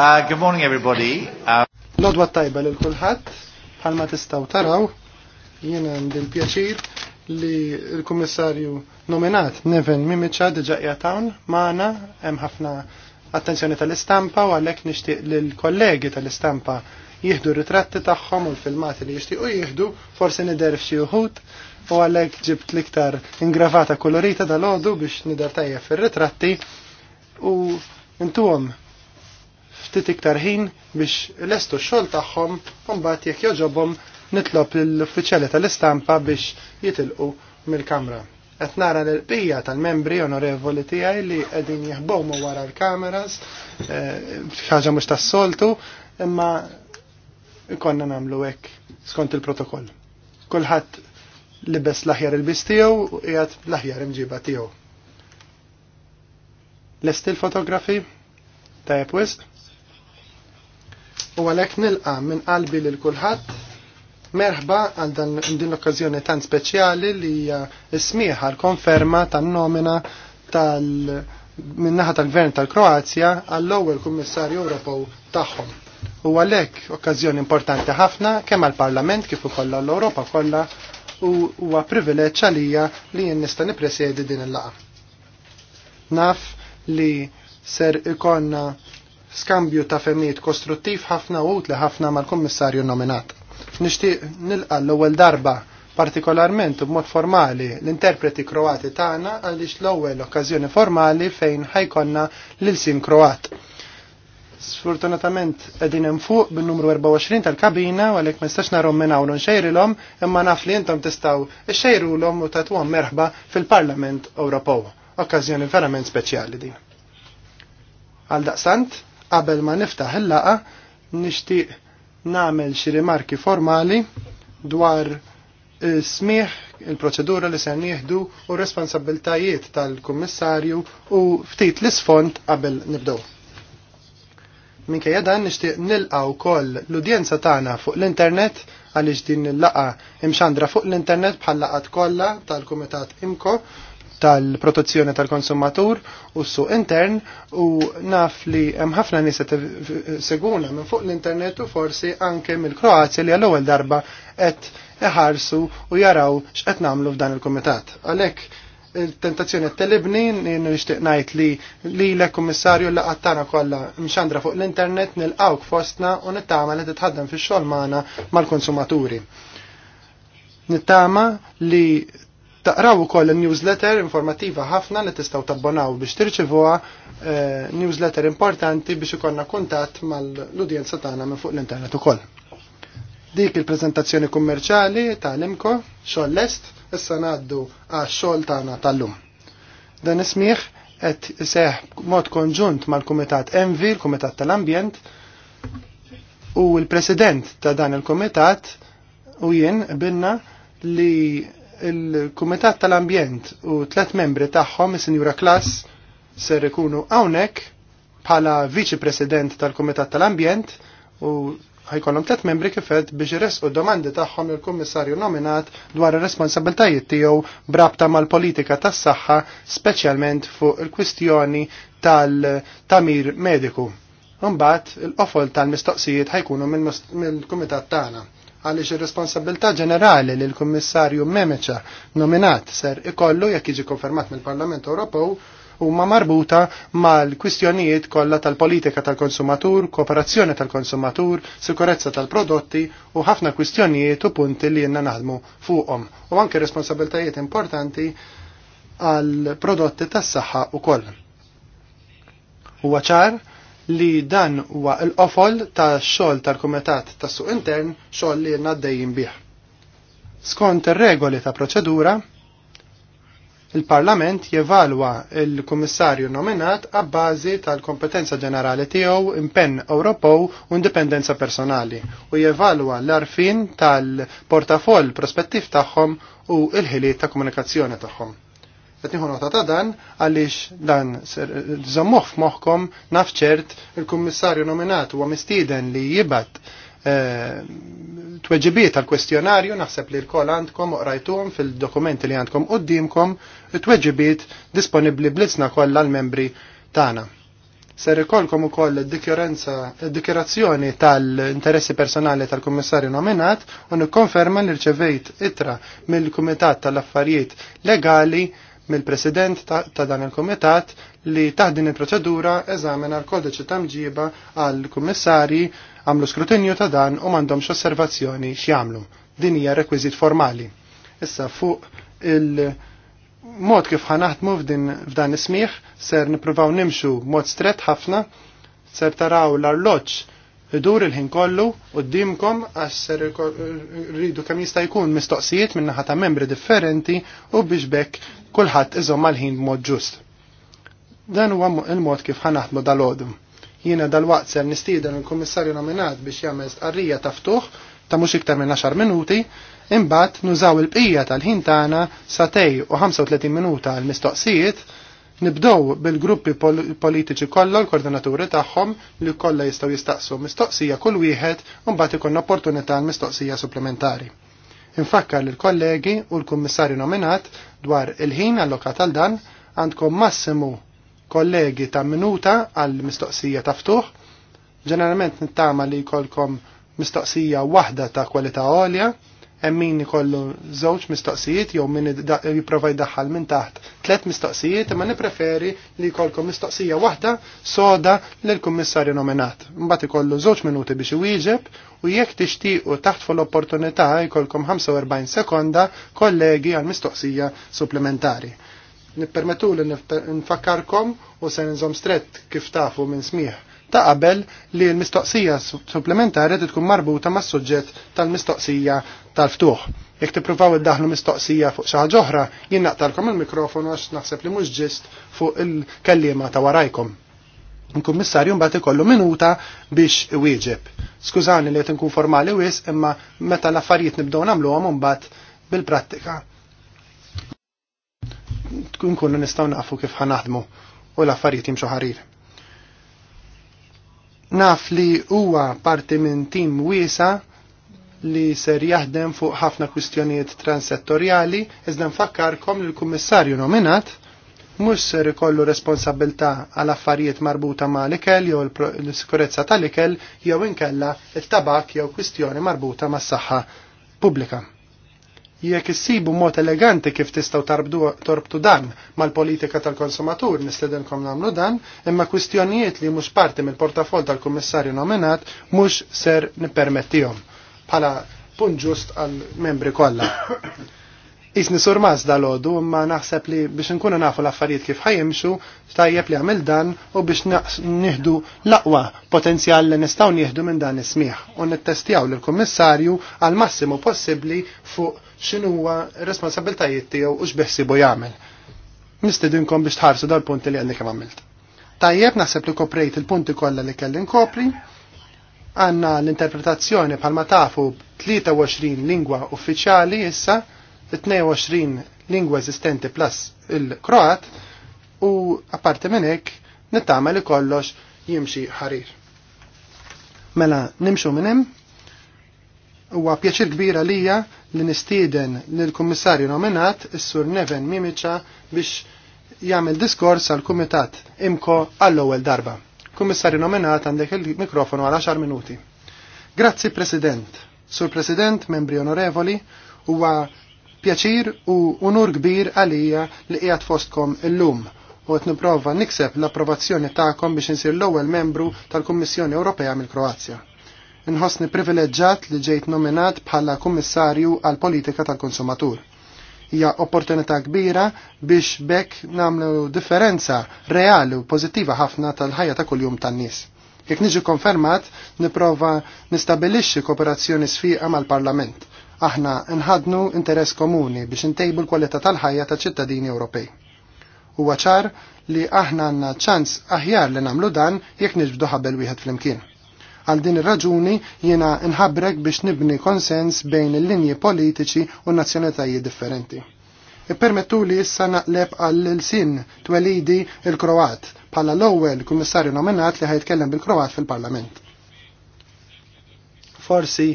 Uh, good morning everybody. Uh... Lodwa tajba lil kulħadd bħalma tistgħu taraw jien ndil pjaċir li l-kummissarju nominat Neven Mimicha diġa jatawn maħna hemm ħafna attenzjoni tal-istampa u għalhekk nixtieq l kollegi tal-istampa jieħdu ritratti tagħhom u l-filmati li jixtiequ jieħdu forsi nider f'xi uħut u għalhekk ġibt l-iktar ingravata kolorita dal-għodu biex nidher tajjeb fir-ritratti u intuhom ftit iktar ħin biex lestu x-xogħol tagħhom u mbagħad jekk joġobhom nitlob l-uffiċjali tal-istampa biex jitilqu mill-kamra. Qed nara l-bqija tal-membri onorevoli tiegħi li qegħdin jeħbomu wara l-kameras eh, ħaġa mhux tas-soltu imma ikonna nagħmlu hekk skont il-protokoll. Kulħadd libes l-aħjar il-bis tiegħu u qiegħed l-aħjar imġiba tiegħu. Lest il-fotografi? Tajab wisq? u għalek nilqa minn qalbi lil kulħadd merħba għal dan din l-okkazjoni tan speċjali li hija smieħa l-konferma tan-nomina tal minnaħa tal-gvern tal-Kroazja għall-ewwel kummissarju Ewropew tagħhom. U għalhekk okkażjoni importanti ħafna kemm għall-Parlament kif ukoll l ewropa kollha u huwa privileġġ għalija li jien nista' nippresjedi din il-laqgħa. Naf li ser ikonna skambju ta' femmijiet kostruttiv ħafna u li ħafna mal-kommissarju nominat. Nixtieq nilqa l-ewwel darba partikolarment u b'mod formali l-interpreti kroati tagħna għaliex l-ewwel okkażjoni formali fejn ħajkonna l-ilsim kroat. Sfortunatament qegħdin hemm fuq bin-numru 24 tal-kabina u għalhekk ma nistax narhom minn hawn nxejrilhom imma naf li intom tistgħu xxejrulhom u tagħtuhom merħba fil-Parlament Ewropew. Okkażjoni verament speċjali din. Għal daqsant. Qabel ma niftaħ il-laqa, nixtieq nagħmel xi rimarki formali dwar smieħ il-proċedura li se nieħdu u responsabiltajiet tal-Kummissarju u ftit l-isfond qabel nibdew. Minkejja dan nixtieq nilqa' wkoll l-udjenza tagħna fuq l-internet għaliex din il-laqa imxandra fuq l-internet bħal laqat kollha tal-Kumitat Imko tal-protezzjoni tal-konsumatur u s-suq intern u naf li hemm ħafna nies seguna minn fuq l-internet u forsi anke mill-Kroazja li għall-ewwel darba qed iħarsu u jaraw x'qed nagħmlu f'dan il-kumitat. Għalhekk il-tentazzjoni telibni nishtiq ngħid li li l kummissarju li għattana kollha mxandra fuq l-internet nil-għawk fostna u nittama li titħaddem fix-xogħol magħna mal-konsumaturi. Nittama li Taqraw ukoll newsletter informativa ħafna li tistaw tabbonaw biex tirċivuha eh, newsletter importanti biex ikollna kuntatt mal-udjenza tagħna minn fuq l-internet ukoll. Dik il-preżentazzjoni kummerċali tal-imko xogħol lest issa ngħaddu għax-xogħol tagħna tal-lum. Dan ismiħ qed seħ mod konġunt mal-Kumitat Envi, l-Kumitat tal-Ambjent, u l-President ta' dan il-Kumitat u jien binna li il-Kumitat tal-Ambjent u tlet membri tagħhom is-Sinjura Klass ser ikunu hawnhekk bħala Viċi President tal-Kumitat tal-Ambjent u ħajkollhom tlet membri kifed biex iresqu domandi tagħhom il-Kummissarju nominat dwar ir-responsabiltajiet tiegħu brabta mal-politika tas-saħħa speċjalment fuq il-kwistjoni tal-tamir mediku. Mbagħad il-qofol tal-mistoqsijiet ħajkunu mill-Kumitat tagħna għaliex ir-responsabilità ġenerali li l-Kummissarju Memeċa nominat ser ikollu jekk jiġi konfermat mill-Parlament Ewropew huma marbuta mal-kwistjonijiet kollha tal-politika tal-konsumatur, kooperazzjoni tal-konsumatur, sikurezza tal-prodotti u ħafna kwistjonijiet u punti li jenna naħdmu fuqhom u anke responsabiltajiet importanti għal prodotti tas-saħħa koll. Huwa ċar li dan huwa l-qofol ta' xogħol tal-Kumitat tas Suq Intern xogħol li ngħaddejjin bih. Skont ir-regoli ta' proċedura, il-Parlament jevalwa il-Kummissarju nominat għabbażi tal-kompetenza ġenerali tiegħu impenn Ewropew u indipendenza personali u jevalwa l-arfin tal-portafoll prospettiv tagħhom u l-ħiliet ta' komunikazzjoni tagħhom. Qed nieħu nota ta' dan għaliex dan żammuh f'moħħkom nafċert il-kummissarju nominat huwa mistieden li jibgħat eh, tweġibiet għal kwestjonarju naħseb li l-kol għandkom uqrajtum fil-dokumenti li għandkom t tweġibiet disponibli blitzna kollha għal membri tagħna. Ser ikolkom ukoll id-dikjerazzjoni tal-interessi personali tal-kummissarju nominat u nikkonferma li rċevejt itra mill-Kumitat tal-Affarijiet Legali mill-President ta' dan il-Komitat li taħdin il-proċedura eżamina l-kodiċi ta' mġiba għal-Kummissari għamlu skrutinju ta' dan u mandomx osservazzjoni x'jamlu. Din hija rekwiżit formali. Issa fuq il-mod kif ħanaħdmu f'dan ismiħ ser nipruvaw nimxu mod stret ħafna ser taraw l-arloċ idur il-ħin kollu d-dimkom għax ser rridu kemm jista' jkun mistoqsijiet minn naħa ta' membri differenti u biex bekk kulħadd iżomm mal-ħin b'mod ġust. Dan huwa il-mod kif ħanaħdmu dal-għodu. Jiena dal-waqt ser nistieden il-Kummissarju nominat biex jagħmel stqarrija ta' ftuħ ta' mhux iktar minn 10 minuti, imbagħad nużaw il-bqija tal-ħin tagħna tej u 35 minuta għal mistoqsijiet Nibdow bil-gruppi politiċi kollha l-koordinaturi tagħhom li kollha jistgħu jistaqsu mistoqsija kull wieħed u mbagħad ikun opportunità għal mistoqsija supplementari. Infakkar l-kollegi u l-kummissarju nominat dwar il-ħin allokat għal dan għandkom massimu kollegi ta' minuta għal mistoqsija ta' ftuħ. Ġeneralment nittama li jkollkom mistoqsija waħda ta' kwalità għolja emmin min ikollu żewġ mistoqsijiet jew min jiprovaj daħal minn taħt tliet mistoqsijiet imma nippreferi li jkollkom mistoqsija waħda soda l kummissarju nominat. Mbagħad ikollu żewġ minuti biex iwieġeb u jekk tixtiequ taħt fuq l-opportunità jkollkom 45 sekonda kollegi għal mistoqsija supplementari. Nippermetu li nfakkarkom u se nżom stret kif tafu minn smieħ ta' qabel li l-mistoqsija supplementari tkun marbuta mas suġġett tal-mistoqsija tal-ftuħ. Jekk tippruvaw iddaħlu mistoqsija fuq xi ħaġa oħra, jien naqtalkom il-mikrofonu għax naħseb li mhux ġist fuq il-kellima ta' warajkom. Il-kummissarju mbagħad ikollu minuta biex iwieġeb. Skużani li qed inkun formali wis, imma meta l-affarijiet nibdew nagħmluhom imbagħad bil-prattika. Tkun kullu nistgħu nafu kif ħanaħdmu u l-affarijiet jimxu ħarir. Naf li huwa parti minn tim wiesa li ser jaħdem fuq ħafna kwistjonijiet transettorjali, iżda nfakkarkom li l-kummissarju nominat mhux ser ikollu responsabilità għal affarijiet marbuta ma' l-ikel jew l-sikurezza tal-ikel jew inkella it-tabak jew kwistjoni marbuta mas-saħħa pubblika jekk issibu mod eleganti kif tistgħu torbtu dan mal-politika tal-konsumatur nistedenkom nagħmlu dan, imma kwistjonijiet li mhux parti mill-portafol tal-kummissarju nominat mhux ser nippermettihom bħala punt ġust għal-membri kollha. Isni sur dal lodu, imma naħseb li biex nkunu nafu l-affarijiet kif ħajimxu, tajjeb li għamil dan u biex nieħdu l-aqwa potenzjal li nistgħu nieħdu minn dan ismiħ. u nittestjaw lill-Kummissarju għal massimu possibbli fuq x'inhu huwa responsabiltajiet tiegħu u x'beħsibu jagħmel. Nistidinkom biex tħarsu dal-punti li għandek għamilt. Tajjeb naħseb li koprejt il-punti kollha li kelli nkopri. Għanna l-interpretazzjoni bħalma tafu 23 lingwa uffiċjali issa, 22 lingwa eżistenti plus il-Kroat u apparti minn hekk nittama li kollox jimxi ħarir. Mela nimxu minn hemm huwa pjaċir kbira lija li nistieden lill-Kummissarju nominat, is-Sur Neven Mimiċa, biex jagħmel diskors għal kumitat imko għall-ewwel darba. Kummissarju nominat għandek il-mikrofonu għal 10 minuti. Grazzi President. Sur President, membri onorevoli, huwa pjaċir u unur kbir għalija li qiegħed fostkom illum u qed nipprova nikseb l-approvazzjoni tagħkom biex insir l-ewwel membru tal-Kummissjoni Ewropea mill-Kroazja. Inħossni privileġġat li ġejt nominat bħala kummissarju għal politika tal-konsumatur. Hija opportunità kbira biex bekk namlu differenza reali u pożittiva ħafna tal-ħajja ta' kuljum tan-nies. Jekk niġi konfermat, niprofa nistabilixxi kooperazzjoni sfiqa mal-Parlament. Aħna nħadnu interess komuni biex intejbu l-kwalità tal-ħajja ta' ċittadini Ewropej. Huwa ċar li aħna għandna ċans aħjar li nagħmlu dan jekk niġbdu ħabel wieħed flimkien. Għal din ir-raġuni jiena nħabbrek biex nibni konsens bejn il-linji politiċi u nazzjonetajiet differenti. Ippermettu li issa naqleb għall-sin twelidi il-Kroat bħala l-ewwel kummissarju nominat li ħajtkellem bil-Kroat fil-Parlament. Forsi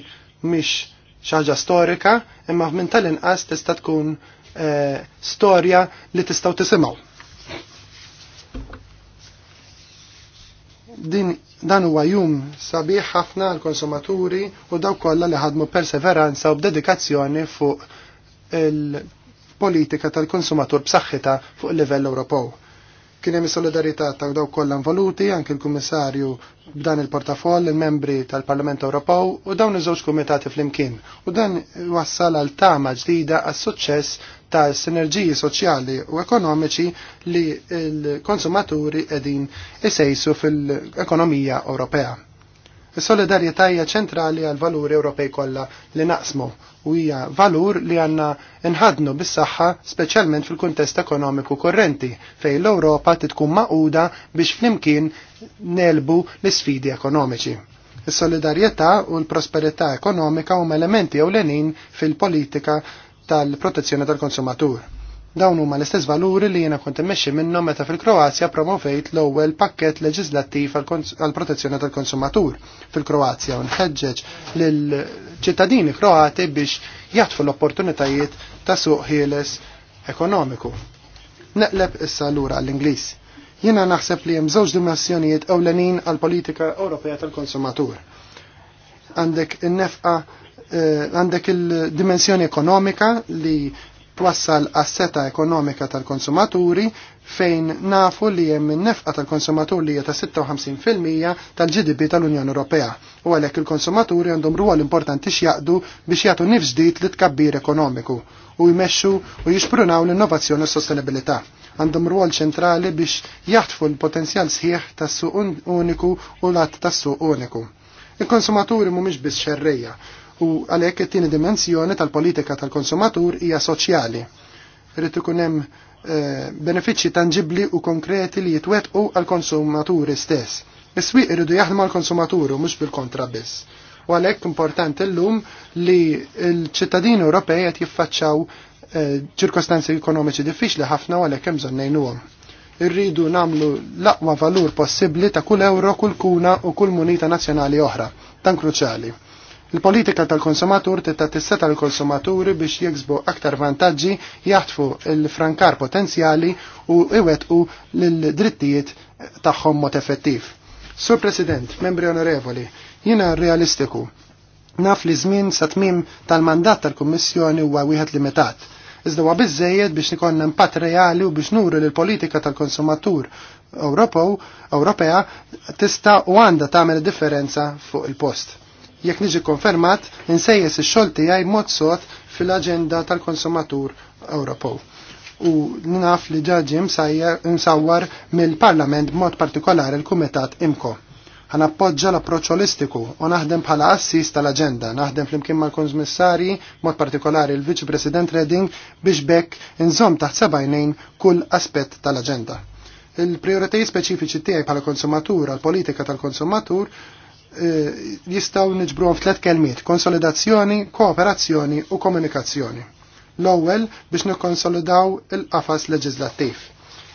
mhix xaġa storika, imma minn tal-inqas tista' tkun eh, storja li tistgħu tisimgħu. Din dan huwa jum sabiħ ħafna għall konsumaturi u daw kollha li ħadmu perseveranza u b'dedikazzjoni fuq il-politika tal-konsumatur b'saħħitha fuq il-livell Ewropew kien hemm solidarità ta' dawk kollha involuti, anke l-Kummissarju b'dan il-portafoll, il-membri tal-Parlament Ewropew u dawn iż-żewġ kumitati flimkien. U dan wassal għal tama ġdida għas suċċess ta' sinerġiji soċjali u ekonomiċi li l-konsumaturi edin isejsu fil-ekonomija Ewropea. Is-solidarjetà hija ċentrali għal valuri Ewropej kollha li naqsmu u hija valur li għandna nħadnu bis-saħħa speċjalment fil-kuntest ekonomiku korrenti fejn l-Ewropa titkun maquda biex flimkien nelbu l-isfidi ekonomiċi. Is-solidarjetà u l-prosperità ekonomika huma elementi ewlenin fil-politika tal-protezzjoni tal-konsumatur. Dawn huma l-istess valuri li jiena kont immexxi minnhom meta fil-Kroazja promovejt l-ewwel pakkett leġislattiv għall-protezzjoni tal-konsumatur fil-Kroazja u nħeġġeġ lil ċittadini Kroati biex jatfu l-opportunitajiet ta' suq ħieles ekonomiku. Neqleb issa lura għall ingliż Jiena naħseb li hemm żewġ dimensjonijiet ewlenin għall-politika Ewropea tal-konsumatur. Għandek in-nefqa' Eh, għandek il-dimensjoni ekonomika li twassal asseta seta ekonomika tal-konsumaturi fejn nafu li hemm nefqa tal-konsumatur li ta' 56% tal-GDP tal-Unjoni Ewropea. U għalhekk il-konsumaturi għandhom rwol importanti x'jaqdu biex jagħtu nif ġdid li tkabbir ekonomiku u jmexxu u jixprunaw l-innovazzjoni u s-sostenibilità. Għandhom rwol ċentrali biex jaħtfu l-potenzjal sħiħ tas-suq uniku u l tas-suq uniku. Il-konsumaturi mhumiex biss xerrejja, u għalhekk it-tieni dimensjoni tal-politika tal-konsumatur hija soċjali. Irid ikun hemm eh, benefiċċji tangibbli u konkreti li jitwetqu għal-konsumaturi stess. Is-swieq iridu jaħdmu għall-konsumatur u mhux bil-kontra biss. U għalhekk importanti llum li l-ċittadini Ewropej qed jiffaċċaw eh, ċirkostanzi ekonomiċi diffiċli ħafna u għalhekk hemm bżonn ngħinuhom irridu namlu l-aqwa valur possibli ta' kull euro, kull kuna u kull munita nazjonali oħra, tan kruċali. Il-politika tal-konsumatur tista' tisseta l-konsumaturi biex jiksbu aktar vantaġġi jaħtfu l-frankar potenzjali u iwetqu l-drittijiet tagħhom mod effettiv. Sur President, membri onorevoli, jiena realistiku. Naf li żmien sa tmim tal-mandat tal-Kummissjoni huwa wieħed limitat. Iżda huwa biżejjed biex nikonna impatt reali u biex nuru l politika tal-konsumatur Ewropew Ewropea tista' u għandha tagħmel differenza fuq il-post jekk niġi konfermat insejjes ix-xogħol tiegħi mod sot fil-aġenda tal-konsumatur Ewropew. U naf li ġaġi msawwar mill-Parlament b'mod partikolari l-Kumitat Imko. Għan appoġġa l-approċċ olistiku u naħdem bħala assis tal-aġenda, naħdem flimkien mal konsmissari mod partikolari l-Viċ President Redding biex bekk inżom taħt sebajnejn kull aspett tal-aġenda il prioritajiet speċifiċi tiegħi bħala konsumatur għal politika tal-konsumatur Eh, jistaw niġbruhom f'tlet kelmiet: konsolidazzjoni, kooperazzjoni u komunikazzjoni. L-ewwel biex nikkonsolidaw il-qafas leġislattiv.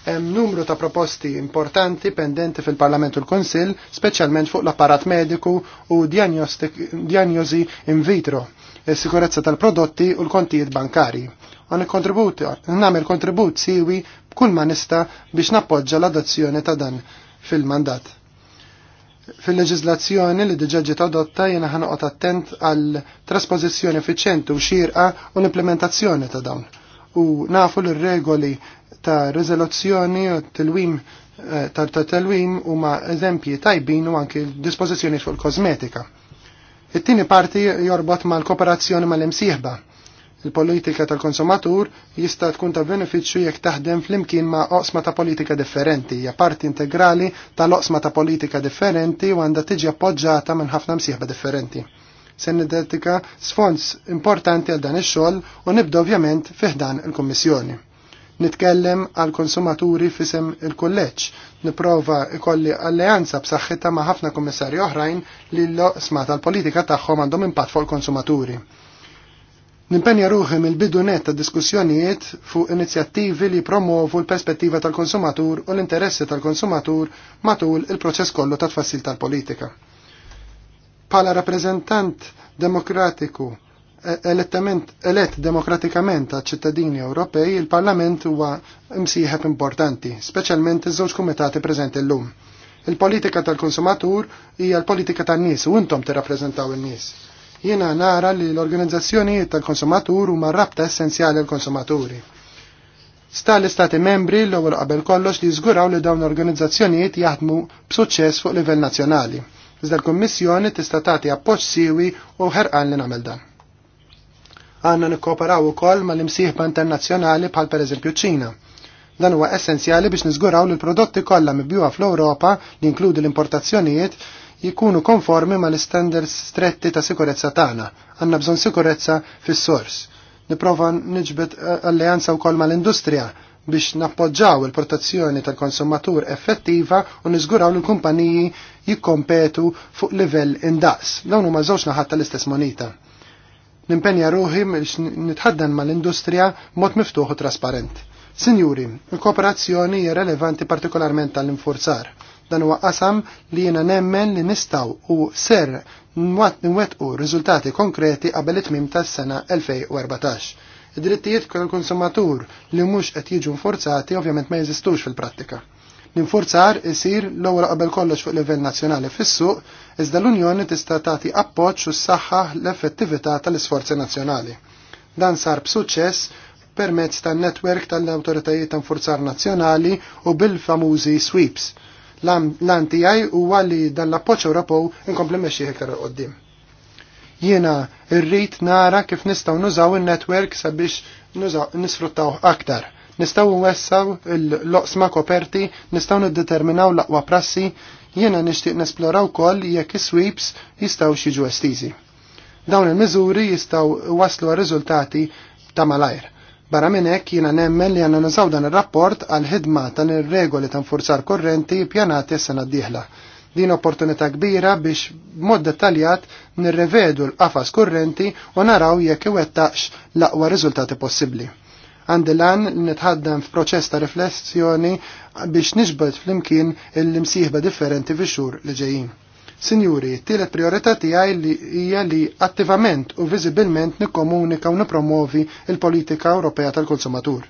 Hemm numru ta' proposti importanti pendenti fil-Parlament u l-Kunsill, speċjalment fuq l-apparat mediku u diagnosi in vitro, is-sikurezza eh, tal-prodotti u l-kontijiet bankari. Għan kontribut, namel kontribut siwi kull ma nista biex nappoġġa l-adozzjoni ta' dan fil-mandat Fil-leġizlazzjoni li diġa ġiet adotta jiena ħanoqgħod attent għal trasposizjoni effiċjenti u xirqa u l-implementazzjoni ta' dawn. U nafu l-regoli ta' riżoluzzjoni u t-telwim eh, ta' telwim huma eżempji tajbin u anki dispożizzjoni fuq il-kosmetika. It-tieni parti jorbot mal-kooperazzjoni mal-imsieħba Il-politika tal-konsumatur jista' tkun ta' benefiċċju jekk taħdem flimkien ma' oqsma ta' politika differenti, hija parti integrali tal-oqsma ta' politika differenti u għandha tiġi appoġġjata minn ħafna msieħba differenti. Se nidentika sfonds importanti għal dan ix-xogħol u nibda ovvjament fih dan il-Kummissjoni. Nitkellem għal konsumaturi fisem il-kulleġġ, niprova ikolli alleanza b'saħħitha ma' ħafna kummissarji oħrajn li l-oqsma tal-politika tagħhom għandhom impatt fuq il-konsumaturi Nimpenja ruħi mill-bidu net ta' diskussjonijiet fuq inizjattivi li promovu l-perspettiva tal-konsumatur u l-interessi tal-konsumatur matul il-proċess kollu ta' tfassil tal-politika. Pala rappresentant demokratiku e- elettament elett demokratikament ta' ċittadini Ewropej, il-Parlament huwa msieħeb importanti, speċjalment iż-żewġ kumitati preżenti llum. Il-politika tal-konsumatur hija l-politika tan-nies u intom tirrappreżentaw in-nies. Jiena nara li l-organizzazzjonijiet tal-konsumatur huma rabta essenzjali l-konsumaturi. Sta l-istati membri l-ewwel qabel kollox li jżguraw li dawn l-organizzazzjonijiet jaħdmu b'suċċess fuq livell nazzjonali. Iżda l-Kummissjoni tista' tagħti appoġġ siwi u ħerqan li nagħmel dan. Għandna nikkooperaw ukoll mal-imsieħba internazzjonali bħal pereżempju ċina dan huwa essenzjali biex niżguraw li l-prodotti kollha mibjuha fl-Ewropa li inkludi l-importazzjonijiet jikunu konformi ma l-standards stretti ta' sikurezza tagħna. Għandna bżonn sikurezza fis-sors. Niprofa niġbet eh, alleanza wkoll mal-industrija biex nappoġġaw il-protezzjoni tal-konsumatur effettiva u niżguraw li l-kumpaniji jikkompetu fuq livell indaqs. Dawn huma żewġ naħat tal-istess monita. Nimpenja ruħi biex nitħaddan mal-industrija mod miftuħ u trasparent. Sinjuri, il-kooperazzjoni hija relevanti partikolarment tal-infurzar Dan huwa qasam li jiena nemmen li nistaw u ser nwettqu riżultati konkreti qabel it-tmim tas-sena 2014. Id-drittijiet tal-konsumatur li mhux qed jiġu nforzati ovvjament ma jeżistux fil-prattika. L-infurzar isir l-ewwel qabel kollox fuq livell nazzjonali fis-suq, iżda l-Unjoni tista' tagħti appoġġ u s-saħħa l-effettività tal-isforzi nazzjonali. Dan sar b'suċċess permezz tan netwerk tal-awtoritajiet ta' infurzar nazzjonali u bil-famużi sweeps L-għan tijaj u għalli dan l-appoċ Ewropew inkompli meċi iktar qoddim. Jiena rrit nara kif nistaw nużaw il-network sabiex nisfruttaw aktar. Nistaw wessaw l-loqsma koperti, nistaw niddeterminaw l-aqwa prassi, jiena nishtiq nesploraw kol jekk sweeps jistaw xieġu estizi. Dawn il-mizuri jistaw waslu riżultati ta' malajr Barra minn hekk jiena nemmen li għandna nużaw dan ir-rapport għal ħidma tan ir-regoli ta' nfurzar korrenti pjanati s-sena d-dieħla. Din opportunità kbira biex b'mod dettaljat nirrevedu l-qafas kurrenti u naraw jekk iwettaqx l-aqwa riżultati possibbli. Għandi lan nitħaddem f'proċess ta' riflessjoni biex nixbet fl-imkien il-imsieħba differenti fix-xhur li ġejjin. Sinjuri, tielet priorità tiegħi li hija li attivament u viżibilment nikkomunika u nipromovi il-politika Ewropea tal-konsumatur.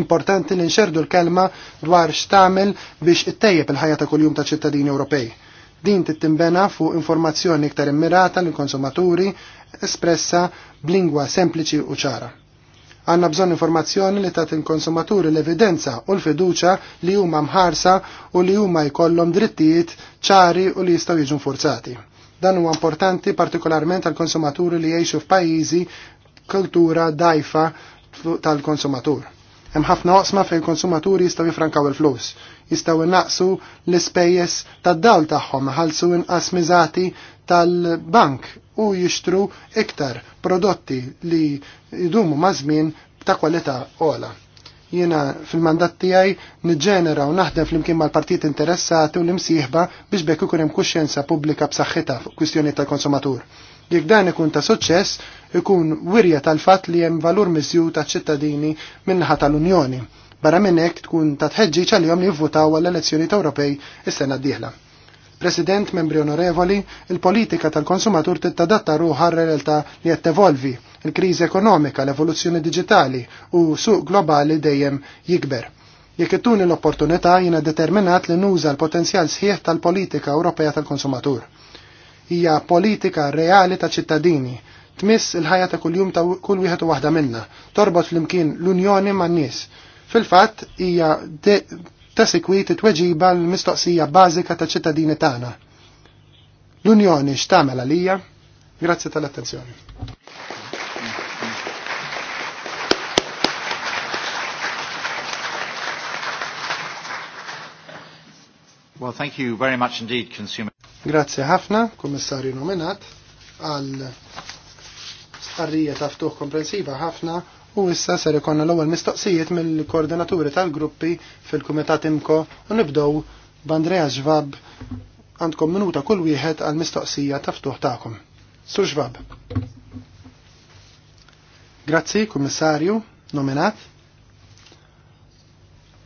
Importanti li nxerdu l-kelma dwar x'tagħmel biex ittejjeb il-ħajja ta' kuljum ta' ċittadini Ewropej. Din tittimbena fuq informazzjoni iktar immirata lill konsumaturi espressa b'lingwa sempliċi u ċara. Għanna bżon informazzjoni li tat il-konsumaturi l-evidenza u l-fiduċa li huma mħarsa u li huma jkollhom drittijiet ċari u li jistgħu jiġu forzati. Dan huwa importanti partikolarment għal konsumaturi li jgħixu f'pajjiżi kultura dajfa tal-konsumatur. Hemm ħafna oqsma fejn konsumaturi jistgħu jifrankaw il-flus, jistgħu innaqsu l-ispejjeż tad-dawl tagħhom ħalsu inqas miżati tal-bank u jishtru iktar prodotti li jidumu mażmin ta' kwalità ola. Jiena fil-mandat tiegħi niġġenera u naħdem flimkien mal-partit interessati u l-imsieħba biex bekk ikun hemm kuxjenza pubblika b'saħħitha fuq kwistjoni tal-konsumatur. Jekk dan ikun ta' suċċess, ikun wirja tal-fatt li hemm valur miżju ta' ċittadini minnaħa tal-Unjoni. Barra minn hekk tkun ta' tħeġġiġ għalihom li jivvutaw għall-elezzjoni ta' Ewropej is-sena d-dieħla. President, membri onorevoli, il-politika tal-konsumatur tittadatta ruħa r-realtà li qed tevolvi, il-kriżi ekonomika, l-evoluzzjoni digitali u suq globali dejjem jikber. Jekk ittuni l-opportunità jina determinat li nuża l-potenzjal sħiħ tal-politika Ewropea tal-konsumatur. Hija politika reali ta' ċittadini, tmiss il-ħajja ta' kuljum ta' kull wieħed u waħda minna, torbot flimkien l-Unjoni man-nies. Fil-fatt hija ta' sikwit tweġiba l-mistoqsija bażika ta' ċittadini tagħna. L-Unjoni x'tagħmel għalija? Grazzi tal-attenzjoni. Well, thank you very much indeed, Consumer. Grazie ħafna, Kummissarju nominat, għal arrija ta' komprensiva ħafna U issa ser ikonna l-ewwel mistoqsijiet mill-koordinaturi tal-gruppi fil-Kumitat Imko u nibdew b'Andrea Ġvab għandkom minuta kull wieħed għal mistoqsija ta' ftuħ tagħkom. Su Ġvab. Grazzi, Kummissarju, nominat.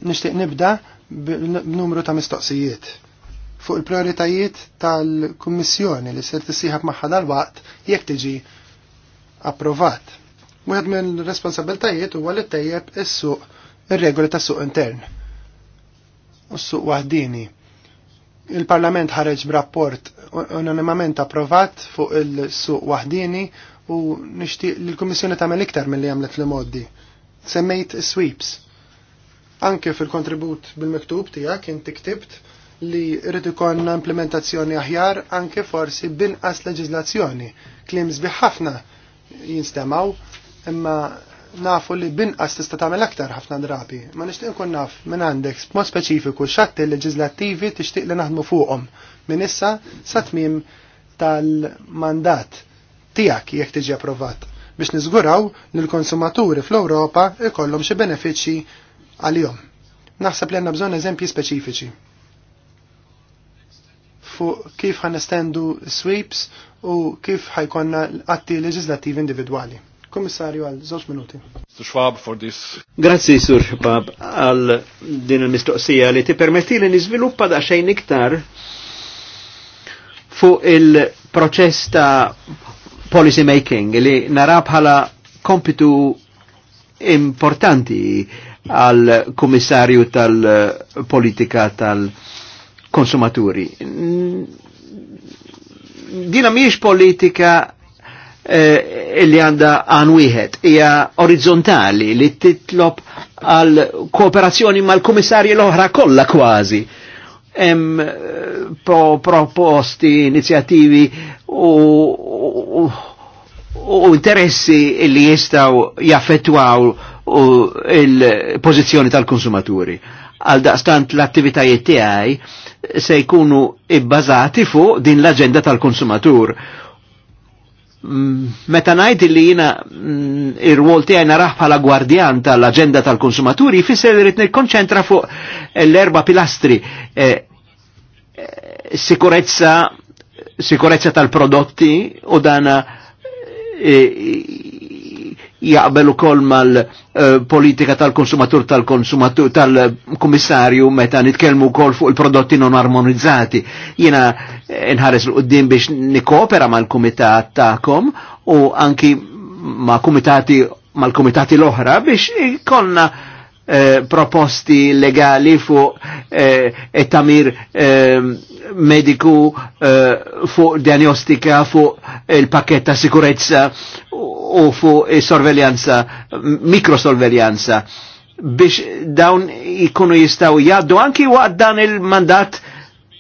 Nixtieq nibda b'numru ta' mistoqsijiet fuq il-prioritajiet tal-Kummissjoni li se tissieħab magħha dal-waqt jekk tiġi approvat Wieħed minn responsabiltajiet huwa li tejjeb is-suq ir-regoli tas-suq intern u s-suq wahdini. Il-Parlament ħareġ b'rapport unanimament approvat fuq il-suq waħdini u nixtieq li l-Kummissjoni tagħmel iktar milli għamlet li moddi. Semmejt sweeps. Anke fil-kontribut bil-miktub tiegħek inti tiktibt li rrid ikollna implementazzjoni aħjar anke forsi binqas leġiżlazzjoni. Klims ħafna jinstemaw imma nafu li binqas tista' tagħmel aktar ħafna drabi. Ma nixtieq nkun naf minn għandek b'mod speċifiku xatti leġislattivi tixtieq li naħdmu fuqhom minn issa sa tmiem tal-mandat tiegħek jekk tiġi approvat biex niżguraw li l-konsumaturi fl-Ewropa ikollhom xi benefiċċji għalihom. Naħseb li għandna bżonn eżempji speċifiċi fuq kif ħanestendu sweeps u kif ħajkonna atti leġislattivi individwali. Komissarju għal żewġ minuti. Mr. Schwab for this. Grazzi Sur Schwab għal din il-mistoqsija li ti tippermetti li niżviluppa da xejn iktar fuq il-proċess ta' policy making li nara bħala kompitu importanti għal komissarju tal-politika tal-konsumaturi. Dina miex politika Eh, illi għanda għan wieħed hija orizzontali li titlob għal kooperazzjoni mal-kummissarji l-oħra kollha kważi. Hemm eh, proposti, inizjattivi u, u, u interessi li jistaw jaffettwaw il pożizzjoni tal-konsumaturi. Għal daqstant l-attivitajiet tiegħi se jkunu ibbażati fuq din l-aġenda tal-konsumatur meta ngħid li jina mm, ir-rwol tiegħi naraħ bħala gwardjan tal-aġenda tal-konsumaturi jfisser li nikkonċentra fuq l-erba' pilastri. Eh, eh, sikurezza sikurezza tal-prodotti u dana eh, jaqbel ukoll mal-politika tal-konsumatur tal-konsumatur tal-komissarju meta nitkellmu wkoll fuq il-prodotti non armonizzati. Jiena nħares l qudiem biex nikopera mal-kumitat tagħkom u anki ma' kumitati mal-kumitati l-oħra biex ikollna Eh, proposti legali fuq eh, tamir eh, mediku eh, fuq diagnostika fuq il-pakket sicurezza u fuq sorveljanza, mikrosorveljanza biex dawn ikunu jistaw jaddu anki waqt dan il-mandat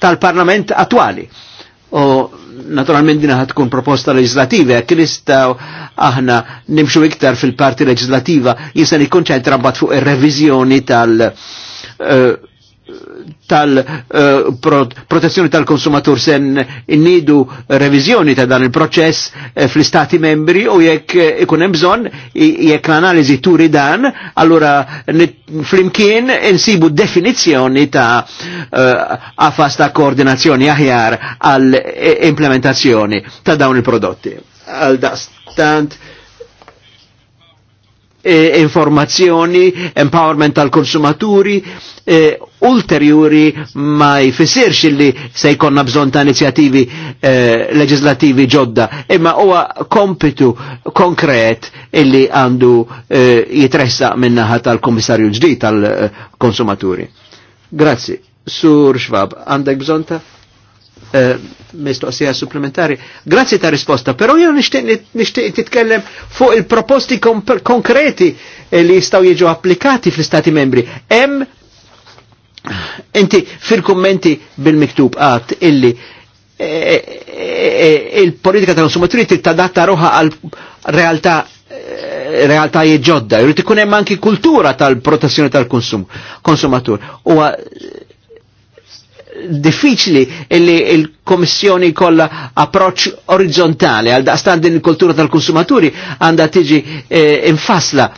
tal-parlament attuali. U naturalment dina tkun proposta leġislativa, jekk nistaw aħna nimxu iktar fil-parti leġislativa, jinsan ikkonċentra mbagħad fuq ir-reviżjoni tal- uh, tal-protezzjoni eh, tal-konsumatur sen innidu revizjoni ta' dan il-proċess eh, fl-istati membri u jekk eh, ikun hemm bżonn jekk l-analiżi turi dan, allura flimkien insibu definizzjoni ta' għafas ta' koordinazzjoni aħjar għall implementazzjoni ta' dawn il-prodotti. Għal daqstant eh, informazzjoni, empowerment tal-konsumaturi, eh, ma jfissirx li se jkonna bżon ta' inizjativi eh, leġislativi ġodda, imma huwa kompitu konkret illi għandu eh, jitressa minnaħa tal-komissarju ġdid tal-konsumaturi. Grazzi. Sur Schwab, għandek bżon ta' Eh, mistoqsija supplementari. Grazzi ta' risposta, però jew nixtieq titkellem fuq il-proposti konkreti eh, li jistgħu jiġu applikati fl-Stati membri. Hemm inti fil-kummenti bil-miktub għat illi eh, il-politika tal-konsumaturi tittadatta roħa għal realtà realtà ġodda, jrid ikun hemm anki kultura tal-protezzjoni tal-konsumatur. Huwa diffiċli li il-Komissjoni kolla approċ orizzontali għal daqstan din il-kultura tal-konsumaturi għanda tiġi eh, infasla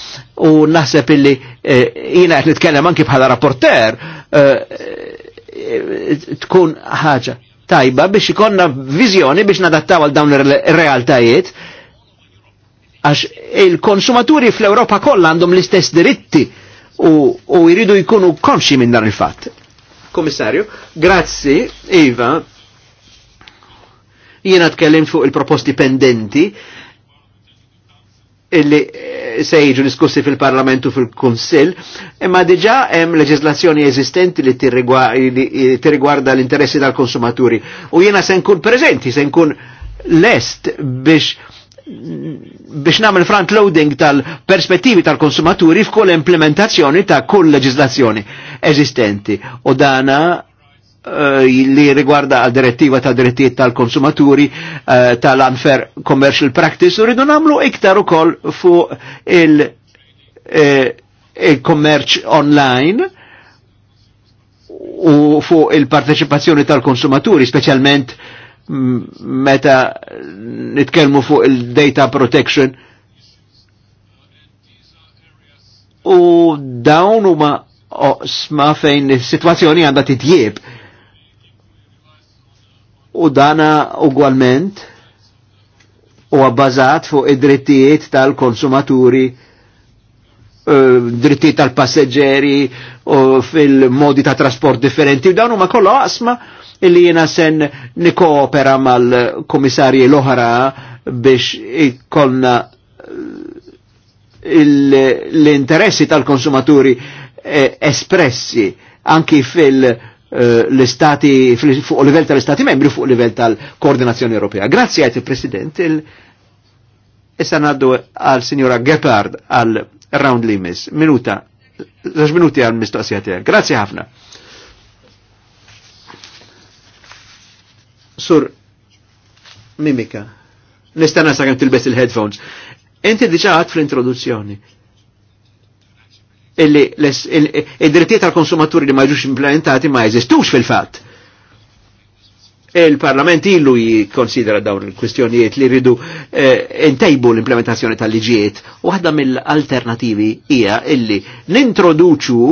u naħseb illi eh, jina għet nitkellem anki bħala rapporter eh, tkun ħaġa tajba biex ikonna vizjoni biex nadattaw għal dawn ir-realtajiet għax il-konsumaturi fl-Europa kollha għandhom l-istess diritti u, u jridu jkunu konxi minn dan il-fatt. Komissarju, grazzi, Iva, jiena tkellim fuq il-proposti pendenti illi eh, se jiġu diskussi fil-Parlamentu fil-Kunsill, imma diġa hemm leġislazzjoni eżistenti li tirrigwarda l-interessi tal-konsumaturi. U jiena se nkun preżenti, se nkun lest biex biex namel front loading tal-perspettivi tal-konsumaturi f'kull implementazzjoni ta' kull leġislazzjoni eżistenti. U dana eh, li rigwarda għal direttiva ta' direttijiet tal-konsumaturi eh, tal-unfair commercial practice u rridu namlu iktar ukoll fuq il-kommerċ eh, online u fu il-parteċipazzjoni tal-konsumaturi, specialment uh, meta nitkelmu fuq il-data protection u dawn huma oqsma fejn is-sitwazzjoni għandha titjieb. U dana ugualment u bbażat fuq id-drittijiet tal-konsumaturi eh, drittijiet tal-passeġġeri u fil-modi ta' trasport differenti u dawn huma kollha oqsma illi jina sen nikoopera mal-komissarji l ohra biex ikonna eh, l-interessi tal-konsumaturi eh, espressi anki fil- eh, l-istati, fuq livell tal-istati membri, fuq livell tal-koordinazzjoni Ewropea. Grazie għajt il-President, issa naddu għal signora Gepard għal round limis, minuta, zax minuti għal mistoqsijatija. Grazie ħafna. Sur Mimika, nistana sa' tilbes il-headphones. Inti diġa għad fl-introduzzjoni illi id-drittijiet tal-konsumaturi li ma ġux implementati ma jeżistux fil-fatt. Il-Parlament illu jikonsidera dawn il-kwistjonijiet li ridu entejbu eh, l-implementazzjoni tal-liġijiet. Waħda mill-alternativi hija illi nintroduċu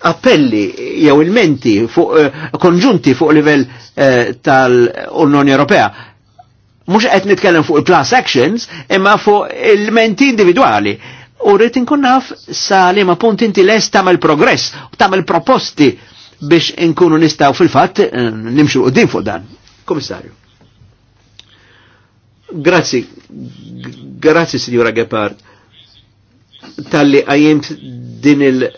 appelli jew il-menti fuq eh, konġunti fuq livell eh, tal-Unjoni Ewropea. Mhux qed nitkellem fuq il-class actions, imma fuq il-menti individuali. U rrit inkun naf sa li ma punt inti les tagħmel progress, tagħmel proposti biex inkunu nistaw fil-fatt eh, nimxu qudiem fuq dan. Komissarju. Grazzi, grazzi Signora Gepard, tal-li din il-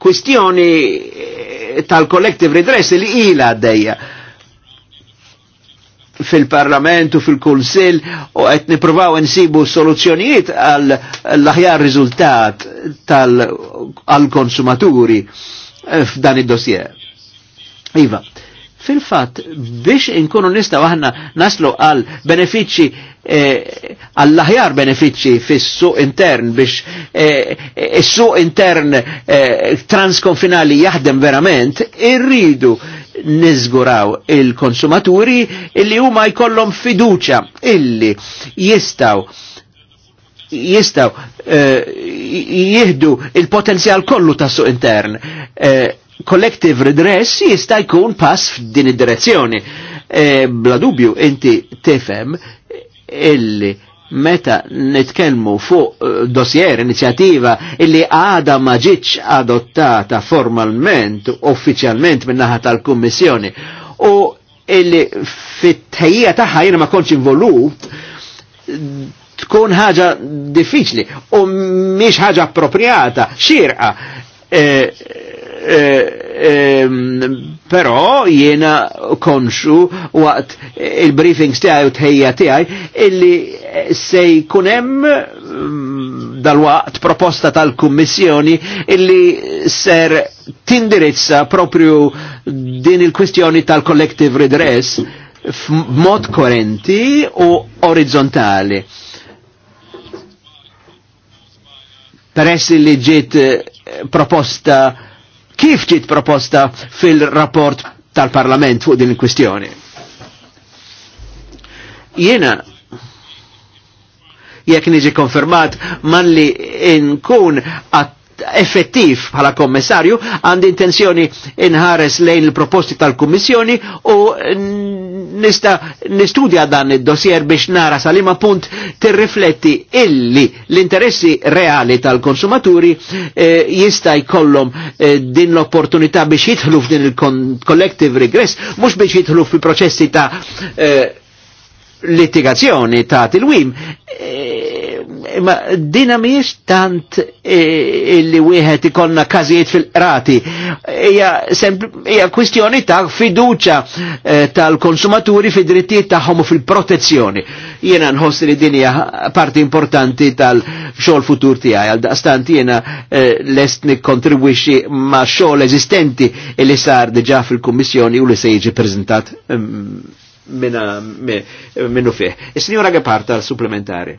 kwistjoni eh, tal-collective redress li ila għaddeja fil-parlament u fil-kulsil u għet niprovaw nsibu soluzzjonijiet għal-laħjar rizultat tal-konsumaturi eh, f'dan id-dossier. Iva, fil-fat, biex inkunu nistaw aħna naslu għal benefiċċji E, għall-aħjar benefiċċji fis-suq intern biex e, e, is-suq intern transkonfinali jaħdem verament, irridu nizguraw il-konsumaturi illi huma jkollhom fiduċa illi jistaw jistaw jihdu il-potenzjal kollu tas-suq intern. Collective redress jista' jkun pass f'din id-direzzjoni. Bla dubju inti tifhem illi meta nitkelmu fuq eh, dossier, inizjativa illi għada ma adottata formalment, uffiċjalment minnaħa tal-Kummissjoni u illi fit-tejjija taħħa jiena ma konċ involut tkun ħaġa diffiċli u miex ħaġa appropriata, xirqa. E, E, però jiena konxu waqt il-briefings tiegħi u tħejja tiegħi illi se kunem mm, dal-waqt proposta tal kommissjoni illi ser tindirizza propriu din il-kwistjoni tal-collective redress f'mod korenti u orizzontali. Peress li ġiet proposta kif ġiet proposta fil-rapport tal-Parlament fuq din il-kwistjoni. Jena jekk niġi konfermat li nkun att effettiv bħala kommissarju għandi intenzjoni inħares lejn il-proposti tal-Kummissjoni u nista nistudja dan id-dossier biex nara salima punt tirrifletti illi l-interessi reali tal-konsumaturi eh, jista jkollhom eh, din l-opportunità biex jitħluf f'din il-collective regress mhux biex jidħlu fi proċessi ta' eh, litigazzjoni ta' il-wim eh, ma dina miex tant eh, illi wieħed ikonna każijiet fil-qrati. Hija kwistjoni ta' fiduċa eh, tal-konsumaturi fi drittijiet tagħhom u fil-protezzjoni. Jiena nħoss li din hija parti importanti tal-xogħol futur tiegħi għal daqstant jiena lest nikkontribwixxi ma' xogħol eżistenti li sar diġà fil-Kummissjoni u li se jiġi preżentat ehm, minna minnu fih. Is-Sinjora Gepard tal-supplementari.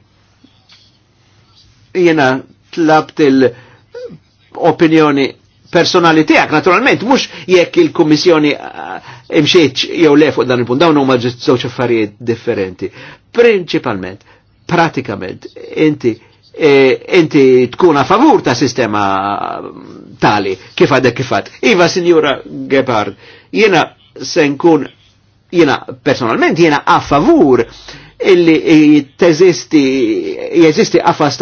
Jena tlabt il-opinjoni personali tijak, naturalment, mhux jekk il kommissjoni imxieċ jew lef dan il-punt, dawn huma żewġ affarijiet differenti. Principalment, pratikament, inti e, inti tkun a favur ta' sistema tali, kif għadek kif għad. Iva, Signora Gebhard, jena se nkun jena personalment jena a favur illi teżisti jeżisti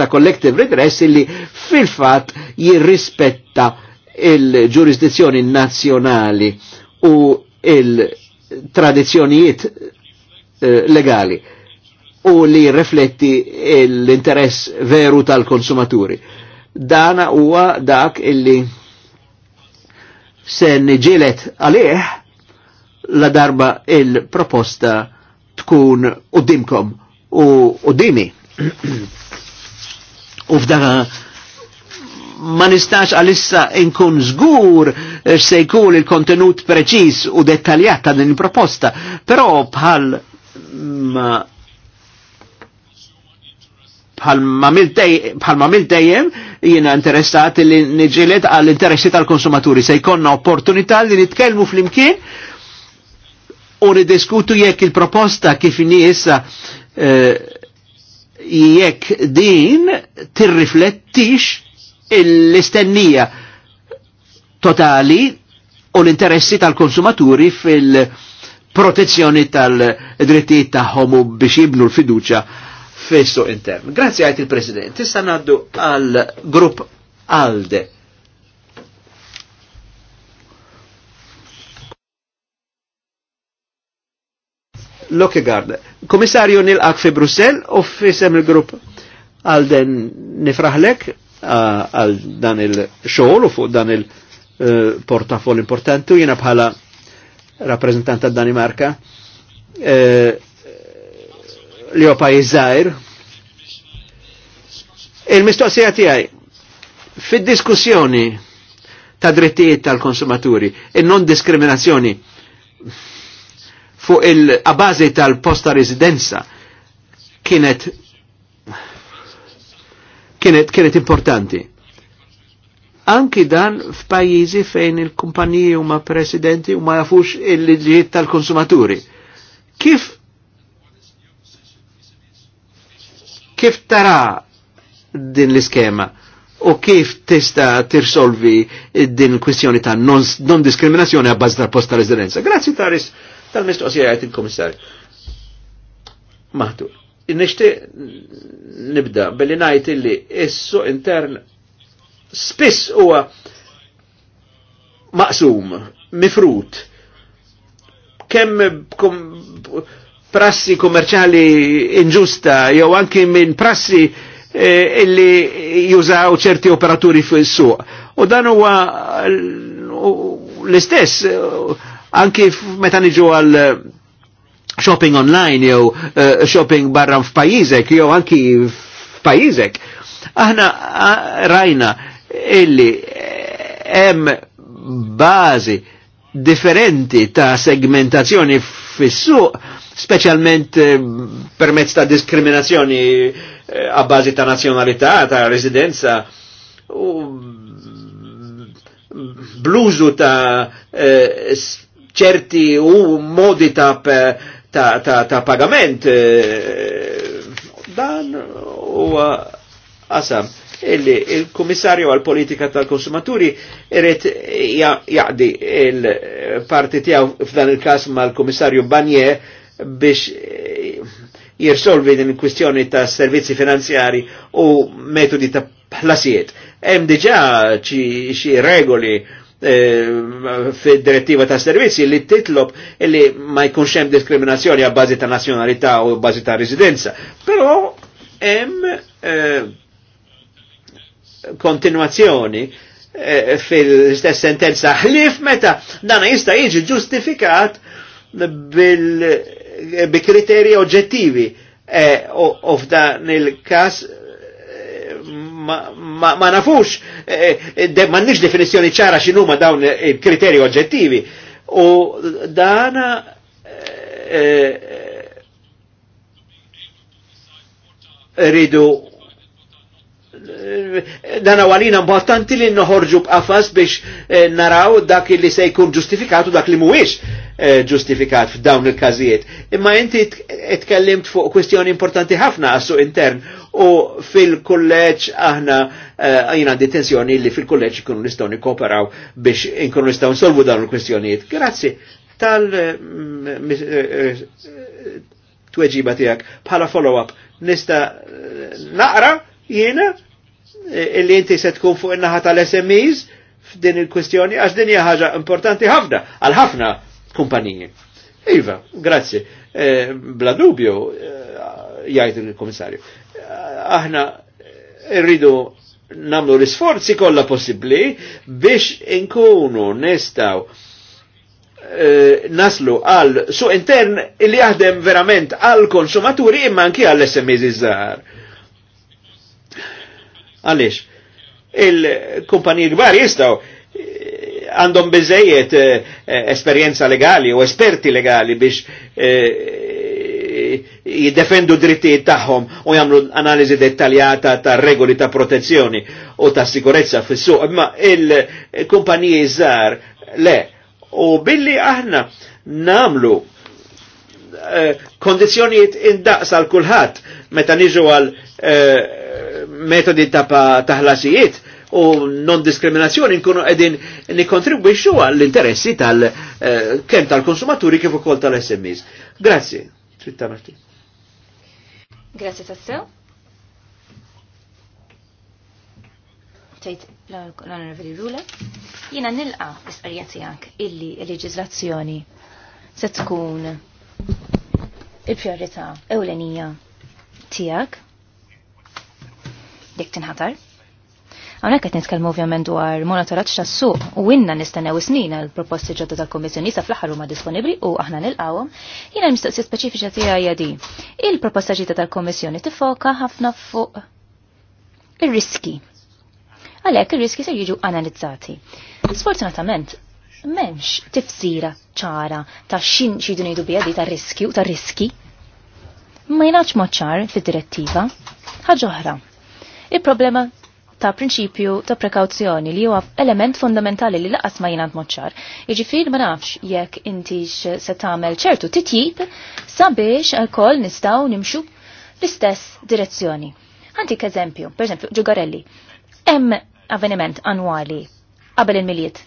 collective redress illi fil-fat jirrispetta il-ġurisdizzjoni nazjonali u il-tradizzjonijiet eh, legali u li rifletti l-interess veru tal-konsumaturi. Dana huwa dak illi se ġilet għalih la darba il-proposta tkun dimkom u uddimi. u f'daħa ma nistax għalissa inkun zgur se jkun il-kontenut preċis u dettaljat ta' din il-proposta, però bħal ma bħal ma miltejjem jiena interessat li nġilet għall interessi tal-konsumaturi se jkonna opportunità li nitkellmu fl-imkien u nidiskutu jekk il-proposta kif issa eh, jekk din tirriflettix l-istennija totali u l-interessi tal-konsumaturi fil-protezzjoni tal-drittijiet tagħhom u biex jibnu l-fiduċa fissu intern. Grazie għajt il-President. Issa naddu għal grupp ALDE. Lockegard. Komissarju nilqak fi Brussel u fisem il-grupp għal den nifraħlek għal dan il-xogħol u fuq dan il-portafol e, importanti jiena bħala rappresentant ta' Danimarka e, li ho pajjiż żgħir. Il-mistoqsija tiegħi fid-diskussjoni ta' drittijiet tal-konsumaturi e non diskriminazzjoni fuq il abazi tal-posta residenza kienet kienet kienet importanti. Anki dan f'pajjiżi fejn il-kumpaniji huma presidenti u ma jafux il-liġijiet tal-konsumaturi. Kif kif tara din l-iskema u kif tista tirsolvi din kwistjoni ta' non-diskriminazzjoni non għabbaż tal-posta residenza. Grazzi Taris tal-mistoqsija għajt il-komissarju. Maħtur. Nishti nibda billi najt illi issu intern spiss huwa maqsum, mifrut, kemm prassi kommerċali inġusta jew anki minn prassi eh, illi jużaw ċerti operaturi fis suq U dan huwa l-istess anki meta niġu għal eh, shopping online jew uh, shopping barra f'pajizek jew anki f'pajizek. Aħna rajna illi eh, hemm bażi differenti ta' segmentazzjoni fis-suq, specialment permezz ta' diskriminazzjoni a bazi ta' nazzjonalità, ta' residenza u bluzu ta' eh, ċerti u modi ta' ta', ta, ta pagament eh, dan u asam illi il komissarju għal politika tal-konsumaturi irrit jaqdi il-parti tijaw f'dan il-każ mal komissarju Banje biex eh, jirsolvi din il-kwistjoni ta' servizzi finanzjari u metodi ta' plasijiet. Hemm diġà xi regoli Eh, fi direttiva ta' servizzi li titlob li ma jkunx hemm diskriminazzjoni għal bazi ta' nazjonalità u bazi ta' residenza. Però hemm eh, kontinuazzjoni eh, fil-istess sentenza ħlif meta dana jista' jiġi ġustifikat bil bi kriterji oġġettivi u f'dan il kas ma nafux, eh, ma nix definizjoni ċara x'inhuma dawn il-kriterji oġġettivi. U dana eh, eh, ridu dan għalina importanti li noħorġu b'qafas biex naraw dak li se jkun ġustifikat u dak li mhuwiex ġustifikat f'dawn il-każijiet. Imma inti tkellimt fuq kwestjoni importanti ħafna għassu intern u fil-kulleġġ aħna għajna eh, għandi tensjoni li fil-kulleġġ ikunu nistgħu nikoperaw biex inkunu nistgħu nsolvu dawn il kwestjoniet Grazzi tal-tweġiba mm, eh, eh, tiegħek bħala follow-up nista naqra jiena illi inti se tkun fuq in-naħa tal-SMEs f'din il-kwestjoni għax din hija ħaġa importanti ħafna għal ħafna kumpaniji. Iva, grazzi. Bla dubju, jgħid il-komissarju aħna rridu namlu l-isforzi kollha possibbli biex inkunu nistaw eh, naslu għal su intern li jaħdem verament għal konsumaturi imma anki għal SMEs iżgħar. Għalix, il-kumpaniji kbar jistaw eh, għandhom biżejjed eh, eh, esperjenza legali u esperti legali biex jiddefendu drittijiet tagħhom u jagħmlu analiżi dettaljata ta' regoli ta' protezzjoni u ta' sikurezza fis-suq, imma il-kumpaniji żgħar le. U billi aħna namlu eh, kondizzjonijiet kondizjonijiet indaqs għal kulħadd meta niġu għal eh, metodi ta' taħlasijiet u non-diskriminazzjoni nkunu edin nikontribwixxu għall-interessi tal eh, kemm tal-konsumaturi kif ukoll tal-SMEs. Grazie trid marti. Grazie Grazzi tassew. Tejt l-Onorevoli Rule. Jiena nilqa l-isqarja tiegħek illi l leġizlazzjoni se tkun il priorita ewlenija tiegħek dik tinħatar Għonek għet nitkelmu ovvjament dwar monitorat ta' suq u inna nistennew snin għal proposti ġodda tal-Kommissjoni sa fl-aħħar huma disponibbli u aħna nilqawhom. Jiena l-mistoqsija speċifiċa tiegħi hija Il-proposta ġita tal-Kommissjoni tifoka ħafna fuq ir-riski. Għalhekk ir-riski se jiġu analizzati. Sfortunatament, m'hemmx tifsira ċara ta' xin xidu ngħidu biha ta' riski u ta' riski. Ma jingħadx mod ċar fid-direttiva ħaġa oħra. Il-problema ta' prinċipju ta' prekawzjoni li huwa element fundamentali li laqas ma jingħand moċċar. Jiġifieri ma nafx jekk intix se tagħmel ċertu titjib sabiex alkoll nistgħu nimxu l-istess direzzjoni. Antik eżempju, per eżempju, Ġugarelli. Hemm avveniment annwali qabel il-miliet.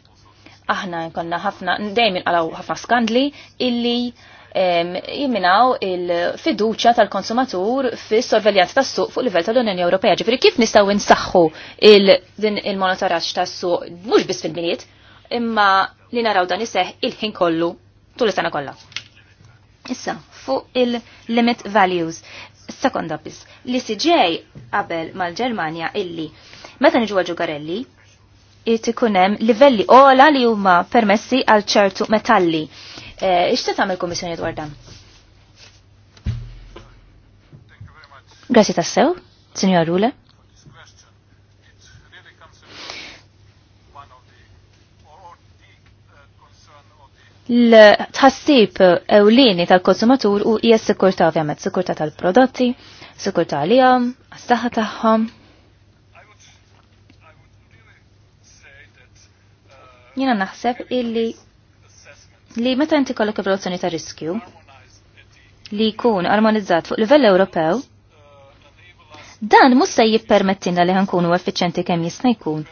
Aħna jkollna ħafna dejjem inqalgħu ħafna skandli illi jiminaw il-fiduċa tal-konsumatur fis sorveljanza tas suq fuq livell tal-Unjoni Ewropea. Ġifri kif nistgħu insaħħu din il-monitoraġġ tas suq mhux biss fil miniet imma li naraw dan iseħ il-ħin kollu tul is-sena kollha. Issa, fuq il-limit values. Sekonda biss, li Siġej qabel mal-Ġermanja illi meta niġu għagġugarelli, it ikunem livelli ola li huma permessi għal ċertu metalli Eh, ixtet għamil komissjoni dwar dan? Grazie tassew, Signor Rule. l-tħassib ewlieni tal-konsumatur u jess sikurta ovvjament, sikurta tal-prodotti, sikurta għalijom, għas taħħom. Jina naħseb illi li meta inti kollok evoluzzjoni ta' riskju li jkun armonizzat fuq livell Ewropew, dan mhux se jippermettilna li ħankunu effiċenti kemm jista' jkun.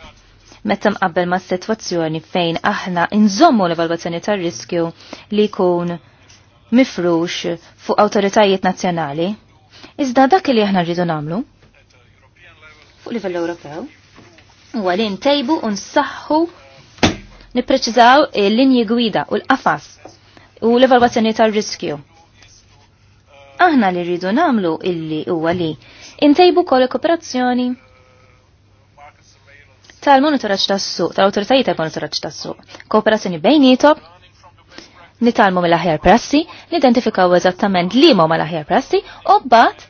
Meta mqabbel ma' sitwazzjoni fejn aħna inżommu l-evalwazzjoni tar-riskju li jkun mifrux fuq awtoritajiet nazzjonali, iżda dak li aħna rridu nagħmlu fuq livell Ewropew huwa li ntejbu u nsaħħu nipreċizaw il-linji gwida u l-qafas u l-evalwazzjoni tal-riskju. Aħna li rridu namlu illi huwa li intejbu kol kooperazzjoni tal-monitoraġġ tas-suq, tal-awtoritajiet tal-monitoraġġ tas-suq, kooperazzjoni bejnietom, nitalmu mill-aħjar prassi, nidentifikaw eżattament li ma mal-aħjar prassi, u bat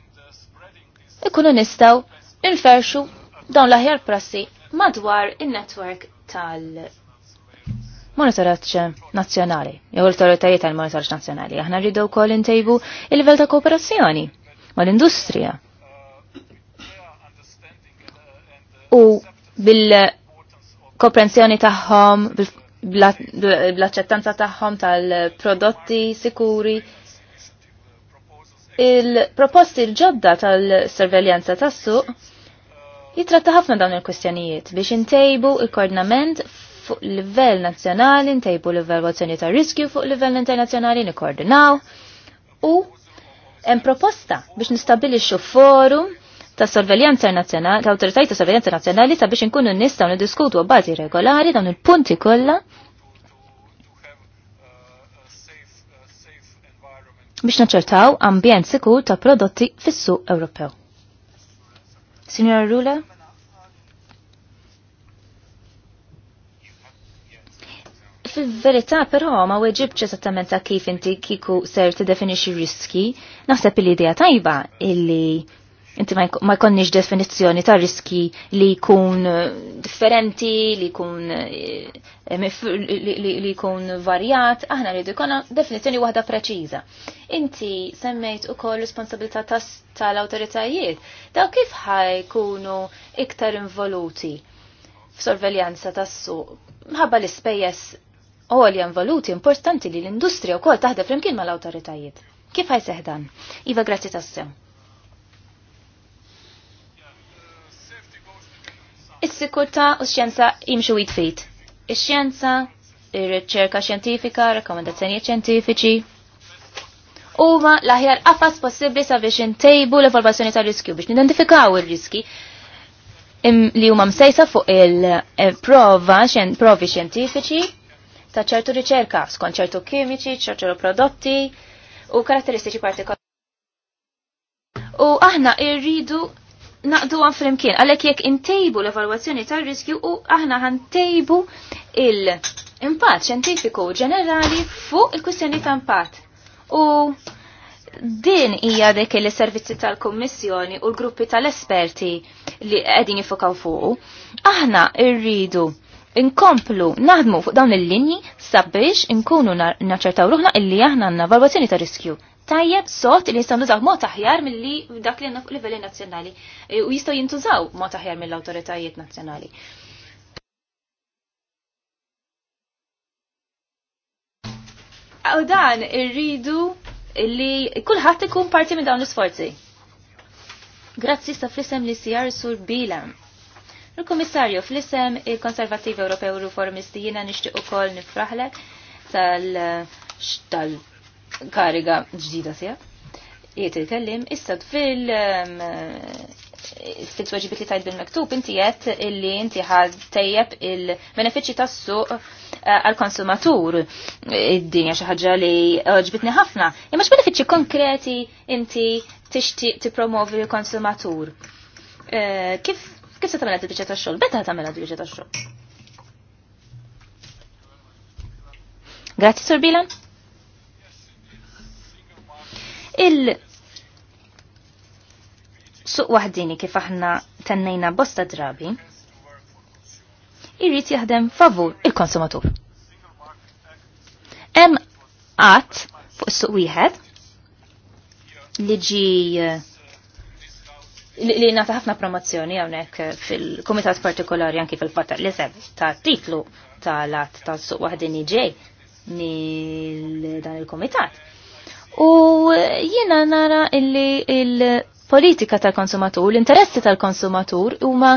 ikunu nistgħu nferxu dawn l-aħjar prassi madwar in-netwerk tal- monitoraġġ nazjonali, jew l-autoritajiet tal-monitoraġġ nazzjonali. Aħna rridu wkoll intejbu il-livell ta' kooperazzjoni mal-industrija. U bil-komprensjoni tagħhom, bl-aċċettanza tagħhom tal-prodotti sikuri, il-proposti l-ġodda tal-sorveljanza tas-suq jitratta ħafna dawn il-kwestjonijiet biex intejbu il-koordinament fuq livell nazzjonali, ntejbu l-evalwazzjoni ta' riskju fuq livell internazzjonali nikkoordinaw u hemm proposta biex nistabilixxu forum ta' sorveljanza nazzjonali, ta' awtoritajiet ta' sorveljanza nazzjonali ta' biex inkunu nistgħu niddiskutu bażi regolari dawn il-punti kollha biex naċċertaw ambjent sikur ta' prodotti fis-suq Ewropew. Signora Rula? Fil-verità però ma weġibċa esattament ta' kif inti kiku ser tiddefinixxi riski, naħseb l-idea tajba illi inti ma jkonniġ definizzjoni ta' riski li jkun eh, differenti, li jkun eh, li jkun varjat, aħna rridu jkun definizjoni waħda preċiża. Inti semmejt ukoll responsabilità tal-awtoritajiet, daw kif ħajkunu iktar involuti f'sorveljanza tas-suq, mħabba l-ispejjeż għoljan valuti importanti li l-industrija u kol taħdem flimkien ma l-autoritajiet. Kif għaj seħdan? Iva, grazzi tassew. Is-sikurta u x-xjenza jimxu jitfit. Ix-xjenza, ir-riċerka xjentifika, rekomendazzjonijiet xjentifiċi, huma l-aħjar possibli possibbli sabiex intejbu l-evalvazzjoni tar-riskju biex nidentifikaw ir-riski li huma msejsa fuq il-prova eh, provi xjentifiċi ta' ċertu riċerka skont ċertu kimiċi, ċertu prodotti u karatteristiċi partikolari. U aħna irridu naqdu għan flimkien, għalek jek intejbu l-evaluazzjoni tal riskju u aħna tejbu il-impat ċentifiku ġenerali fuq il-kwistjoni ta' impat. U din hija dek li servizzi tal-Kommissjoni u l-gruppi tal-esperti li qegħdin jifokaw fuq. Aħna rridu inkomplu naħdmu fuq dawn il-linji sabiex inkunu naċċertaw ruħna illi aħna għandna valwazzjoni ta' riskju. Tajjeb sot li jistgħu nużaw mod aħjar milli dak li għandna fuq livelli nazzjonali e, u jistgħu jintużaw mod aħjar mill-awtoritajiet nazzjonali. U dan irridu li kulħadd ikun parti minn dawn l-isforzi. Grazzi sta' flisem li sijar sur bilam. Il-Komissarju fl-isem il-Konservativi Ewropew Reformisti nishtiq nixtieq ukoll nifraħlek tal-kariga ġdida sija. Jiet il-kellim, issa fil- fil-tweġibit li tajt bil-mektub inti jett illi inti ħad tejjeb il-benefiċċji tas-suq eh, għal-konsumatur id-dinja xi ħaġa li ġbitni ħafna. Imma x'benefiċċji konkreti inti tixtieq tippromovi l-konsumatur? Eh, kif Kif se tagħmel id-biċċa tax-xogħol? beta' tagħmel id tax-xogħol? Grazzi Sur Bilan. Il suq waħdini kif aħna tennejna bosta drabi irrid jaħdem favur il-konsumatur. Hemm qatt fuq is-suq wieħed li ġi eh, li nata ħafna promozzjoni għonek fil-komitat partikolari anki fil-fatta li seb ta' titlu ta' lat ta' suq wahdin iġej dan il-komitat. U jiena nara illi il-politika tal-konsumatur, l-interessi tal-konsumatur huma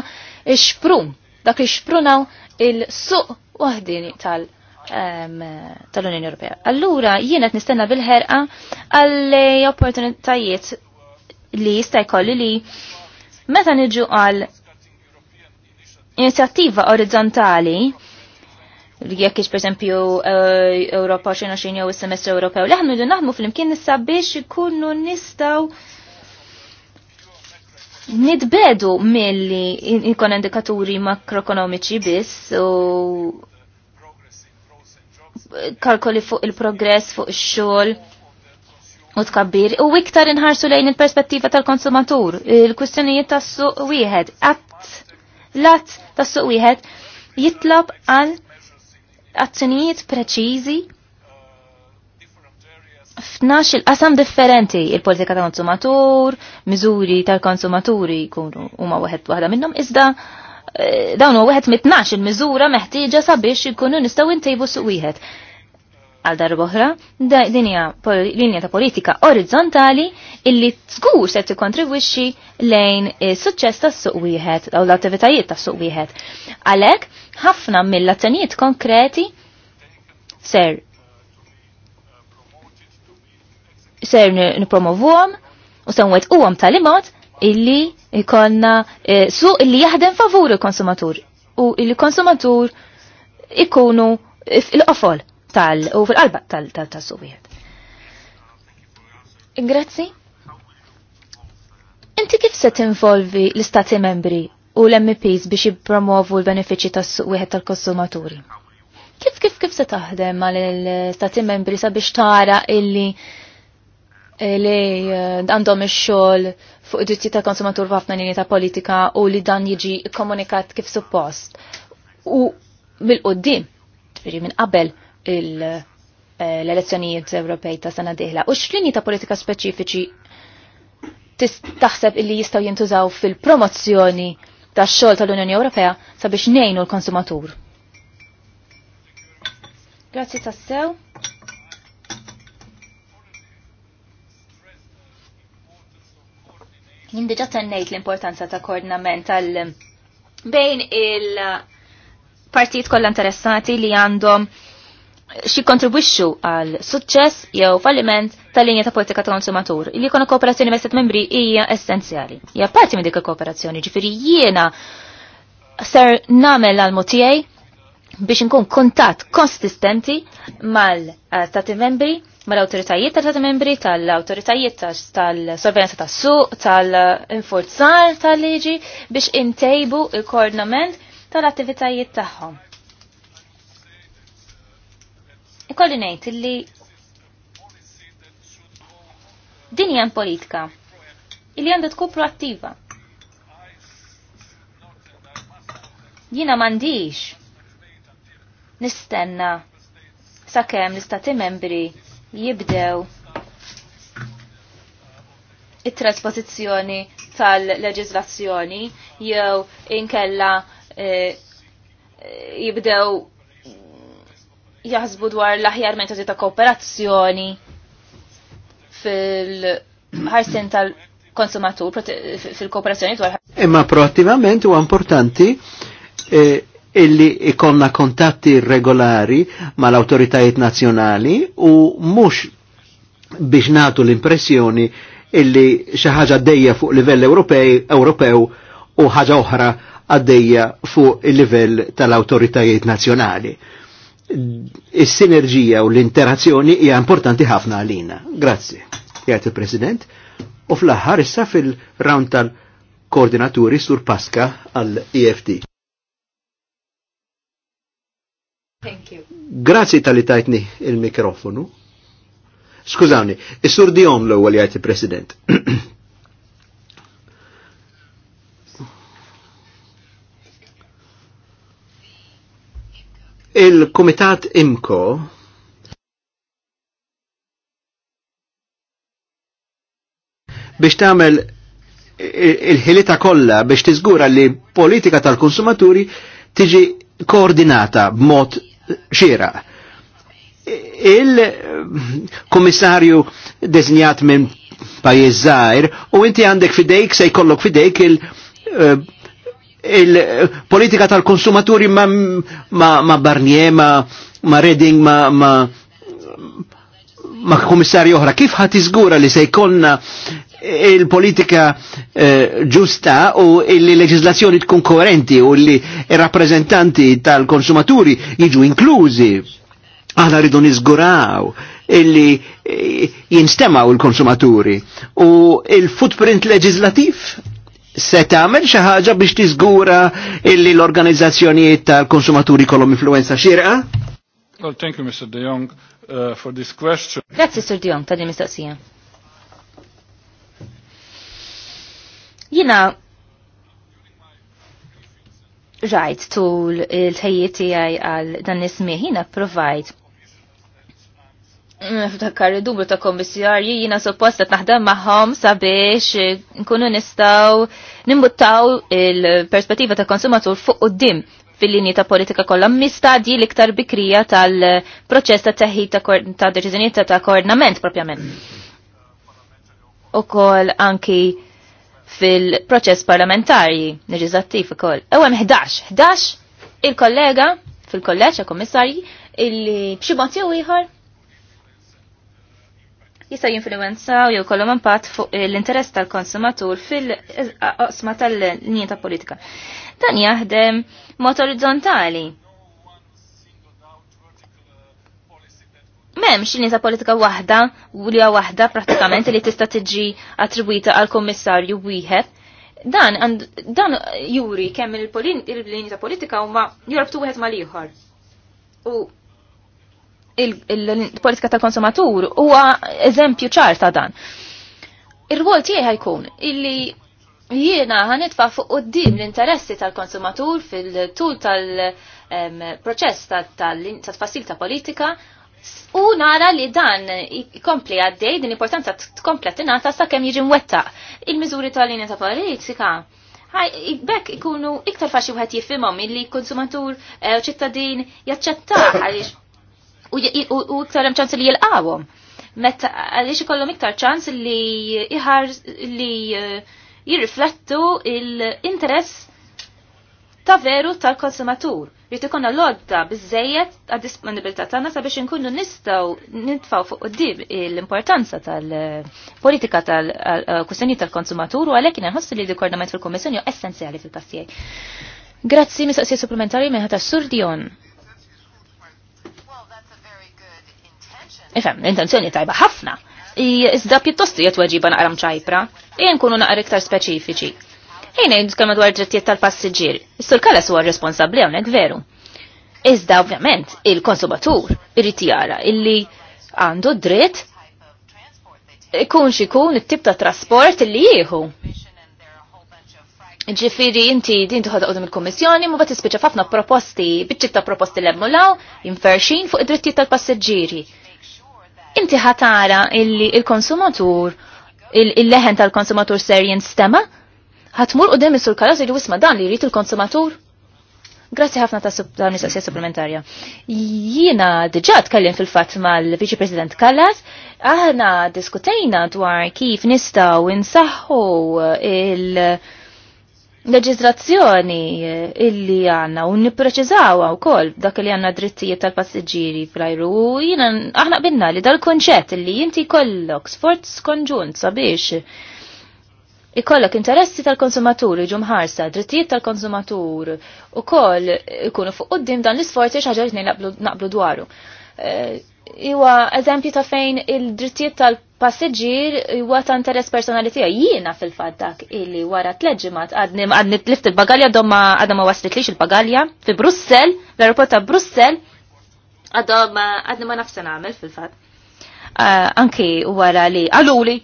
xprum, dak ixprunaw il-suq wahdini tal tal-Unjoni Ewropea. Allura jiena qed nistenna bil-ħerqa għall opportunitajiet li jista' jkolli li meta niġu għal inizjattiva orizzontali jekk per pereżempju Ewropa eh, xejn jew is-semestru Ewropew li aħna naħdmu flimkien issa biex ikunu nistgħu nitbedu milli ikon indikaturi makroekonomiċi biss u kalkoli fuq il-progress fuq ix-xogħol u tkabbir u iktar inħarsu lejn il-perspettiva tal-konsumatur, il-kwistjonijiet tas-suq wieħed, għat lat tas-suq wieħed jitlob għal azzjonijiet preċiżi f'nax il-qasam differenti il-politika tal-konsumatur, miżuri tal-konsumaturi jkunu huma wieħed waħda minnhom iżda eh, dawn huwa wieħed mit tnax il-miżura meħtieġa sabiex ikunu nistgħu intejbu suq wieħed għal darboħra, dinja linja ta' politika orizzontali illi tżgur se tikkontribwixxi lejn is-suċċess tas-suq wieħed u l-attivitajiet tas-suq wieħed. Għalhekk ħafna mill-azzjonijiet konkreti ser ser nipromovuhom u se nwettquhom tal-imod illi ikonna eh, suq illi jaħdem favur il-konsumatur u il-konsumatur ikunu il-qofol tal u fil-qalba tal tal wieħed. Grazzi. Inti kif se tinvolvi l-istati membri u l-MPs biex jippromovu l-benefiċi tas-suq wieħed tal-konsumaturi? Kif kif kif se taħdem mal l istati membri sabiex tara illi li eh, għandhom ix-xogħol fuq id-dritti ta' konsumatur f'ħafna linji ta' politika u li dan jiġi komunikat kif suppost. U mill-qoddim, ġifieri minn qabel, Eh, l-elezzjonijiet Ewropej ta' sena diħla. U x'linji ta' politika speċifiċi taħseb illi jistaw jintużaw fil-promozzjoni ta' xogħol tal-Unjoni Ewropea sabiex nejnu l-konsumatur. Grazzi tassew. Jien diġà tennejt l-importanza ta' koordinament tal- bejn il- partijiet kollha interessati li għandhom xi kontribwixxu għal suċċess jew falliment tal-linja ta' politika ta' konsumatur. Li jkunu kooperazzjoni ma' stat membri hija essenzjali. Ja parti minn dik il-kooperazzjoni, ġifieri jiena ser nagħmel għal motijaj biex nkun kuntatt konsistenti mal-stati membri mal-autoritajiet tal-stati membri, tal-autoritajiet tal-sorvenza tas-suq, tal inforzar tal-liġi biex intejbu il-koordinament tal-attivitajiet tagħhom. Ikolli illi din hija politika illi għandha tkun proattiva. Jina m'għandix nistenna sakemm l-istati membri jibdew it-trasposizzjoni tal-leġislazzjoni jew inkella e, jibdew jaħsbu dwar l-aħjar metodi ta' kooperazzjoni fil-ħarsin tal-konsumatur, fil-kooperazzjoni dwar. Imma proattivament huwa importanti eh, illi ikonna kontatti regolari mal-autoritajiet nazjonali u mux biex natu l-impressjoni illi xaħġa dejja fuq livell Ewropew u ħaġa oħra għaddejja fuq il-livell tal-autoritajiet nazjonali is-sinerġija u l-interazzjoni hija importanti ħafna għalina. Grazzi. Jgħid il-President. U fl-aħħar issa fil-round tal-koordinaturi sur Pasqa għall-EFT. Grazzi tal itajtni il-mikrofonu. Skużawni, is-sur Dion l-ewwel jgħid il-President. Il-Kumitat Imko biex tagħmel il-ħilita kollha biex tiżgura li politika tal-konsumaturi tiġi koordinata b'mod xira. Il-komissarju designaat minn pajizzajr u inti għandek fidejk se jkollok fidejk il- eh, il-politika tal-konsumaturi ma, ma, ma Barnier, ma, ma Redding, ma, ma, ma komissarju oħra, kif ħat iżgura li se jkollna il-politika eh, ġusta u il leġislazzjoni tkun koerenti u li rappresentanti tal-konsumaturi jiġu inklużi. Aħna rridu niżguraw illi eh, jinstemaw il-konsumaturi u il-footprint leġizlativ se tagħmel xi ħaġa biex tiżgura illi l-organizzazzjonijiet tal-konsumaturi kollhom influenza xirqa? Well, thank you, Mr. De Jong, uh, for this question. Grazzi, Sir De Jong, ta' din mistoqsija. Jina, rajt tul il ħajjiet tiegħi għal dan nismi, jina provajt id dublu ta' kommissjarji jina supposta naħdem maħom sabiex nkunu nistaw nimbuttaw il-perspettiva ta' konsumatur fuq u dim fil-linji ta' politika kollha mistadji l-iktar bikrija tal-proċess ta' teħid ta' deċiżjonijiet ta' koordinament propjament. Ukoll anki fil-proċess parlamentari u ukoll. Ewem 11, 11 il-kollega fil-kolleġġ ta' kommissarji illi b'xi mod jew ieħor jista' jinfluwenzaw jew kollhom impatt fuq l-interess tal-konsumatur fil-qosma tal-linja ta' politika. Dan jaħdem mod orizzontali. M'hemmx linja ta' politika waħda u li waħda prattikament li tista' tiġi attribwita għal kommissarju wieħed. Dan dan juri kemm il-linja ta' politika huma jorbtu wieħed mal-ieħor. U il-politika tal-konsumatur huwa eżempju ċar ta' dan. Ir-rwol tiegħi ħajkun illi jiena ħanitfa' fuq qudiem l-interessi tal-konsumatur fil-tul tal-proċess tal-tfassil ta' politika u nara li dan ikompli għaddej din importanza tkompla sa' sakemm jiġi mwettaq. Il-miżuri tal-linja ta' politika Għaj, bekk ikunu iktar faċi wħed jifimom illi konsumatur eh, ċittadin jaċċettaħ għaliex u iktar hemm ċans li jilqawhom. Meta għaliex ikollhom iktar ċans li iħar li eh, jirriflettu l-interess ta' veru tal-konsumatur. Jrid ikun l-odda biżejjed għad disponibilità tagħna sabiex inkunu nistgħu nitfgħu fuq qudiem l-importanza tal-politika tal-kwistjoni eh, tal-konsumatur u għalhekk inħossu li l-koordinament fil-Kummissjoni essenzjali fil-passijaj. Grazzi mistoqsija supplementari meħata ħata Sur Dion. Ifem, l-intenzjoni tajba ħafna. Iżda pjuttost jett weġiba naqram ċajpra, jien kunu naqra iktar speċifiċi. Ejnej jgħid kemm dwar drittijiet tal-passiġġier, is-sur kalas huwa responsabbli hawnhekk veru. Iżda ovvjament il-konsumatur irid jara illi għandu dritt ikun xikun it-tip ta' trasport illi jieħu. Ġifiri, inti din tuħad għodum il-Komissjoni, mu bat ħafna proposti, ta' proposti l-emmulaw, jinferxin fuq id-drittijiet tal passiġġieri inti ħatara illi il-konsumatur, il-leħen tal-konsumatur ser jinstema? ħatmur u demis sur kalas li wisma dan li jrid il-konsumatur? Grazzi ħafna ta' l mistoqsija supplementarja. Jiena diġà tkellim fil-fatt mal-Viċi President Kallas, aħna diskutejna dwar kif nistgħu insaħħu il- leġizrazzjoni eh, illi għanna u nipreċizawa u kol dak li għanna drittijiet tal-passiġġieri fl-ajru u jina aħna binna li dal konċet illi jinti kollok sforz konġunt sabiex ikollok interessi tal-konsumatur iġu mħarsa, drittijiet tal-konsumatur u kol ikunu fuq qoddim dan l-isforzi xaġa li naqblu dwaru. Eh, Iwa eżempju ta' fejn il-drittijiet tal-passiġġier huwa ta' interess personali tiegħu. Jiena fil-fatt dak illi wara ma għadni għadni tlift il-bagalja ma għadha ma waslitlix il-bagalja fi Brussel, l-aeroport ta' Brussel, għadhom għadni ma nafsa nagħmel fil-fatt. Ah, anki wara li għaluli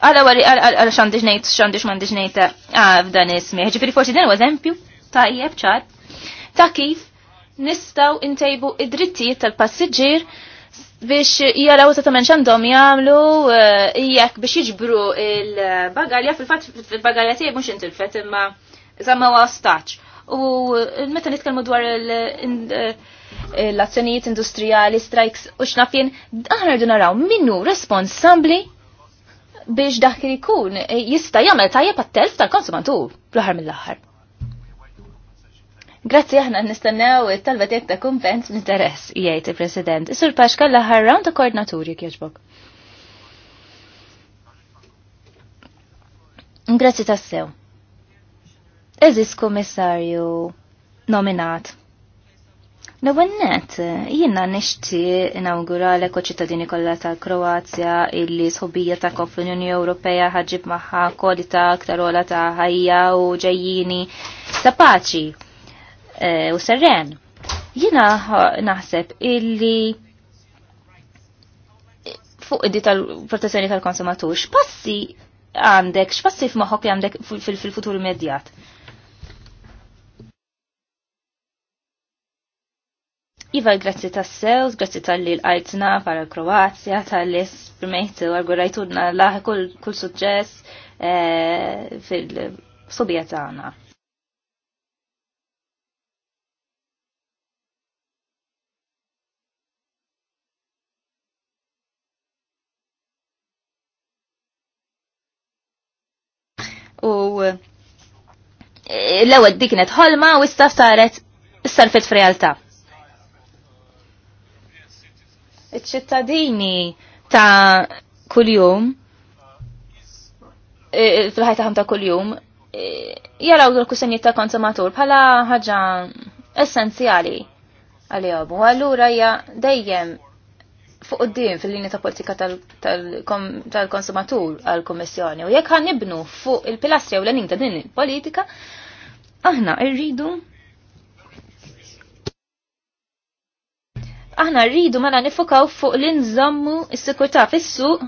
għala għali għala xandiġ nejt, xandiġ mandiġ nejt ah, f'dan ismi. Ġifiri forsi dan u eżempju ta' jieb ċar ta' kif nistaw intejbu id-drittijiet tal-passiġġier biex jaraw ta' tamen xandom jamlu eh, jekk biex jiġbru il-bagalja, fil-fat fil-bagalja tiegħi mhux intilfet imma zamma wastaċ. U meta nitkellmu dwar eh, l-azzjonijiet industrijali, strikes u xnafjen, aħna rridu naraw minnu responsabbli biex dak li jkun jista' jagħmel tajjeb għat-telf tal-konsumatur fl-aħħar mill-aħħar. Grazzi aħna nistennew it-talba tiegħek ta' kumpens interess, jgħid il-President. Isur Paxka l-aħħar round ta' koordinaturi jogħġbok? Grazzi tassew. Eżis kummissarju nominat. L-ewwel net, jiena nixti inawgura eko ċittadini kollha tal-Kroazja illi sħubija ta' fl-Unjoni Ewropea ħagġib magħha kwalità aktar ta' ħajja u ġejjini ta' paċi Eh, u serren. Jina naħseb illi fuq id tal-protezzjoni tal-konsumatur, x'passi għandek, x'passi f'moħħok li għandek fil-futur immedjat? Iva, grazzi tas-sew, grazzi tal-li l-għajtna para Kroazja, tal-li esprimejt u l laħi kull suċċess eh, fil subjet tagħna. U eh, l-ewwel dik kienet ħolma u issa saret sarfet f'realtà. Iċ-ċittadini ta' kuljum eh, fil-ħajta ta' kuljum eh, jaraw l-kusenjiet ta' konsumatur bħala ħaġa essenzjali għalihom. U allura hija dejjem fuq din fil-linja ta' politika tal-konsumatur għal-Kommissjoni. U jekk ħanibnu fuq il-pilastri u l-għanin ta' din il-politika, aħna rridu aħna rridu mela nifokaw fuq li nżommu s-sikurtà fis-suq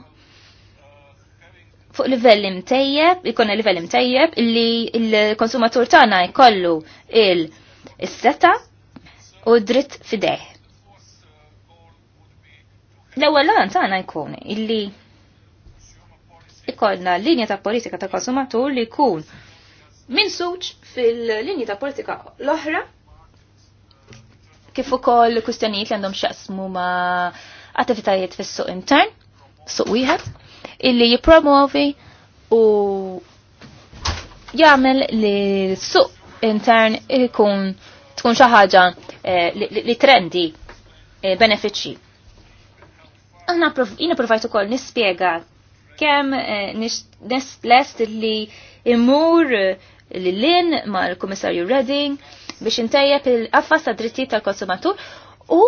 fuq livell imtejjeb, ikonna livell imtejjeb li l-konsumatur tagħna jkollu il-seta u dritt fideh L-ewwel lan tagħna jkun illi ikollna linja ta' politika ta' konsumatur li jkun min suċ fil-linji ta' politika l-oħra kif ukoll kustjonijiet li għandhom x'jaqsmu ma' attivitajiet fis-suq intern, suq wieħed, illi jippromovi u jagħmel li suq intern ikun tkun xi ħaġa eh, li trendi eh, benefiċċji. Aħna jina provajtu kol nispiega kem eh, lest li imur l-lin eh, ma l-Komissarju Redding biex intejjeb il affas ta' drittijiet tal-konsumatur u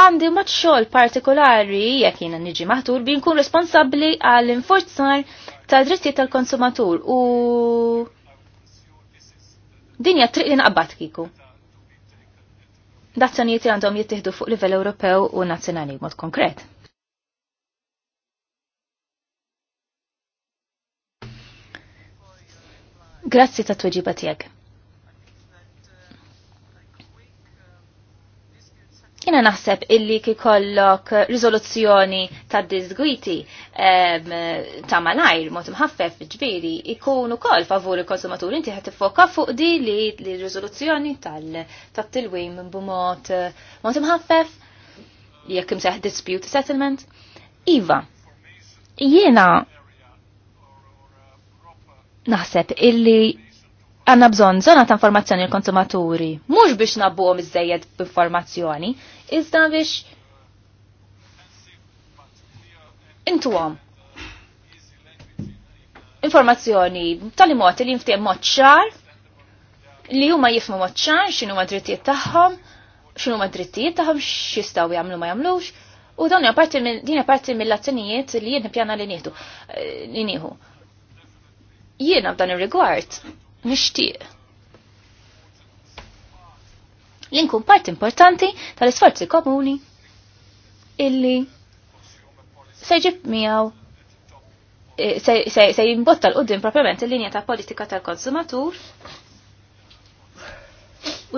għandi mat xogħol partikolari jekk jina niġi maħtur bi nkun responsabbli għall inforzar ta' drittijiet tal-konsumatur u dinja triq li naqbat kiku dazzjonijiet li għandhom jittieħdu fuq livell Ewropew u nazzjonali mod konkret. Grazzi ta' tweġiba tiegħek. Jena naħseb illi kikollok rizoluzzjoni ta' dizgwiti ta' malajr, mot mħaffef ikun u kol favur il-konsumatur, inti ħat foka fuq di li l-rizoluzzjoni tal-tilwim b'mod mot mħaffef, jekk imseħ dispute settlement. Iva, jena naħseb illi għanna bżon zona ta' informazzjoni l-konsumaturi, mux biex nabbuhom iż-żejjed b'informazzjoni, iżda biex intuhom informazzjoni tal-imot li jinftiem mod ċar, li huma jifmu mod ċar x'inhu ma drittijiet tagħhom, xinu ma drittijiet tagħhom x'jistgħu jagħmlu ma jagħmlux, u dawn hija parti din parti mill-azzjonijiet li jien nippjana li nieħdu eh, li nieħu. Jiena f'dan ir-rigward nixtieq li nkun part importanti tal-isforzi komuni illi se jġib miegħu e, se jimbotta l-qoddim propriament il-linja ta' politika tal-konsumatur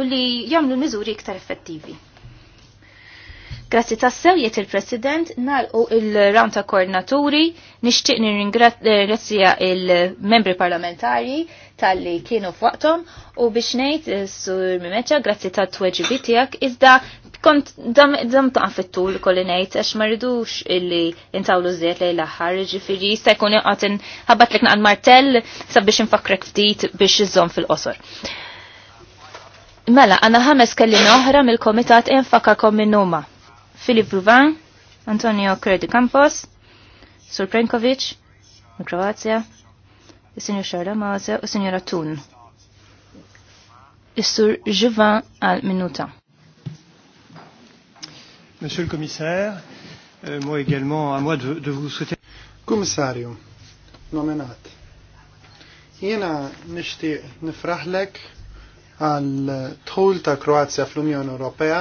u li jagħmlu miżuri iktar effettivi. Grazzi tassew jiet il-President nalqu il-round ta' koordinaturi, nixtieq nirringrazzja eh, il-membri parlamentari tal-li kienu f'waqtom u biex ngħid eh, sur Mimeċa grazzi ta' tweġibi tiegħek iżda kont dam dam ta' fit-tul kolli ngħid għax ma rridux illi intawlu żiet lejn l-aħħar, ġifieri jista' jkun inqgħod inħabbat lek naqgħad martell sabiex infakrek ftit biex iżżomm fil-qosor. Mela, għana ħames kellin oħra mill-komitat infakakom minn numa Filip Ruvan, Antonio Credi Campos, Sur Prenkovic, Kroazja, il-Sinjor Xarda Maze u Sinjora Tun. il e sur Juvan għal minuta. Monsieur le Commissaire, euh, moi également, à moi de, de vous souhaiter. Commissario, nominat. Jena nishtiq nifraħlek għal tħul ta' Kroazja fl-Unjoni Ewropea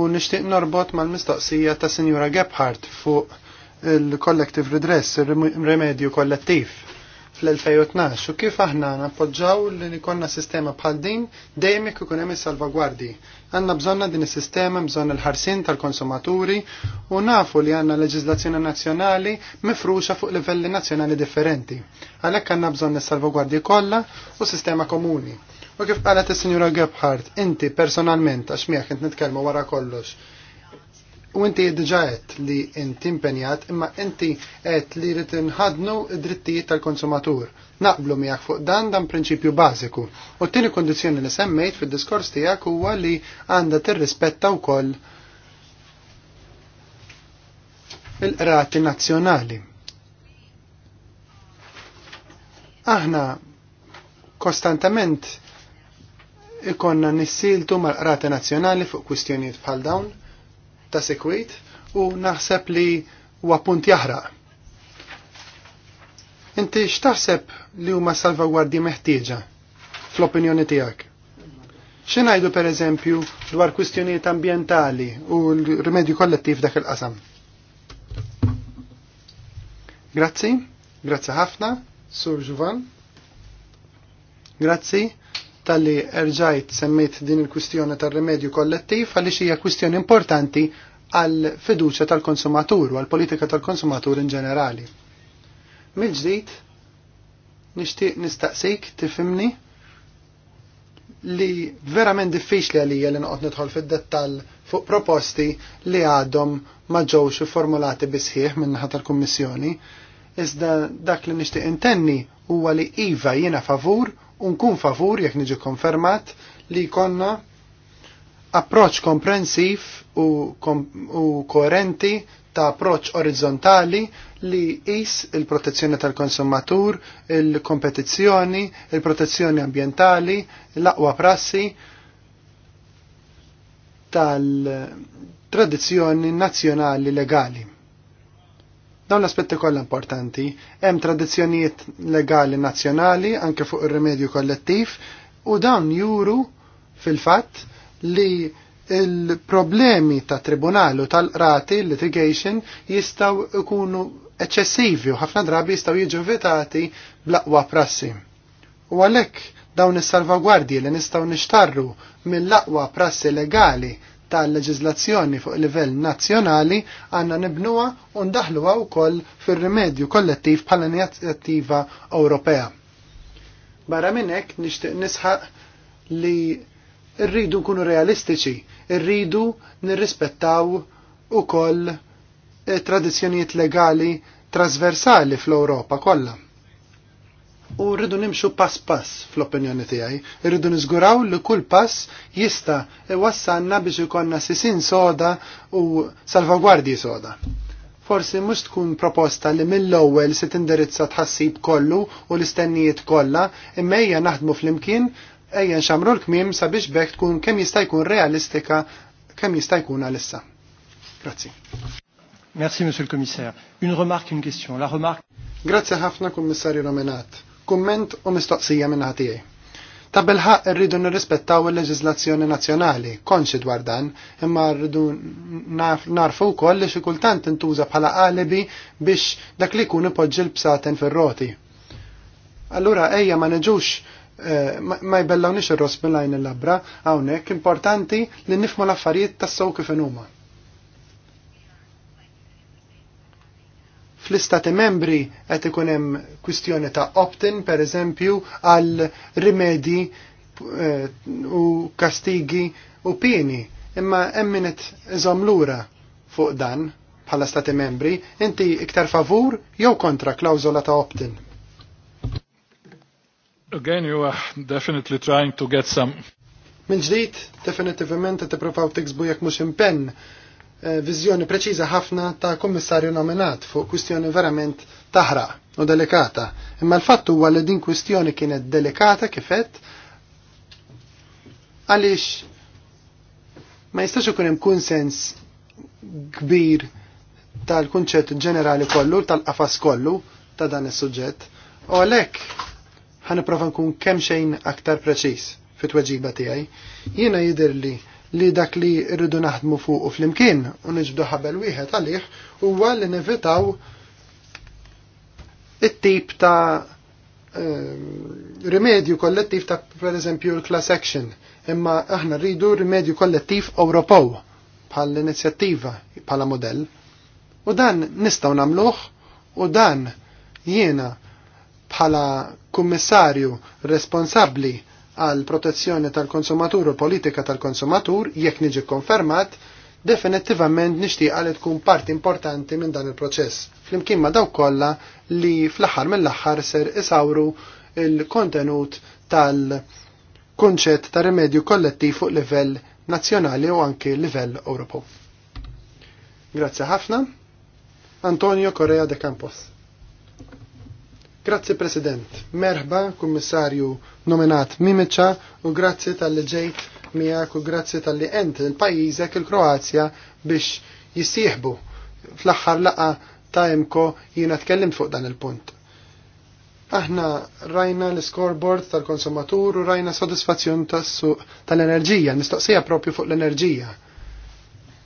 u nixtieq norbot mal-mistoqsija ta' Sinjura Gebhardt fuq il-collective redress, il-remedju kollettiv fl-2012 u kif aħna nappoġġaw li nikonna sistema bħal din dejjem ikun hemm is-salvagwardji. bżonna din is-sistema bżonn il-ħarsin tal-konsumaturi u nafu li għandna leġizlazzjoni nazzjonali mifruxa fuq livelli nazzjonali differenti. Għalhekk għandna bżonn is-salvagwardji kollha u sistema komuni. U kif qalet is-Sinjura Gebhardt, inti personalment għax miegħek qed nitkellmu wara kollox. U inti diġà qed li inti impenjat, imma inti qed li rid inħadnu id drittijiet tal-konsumatur. Naqblu miegħek fuq dan dan prinċipju bażiku. U t-tieni kundizzjoni li semmejt fid-diskors tiegħek huwa li għandha tirrispetta wkoll il-qrati nazzjonali. Aħna kostantament ikonna nissiltu mal-qrati nazzjonali fuq kwistjonijiet bħal dawn ta' sekwit u naħseb li huwa punt jaħraq. Inti x'taħseb li huma salvagwardji meħtieġa fl-opinjoni tiegħek? X'ingħidu pereżempju dwar kwistjonijiet ambjentali u l-rimedju kollettiv dak il-qasam? Grazzi, grazzi ħafna, Sur Juvan. Grazzi tal-li erġajt semmit din il-kwistjoni tal-remedju kollettiv għaliex hija kwistjoni importanti għal fiduċa tal-konsumatur u għal politika tal-konsumatur in ġenerali. Mil-ġdijt, nishtiq nistaqsik tifimni li verament diffiċli għalija li noqgħod nidħol fid-dettall fuq proposti li għadhom ma ġewx formulati bisħieħ min-naħa tal-Kummissjoni, iżda dak li nixtieq intenni huwa li iva jiena favur unkun favur jekk niġi konfermat li konna approċ komprensiv u, kom u koerenti ta' approċ orizzontali li jis il-protezzjoni tal-konsumatur, il-kompetizzjoni, il-protezzjoni ambientali, l-aqwa prassi tal-tradizzjoni nazzjonali legali. Dawn l-aspetti kollha importanti, hemm tradizzjonijiet legali nazzjonali anke fuq ir rimedju kollettiv u dawn juru fil-fatt li il-problemi ta' tribunalu tal-qrati, litigation, jistaw ikunu eċessivi u ħafna drabi jistaw jiġu vetati aqwa prassi. U għalek dawn is-salvagwardji li nistaw nixtarru mill aqwa prassi legali tal-leġizlazzjoni fuq livell nazzjonali għanna nibnuwa u ndaħluwa wkoll fir-rimedju kollettiv bħala inizjattiva Ewropea. Barra minn hekk nixtieq nisħaq li rridu nkunu realistiċi, rridu nirrispettaw ukoll eh, tradizzjonijiet legali trasversali fl-Ewropa kollha u rridu nimxu pass pass fl-opinjoni tiegħi. Irridu niżguraw li kull pass jista' iwassalna biex ikonna sisin soda u salvagwardji soda. Forsi mhux tkun proposta li mill-ewwel se tindirizza tħassib kollu u l-istennijiet kollha, imma ejja naħdmu flimkien ejja nxamru l-kmim sabiex bekk tkun kemm jista' jkun realistika kemm jista' jkun għalissa. Grazzi. Merci, Monsieur le Commissaire. Une remarque, une question. La remarque... Grazie ħafna, Kummissarju Romenat kumment u mistoqsija minn ħatijaj. Ta' bilħaq rridu nirrispettaw il-leġizlazzjoni nazzjonali, konxi dwar dan, imma rridu narfu wkoll li xi kultant intuża bħala qalibi biex dak li jkun ipoġġi l-bsaten fir-roti. Allura ejja ma neġux eh, ma jbellawniex ir-ros bil-lajn il-labra, hawnhekk importanti li nifmu l-affarijiet tas sow kif huma. Fl-istati membri qed ikun hemm kwistjoni ta' opt-in pereżempju għal rimedi eh, u kastigi u pieni, imma hemm min iżomm lura fuq dan bħala stati membri, inti iktar favur jew kontra klawżola ta' opt-in? Again, you are definitely trying to get some Minġdijt, ġdid, definitivament qed tippruvaw tiksbu jekk mhux impenn Eh, viżjoni preċiża ħafna ta' kummissarju nominat fuq kwistjoni verament taħraq u delikata. Imma l-fatt huwa li din kwistjoni kienet delikata kifet għaliex ma jistax ikun hemm kunsens kbir tal-kunċett ġenerali kollu, tal-qafas kollu ta' dan is-suġġett. U għalhekk ħaniprofa nkun kemm xejn aktar preċiż fit-tweġiba tiegħi. Jiena jidher li li dak li rridu naħdmu fuq u flimkien u niġbdu ħabel wieħed għalih huwa li nevitaw it-tip ta' ehm, rimedju kollettiv ta' per eżempju l-class action imma aħna rridu rimedju kollettiv Ewropew bħal inizjattiva bħala modell u dan nistgħu nagħmluh u dan jiena bħala kummissarju responsabbli għal protezzjoni tal-konsumatur u politika tal-konsumatur, jekk niġi konfermat, definittivament nixtieq li tkun parti importanti minn dan il-proċess. Flimkien ma dawk kollha li fl-aħħar mill-aħħar ser isawru il-kontenut tal-kunċett ta' rimedju kollettiv fuq livell nazzjonali u anke livell Ewropew. Grazzi ħafna. Antonio Correa de Campos. Grazzi President, merħba kummissarju nominat Mimica u grazzi tal-li ġejt miegħek u grazzi tal-li ent il-pajjiżek il-Kroazja biex jissieħbu fl-aħħar laqa ta' imko jiena tkellimt fuq dan il-punt. Aħna rajna l-scoreboard tal-konsumatur u rajna sodisfazzjon tas-suq tal-enerġija, mistoqsija propju fuq l-enerġija.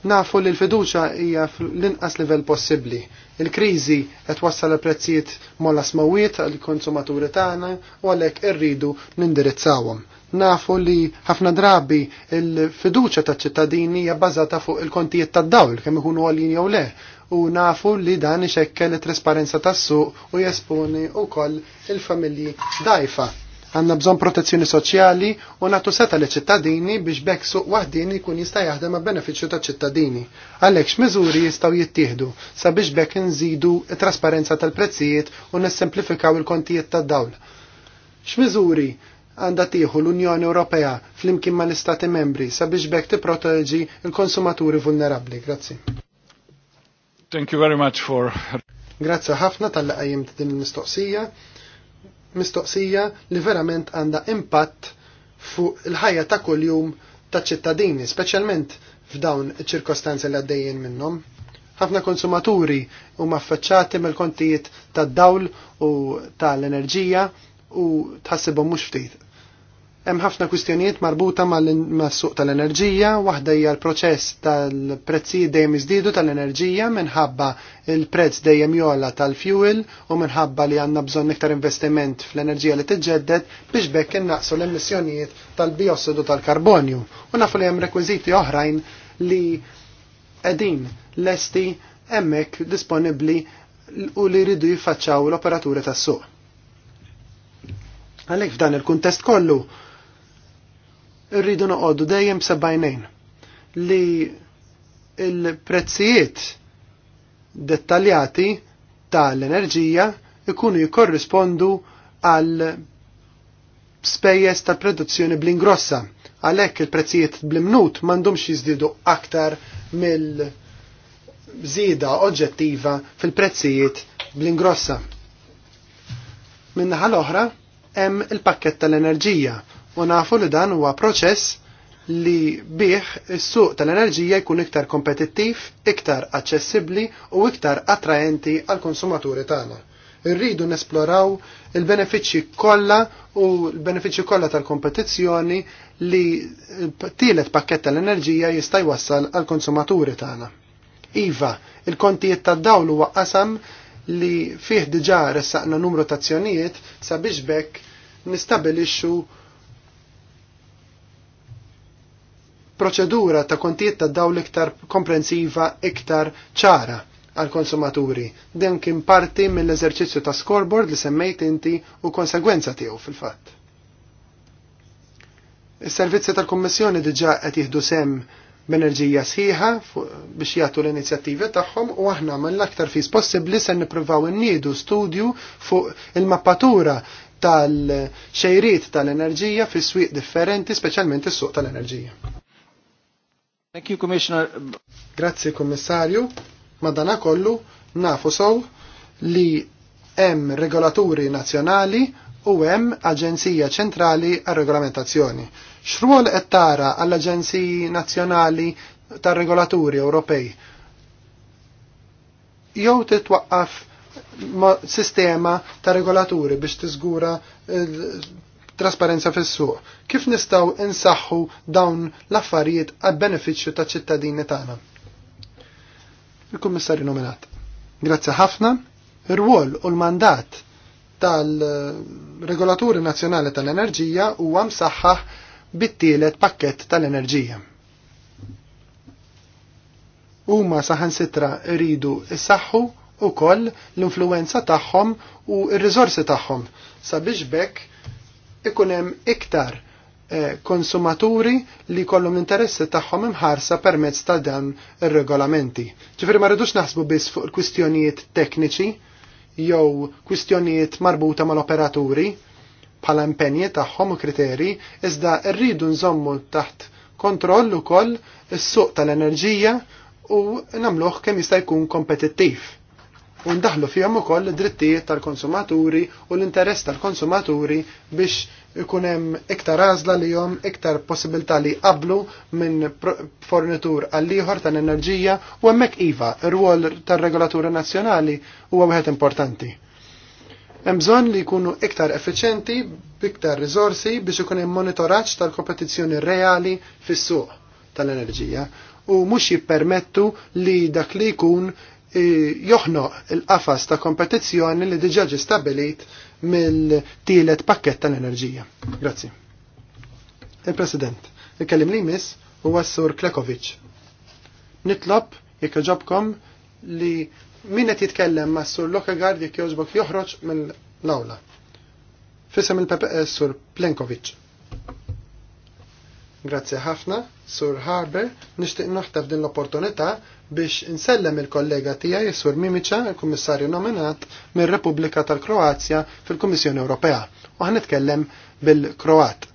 Nafu li l-fiduċa hija l-inqas livell possibbli. Il-kriżi qed wassal prezzijiet molla smawiet għall konsumaturi tagħna u għalhekk irridu nindirizzawhom. Nafu li ħafna drabi il-fiduċa taċ-ċittadini hija bbażata fuq il-kontijiet tad-dawl kemm ikunu għalin jew le u nafu li dan ixekkel it-trasparenza tas-suq u jesponi wkoll il-familji dajfa Għanna bżon protezzjoni soċjali u natu seta li ċittadini biex bekk suq wahdin ikun jista' jaħdem ma' benefiċċju ta' ċittadini. Għalhekk x'miżuri jistgħu jittieħdu sabiex bekk nżidu trasparenza tal-prezzijiet u nissemplifikaw il-kontijiet tad-dawl. X'miżuri għandha tieħu l-Unjoni Ewropea flimkien mal-Istati Membri sabiex bekk tipproteġi l-konsumaturi vulnerabbli. Grazzi. Thank you very much for Grazzi ħafna tal-laqajjem din il-mistoqsija mistoqsija li verament għandha impatt fuq il-ħajja ta' kuljum ta' ċittadini, speċjalment f'dawn ċirkostanzi li għaddejjen minnhom. Ħafna konsumaturi huma affaċċati mill-kontijiet tad-dawl u tal-enerġija u tħassibhom mhux ftit. Hemm ħafna kwistjonijiet marbuta mas-suq tal-enerġija, waħda hija l-proċess tal-prezzijiet dejjem iżdiedu tal-enerġija minħabba il-prezz dejjem jola tal-fuel u minħabba li għandna bżonn iktar investiment fl-enerġija li tiġġedded biex bekk innaqsu l-emissjonijiet tal-biossidu tal-karbonju. U nafu li hemm rekwiżiti oħrajn li qegħdin lesti hemmhekk disponibbli u li jridu jiffaċċaw l-operaturi tas-suq. Għalhekk f'dan il-kuntest kollu rridu noqogħdu dejjem sebajnejn li il-prezzijiet dettaljati tal-enerġija ikunu jikorrispondu għal spejjeż tal-produzzjoni bl-ingrossa. Għalhekk il-prezzijiet bl-imnut m'għandhomx jiżdiedu aktar mill-żieda oġġettiva fil-prezzijiet bl-ingrossa. Minnaħa l-oħra hemm il-pakket tal-enerġija U nafu li dan huwa proċess li bih is-suq tal-enerġija jkun iktar kompetittiv, iktar aċċessibbli u iktar attraenti għal konsumaturi tagħna. Irridu nesploraw il-benefiċċji kollha u l-benefiċċji kollha tal-kompetizzjoni li tielet pakket tal-enerġija jista' jwassal għal konsumaturi tagħna. Iva, il-kontijiet tad-dawl huwa qasam li fih diġà ressaqna numru tazzjonijiet sabiex bekk nistabilixxu proċedura ta' kontiet ta' dawl iktar komprensiva iktar ċara għal konsumaturi. Dan kien parti mill-eżerċizzju ta' scoreboard li semmejt inti u konsegwenza tiegħu fil-fatt. Is-servizzi tal-Kummissjoni diġà qed jieħdu sem b'enerġija sħiħa biex jagħtu l-inizjattivi tagħhom u aħna mill-aktar fis possibbli se nippruvaw innidu studju fuq il-mappatura tal-xejriet tal-enerġija fis swieq differenti, speċjalment is-suq tal-enerġija. Thank you, Commissioner. Grazzi, Kommissarju. Madana kollu, nafu sow li hemm regolaturi nazzjonali u hemm Aġenzija Ċentrali għar-Regolamentazzjoni. X'rwol qed tara għall-Aġenziji Nazzjonali tar-Regolaturi Ewropej? Jew titwaqqaf sistema ta' regolaturi biex tiżgura trasparenza fis-suq. Kif nistgħu insaħħu dawn l-affarijiet għal benefiċċju taċ ċittadini tagħna? Il-Kummissarju nominat. Grazzi ħafna. Ir-rwol u l-mandat tal-Regolaturi Nazzjonali tal-Enerġija huwa msaħħaħ bit-tielet pakkett tal-enerġija. Huma saħansitra rridu isaħħu u koll l-influenza tagħhom u r-riżorsi tagħhom sabiex bekk ikun hemm iktar eh, konsumaturi li kollum l-interessi tagħhom imħarsa permezz ta' dan ir-regolamenti. ċifri ma rridux naħsbu biss fuq kwistjonijiet tekniċi jew kwistjonijiet marbuta mal-operaturi bħala impenji tagħhom u kriteri, iżda rridu nżommu taħt kontroll ukoll is-suq tal-enerġija u namluħ kemm jista' jkun kompetittiv u ndaħlu fihom ukoll id-drittijiet tal-konsumaturi u l-interess tal-konsumaturi biex ikun hemm iktar għażla li jom iktar possibilità li qablu minn fornitur għal ieħor tal-enerġija u hemmhekk iva r-rwol tar-regolaturi nazzjonali huwa wieħed importanti. Hemm bżonn li jkunu iktar effiċenti b'iktar riżorsi biex ikun hemm monitoraġġ tal-kompetizzjoni reali fis-suq tal-enerġija u mhux jippermettu li dak li jkun joħnoq il-qafas ta' kompetizzjoni li diġa ġi stabilit mill-tielet pakket tal-enerġija. Grazzi. Il-President, il-kellim li mis huwa s-sur Klekovic. Nitlob jekk ġobkom li min qed jitkellem ma' sur Lokagard jekk joġbok joħroġ mill-awla. Fisem il-PPS e, sur Plenkovic. Grazzi ħafna, Sur Harber, nixtieq naħtaf din l-opportunità biex insellem il-kollega tiegħi Sur Mimica, il-Kummissarju nominat mir-Repubblika tal-Kroazja fil-Kummissjoni Ewropea u ħanitkellem bil-Kroat.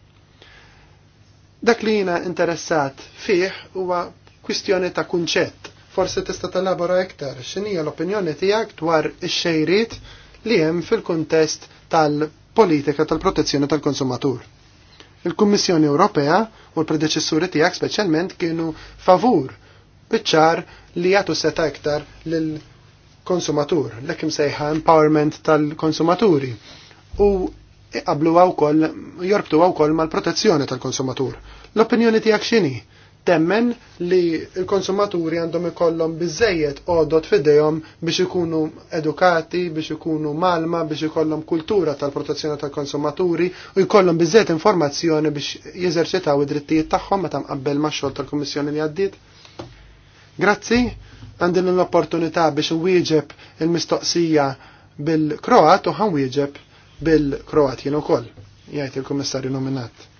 Dak li jiena interessat fih huwa kwistjoni ta' kunċett. Forsi tista' telabora iktar x'inhija l-opinjoni tiegħek dwar ix-xejriet li hemm fil-kuntest tal-politika tal-protezzjoni tal-konsumatur. Il-Kummissjoni Ewropea u l-predeċessuri tiegħek speċjalment kienu favur biċċar li jagħtu seta iktar l konsumatur, l-ekim sejħa empowerment tal-konsumaturi. U iqablu għaw kol, jorbtu għaw kol mal-protezzjoni tal-konsumatur. L-opinjoni tijak xini? temmen li il-konsumaturi għandhom ikollhom biżejjed għodot fidejhom biex ikunu edukati, biex ikunu malma, biex ikollhom kultura tal-protezzjoni tal-konsumaturi u jkollhom biżejjed informazzjoni biex jeżerċitaw id-drittijiet tagħhom meta mqabbel max-xogħol tal-Kummissjoni li għaddiet. Grazzi, għandin l-opportunità biex wieġeb il-mistoqsija bil-Kroat u ħan wieġeb bil-Kroat jien ukoll, jgħid il-Kummissarju nominat.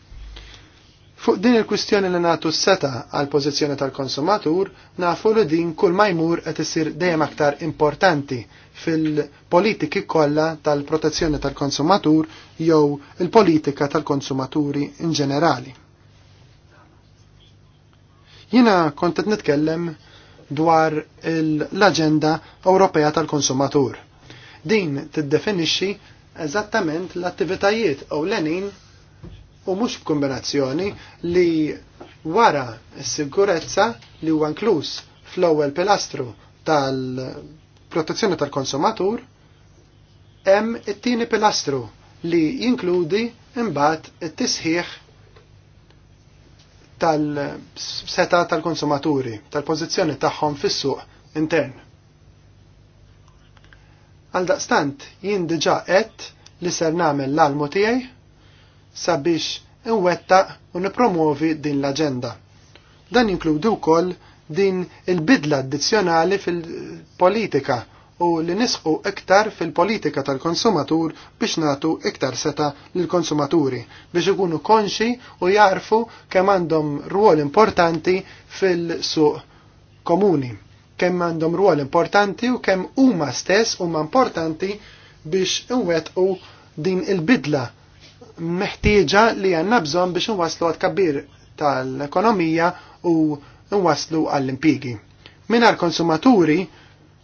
Fuq din il-kwistjoni li nagħtu s-seta għal pożizzjoni tal-konsumatur, nafu li din kull ma jmur qed isir dejjem aktar importanti fil-politiki kollha tal-protezzjoni tal-konsumatur jew il-politika tal-konsumaturi in ġenerali. Jiena kont qed nitkellem dwar l-Aġenda Ewropea tal-Konsumatur. Din tiddefinixxi eżattament l-attivitajiet ewlenin u mhux b'kombinazzjoni li wara s-sigurezza li huwa inkluż fl-ewwel pilastru tal-protezzjoni tal-konsumatur hemm it-tieni pilastru li jinkludi imbagħad it-tisħiħ tal-seta tal-konsumaturi, tal-pożizzjoni tagħhom fis-suq intern. Għaldaqstant jien diġà qed li ser nagħmel l-almu tiegħi sabiex inwettaq u nipromuovi din l-agenda. Dan jinkludu wkoll din il-bidla addizzjonali fil-politika u li nisqu iktar fil-politika tal-konsumatur biex natu iktar seta l-konsumaturi biex ikunu konxi u jarfu kemm għandhom ruol importanti fil-suq komuni kemm għandhom ruol importanti u kemm huma stess huma importanti biex inwetqu din il-bidla meħtieġa li għanna bżon biex nwaslu għad kabbir tal-ekonomija u nwaslu għall-impigi. Minar konsumaturi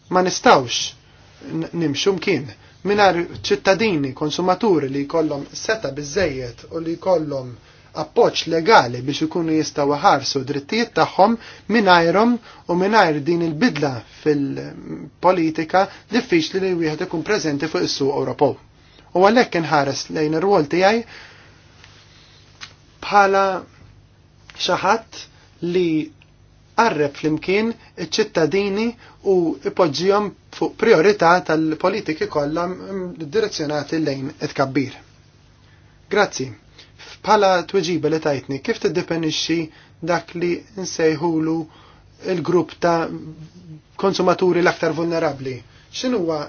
ma nistawx nimxu mkien. Minar ċittadini, konsumaturi li kollom seta bizzejiet u li kollom appoċ legali biex ikunu jistaw ħarsu drittijiet tagħhom mingħajrhom u mingħajr din il-bidla fil-politika diffiċli li wieħed ikun preżenti fuq is-suq Ewropew. U għalhekk inħares lejn ir-rwol tiegħi bħala xi ħadd li qarreb flimkien iċ-ċittadini u ipoġġihom fuq priorità tal-politiki kollha direzzjonati lejn it-kabbir. Grazzi. Bħala tweġiba li tajtni, kif tiddipenixxi dak li nsejħulu il-grupp ta' konsumaturi l-aktar vulnerabli? X'inhuwa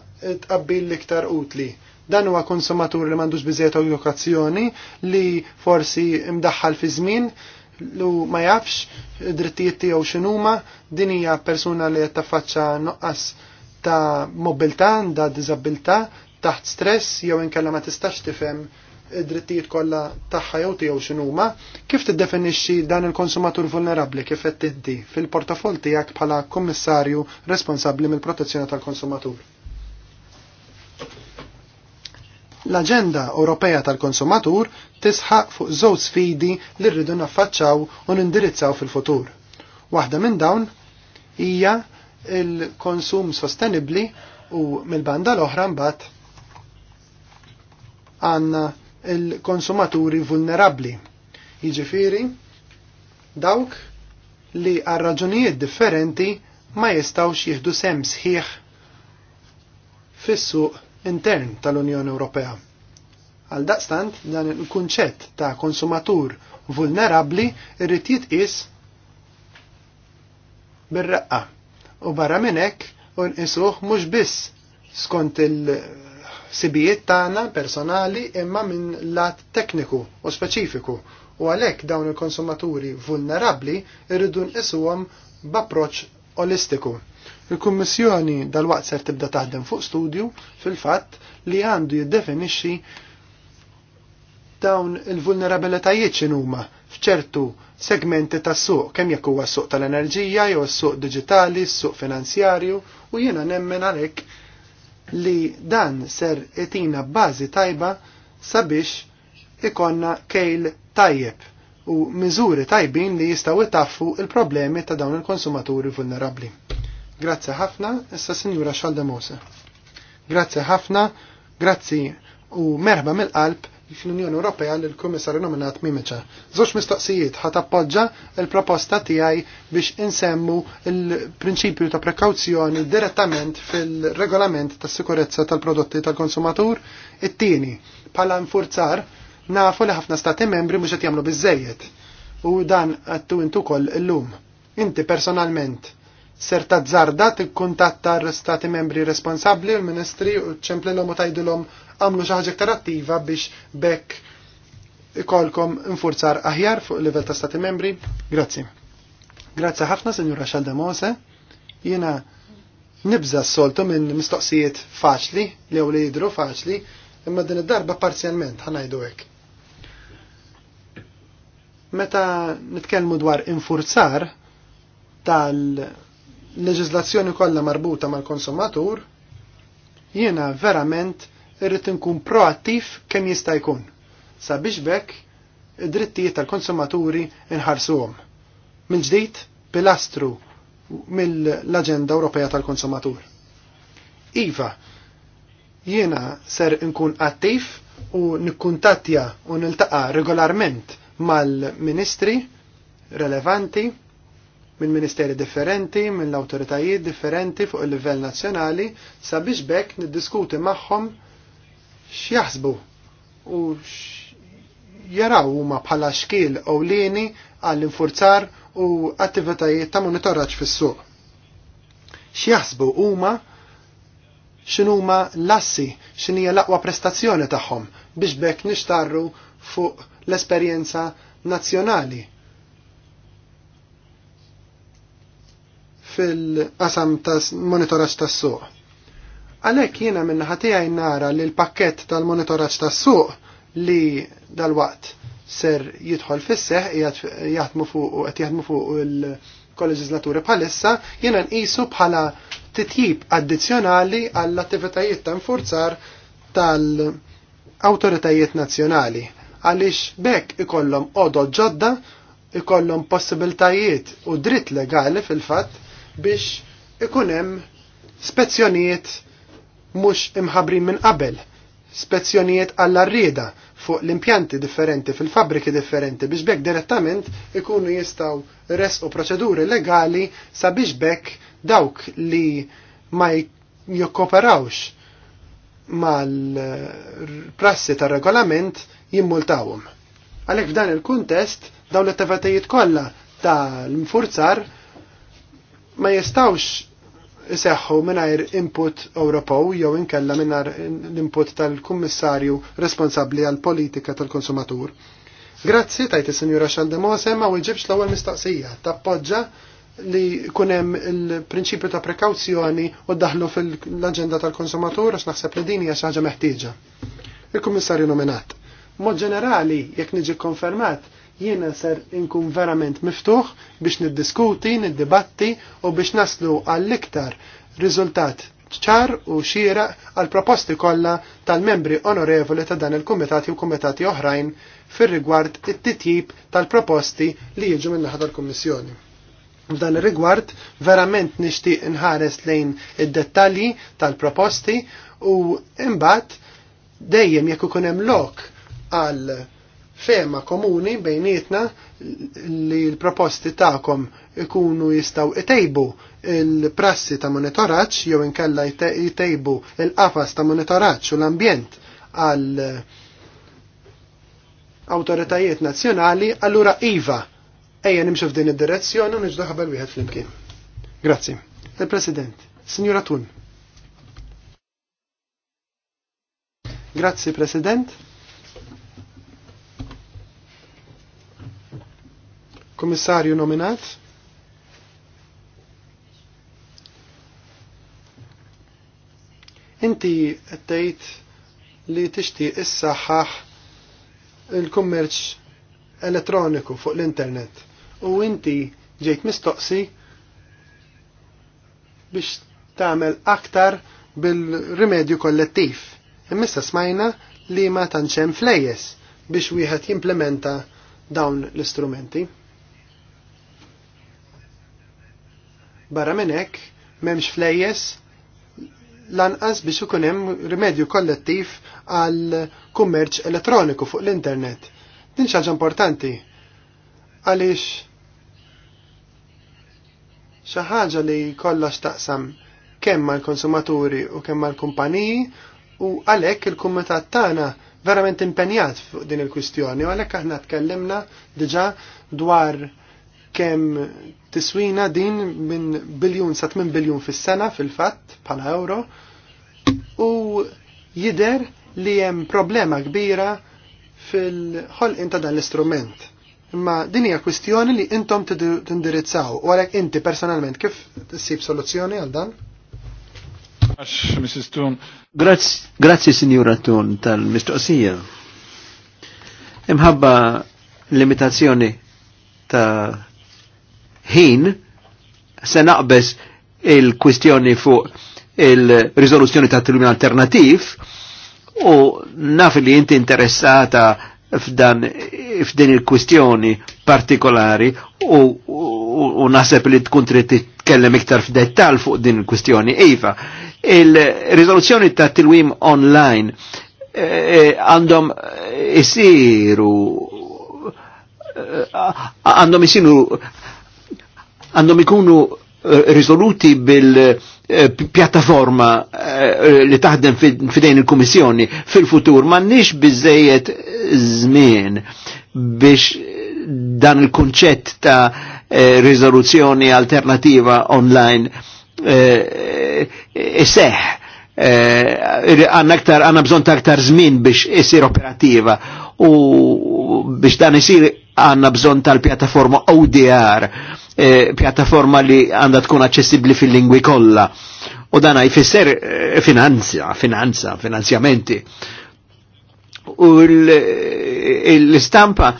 tqabbil l-iktar utli? Dan huwa konsumatur li m'għandux biżejjed edukazzjoni li forsi imdaħħal fi żmien lu ma jafx drittijiet tiegħu x'inhuma, din hija persuna li qed taffaċċa noqqas ta' mobilità, għandha diżabilità, taħt stress jew inkella ma tistax tifhem id-drittijiet kollha tagħha jew tiegħu x'inhuma, kif tiddefinixxi dan il-konsumatur vulnerabbli kif qed tiddi fil-portafol tiegħek bħala kummissarju responsabbli mill-protezzjoni tal-konsumatur? L-Aġenda Ewropea tal-Konsumatur tisħaq fuq żewġ sfidi li rridu naffaċċaw u nindirizzaw fil-futur. Waħda minn dawn hija il-konsum sostenibli u mill-banda l-oħra mbagħad għandna il-konsumaturi vulnerabli. Jiġifieri dawk li għal raġunijiet differenti ma jistawx jieħdu sem sħiħ fis-suq intern tal-Unjoni Ewropea. Għal daqstant dan il-kunċett ta' konsumatur vulnerabli irrid jitqis bir-raqqa u barra minn hekk u nqisuh mhux biss skont il-sibijiet tagħna personali imma minn lat tekniku u speċifiku u għalhekk dawn il-konsumaturi vulnerabli irridu nqisuhom b'approċċ olistiku Il-Kummissjoni dal-waqt ser tibda taħdem fuq studju fil-fatt li għandu jiddefinixxi dawn il-vulnerabilitajiet huma f'ċertu segmenti tas-suq kemm jekk huwa s-suq tal-enerġija jew s-suq diġitali, s-suq finanzjarju u jiena nemmen għalhekk li dan ser itina bażi tajba sabiex ikonna kejl tajjeb u miżuri tajbin li jistaw itaffu il-problemi ta' dawn il-konsumaturi vulnerabli. Grazzi ħafna, issa Sinjura Xalda Mose. Grazzi ħafna, grazzi u merħba mill-qalb fl-Unjoni Ewropea l kummissarju nominat Mimiċa. Żewġ mistoqsijiet ħat appoġġa l-proposta tiegħi biex insemmu l-prinċipju ta' prekawzjoni direttament fil-regolament tas sikurezza tal-prodotti tal-konsumatur. It-tieni, bħala nfurzar, nafu li ħafna stati membri mhux qed jagħmlu biżejjed. U dan għattu intu koll illum. Inti personalment ser tazzarda tikkuntatta r-stati membri responsabli u l-ministri u ċemplilhom u tajdilhom għamlu xi ħaġa attiva biex bekk ikolkom infurzar aħjar fuq livell ta' stati membri. Grazzi. Grazzi ħafna, Sinjura Xalda Mose. Jiena nibza s-soltu minn mistoqsijiet faċli, li għu li jidru faċli, imma din id-darba parzjalment ħanajdu hekk. Meta nitkellmu dwar infurzar tal leġizlazzjoni kollha marbuta mal-konsumatur, jiena verament irrid inkun proattiv kemm jista' jkun sabiex bekk id-drittijiet tal-konsumaturi inħarsuhom. Mill-ġdid pilastru mill-Aġenda Ewropea tal-Konsumatur. Iva, jiena ser nkun attiv u nikkuntattja u niltaqa regolarment mal-ministri relevanti minn ministeri differenti, minn autoritajiet differenti fuq il-livell nazzjonali sabiex bekk niddiskuti magħhom x'jaħsbu u jaraw huma bħala xkiel ewlieni għall-infurzar u attivitajiet ta' monitoraġġ fis-suq. X'jaħsbu huma x'inhuma lassi, assi x'inhija l-aqwa prestazzjoni tagħhom biex bekk nixtarru fuq l-esperjenza nazzjonali fil-qasam ta' monitoraġġ tas-suq. Għalhekk jiena minn tiegħi nara li l-pakkett tal-monitoraġġ tas-suq li dalwaqt ser jidħol fis-seħ jaħdmu fuq qed jaħdmu fuq il-kolleġislaturi bħalissa jiena nqisu bħala titjib addizzjonali għall-attivitajiet ta' nfurzar tal-awtoritajiet nazzjonali għaliex bekk ikollhom qodod ġodda ikollhom possibiltajiet u dritt legali fil-fatt biex ikun hemm spezzjonijiet mhux imħabrin minn qabel, spezzjonijiet għall-arrieda fuq l-impjanti differenti fil-fabriki differenti biex bekk direttament ikunu jistaw res u proċeduri legali sabiex bekk dawk li ma jokkoperawx mal-prassi tar regolament jimmultawum. Għalhekk f'dan il-kuntest dawn l-attivatajiet kollha ta' l mfurzar ma jistawx iseħħu mingħajr input Ewropew jew inkella mingħajr l-input tal-Kummissarju responsabbli għall politika tal-konsumatur. Grazzi tajti Sinjura Mosem ma weġibx l-ewwel mistaqsija, tappoġġa li kunem il-prinċipju ta' prekawzjoni u daħlu fil-agenda tal-konsumatur għax naħseb li din hija xi ħaġa meħtieġa. Il-Kummissarju nominat. Mod ġenerali, jekk niġi konfermat, jiena ser inkun verament miftuħ biex niddiskuti, niddibatti u biex naslu għall-iktar riżultat ċar u xira għal proposti kollha tal-membri onorevoli ta' dan il-kumitati u kumitati oħrajn fir-rigward it-titjib tal-proposti li jiġu minnaħa tal-Kummissjoni. F'dan ir-rigward verament nixtieq inħares lejn id-dettalji tal-proposti u imbagħad dejjem jekk ikun hemm lok għal fema komuni bejnietna li l-proposti ta'kom ikunu jistaw itejbu il-prassi ta' monitoraċ jew inkella jtejbu il-qafas ta' monitoraċ u l-ambjent għal autoritajiet nazzjonali, allura IVA ejja nimxu f'din id-direzzjoni u nġdu ħabar wieħed flimkien. Grazzi. Il-President, Signora Tun. Grazzi, President. Komissarju nominat? Inti għattejt li tixtieq issaħħaħ il-kummerċ elettroniku fuq l-internet u inti ġejt mistoqsi biex tagħmel aktar bil-rimedju kollettiv. Immissa smajna li ma tantx hemm biex wieħed jimplementa dawn l-istrumenti. Barra minn hekk m'hemmx flejjes lanqas biex ikun hemm rimedju kollettiv għal kummerċ elettroniku fuq l-internet. Din xi ħaġa importanti għaliex xi ħaġa li kollox taqsam kemm mal-konsumaturi u kemm mal-kumpaniji u għalhekk il-kumitat tagħna verament impenjat fuq din il-kwistjoni u għalhekk aħna tkellimna diġà dwar kemm tiswina din minn biljun sa 8 biljun fis-sena fil-fatt bħala euro u jider li hemm problema kbira fil ħol ta' dan l-istrument. Imma din hija kwistjoni li intom tindirizzaw u għalhekk inti personalment kif tissib soluzzjoni għal dan? Għax, Mrs. Tun. Grazzi, Signora Tun, tal-mistoqsija. Imħabba limitazzjoni ta' ħin se naqbes il-kwistjoni fuq il-rizoluzzjoni ta' tribunal alternativ u naf li inti interessata f'dan f'din il-kwistjoni partikolari u, u, u naħseb li tkun trid titkellem iktar f'dettal fuq din il-kwistjoni. Iva, il-rizoluzzjoni ta' tilwim online eh, għandhom isiru eh, għandhom isiru għandhom ikunu eh, rizoluti bil-pjattaforma eh, eh, li taħdem fidejn il komissjoni fil-futur ma nix bizzejet zmin biex dan il-kunċett ta' rizoluzzjoni alternativa online iseħ. Għanna aktar, għanna bżon ta' aktar zmin biex isir operativa u biex dan isir għanna bżon tal-pjattaforma ODR E, pjattaforma li għanda tkun accessibli fil-lingwi kollha. U dan jfisser e, finanzja, finanza, finanzjamenti. U e, l-istampa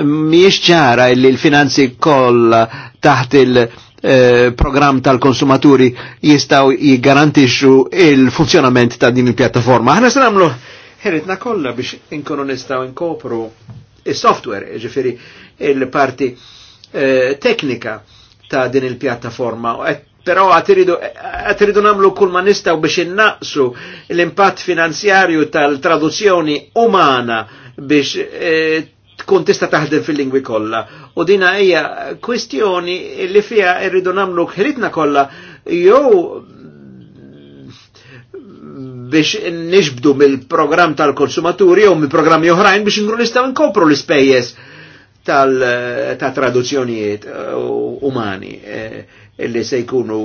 miex ċara li l-finanzi kolla taħt il- program tal-konsumaturi jistaw jgarantixxu il-funzjonament ta' din il-pjattaforma. Aħna s-namlu ħeritna kollha biex inkunu nistaw inkopru il-software, ġifiri il-parti il software ġifiri il-parti Eh, teknika ta' din il-pjattaforma, e, però għatiridu namlu kull ma nistaw biex innaqsu l-impatt finanzjarju tal-traduzzjoni umana biex eh, tkun tista taħdem fil-lingwi kollha. U dina hija kwistjoni li fija irridu namlu kħritna kollha jew biex nixbdu mill-programm tal-konsumaturi jew mill-programmi oħrajn biex nkunu nistgħu nkopru l-ispejjeż ta' traduzzjonijiet eh, umani eh, illi se jkunu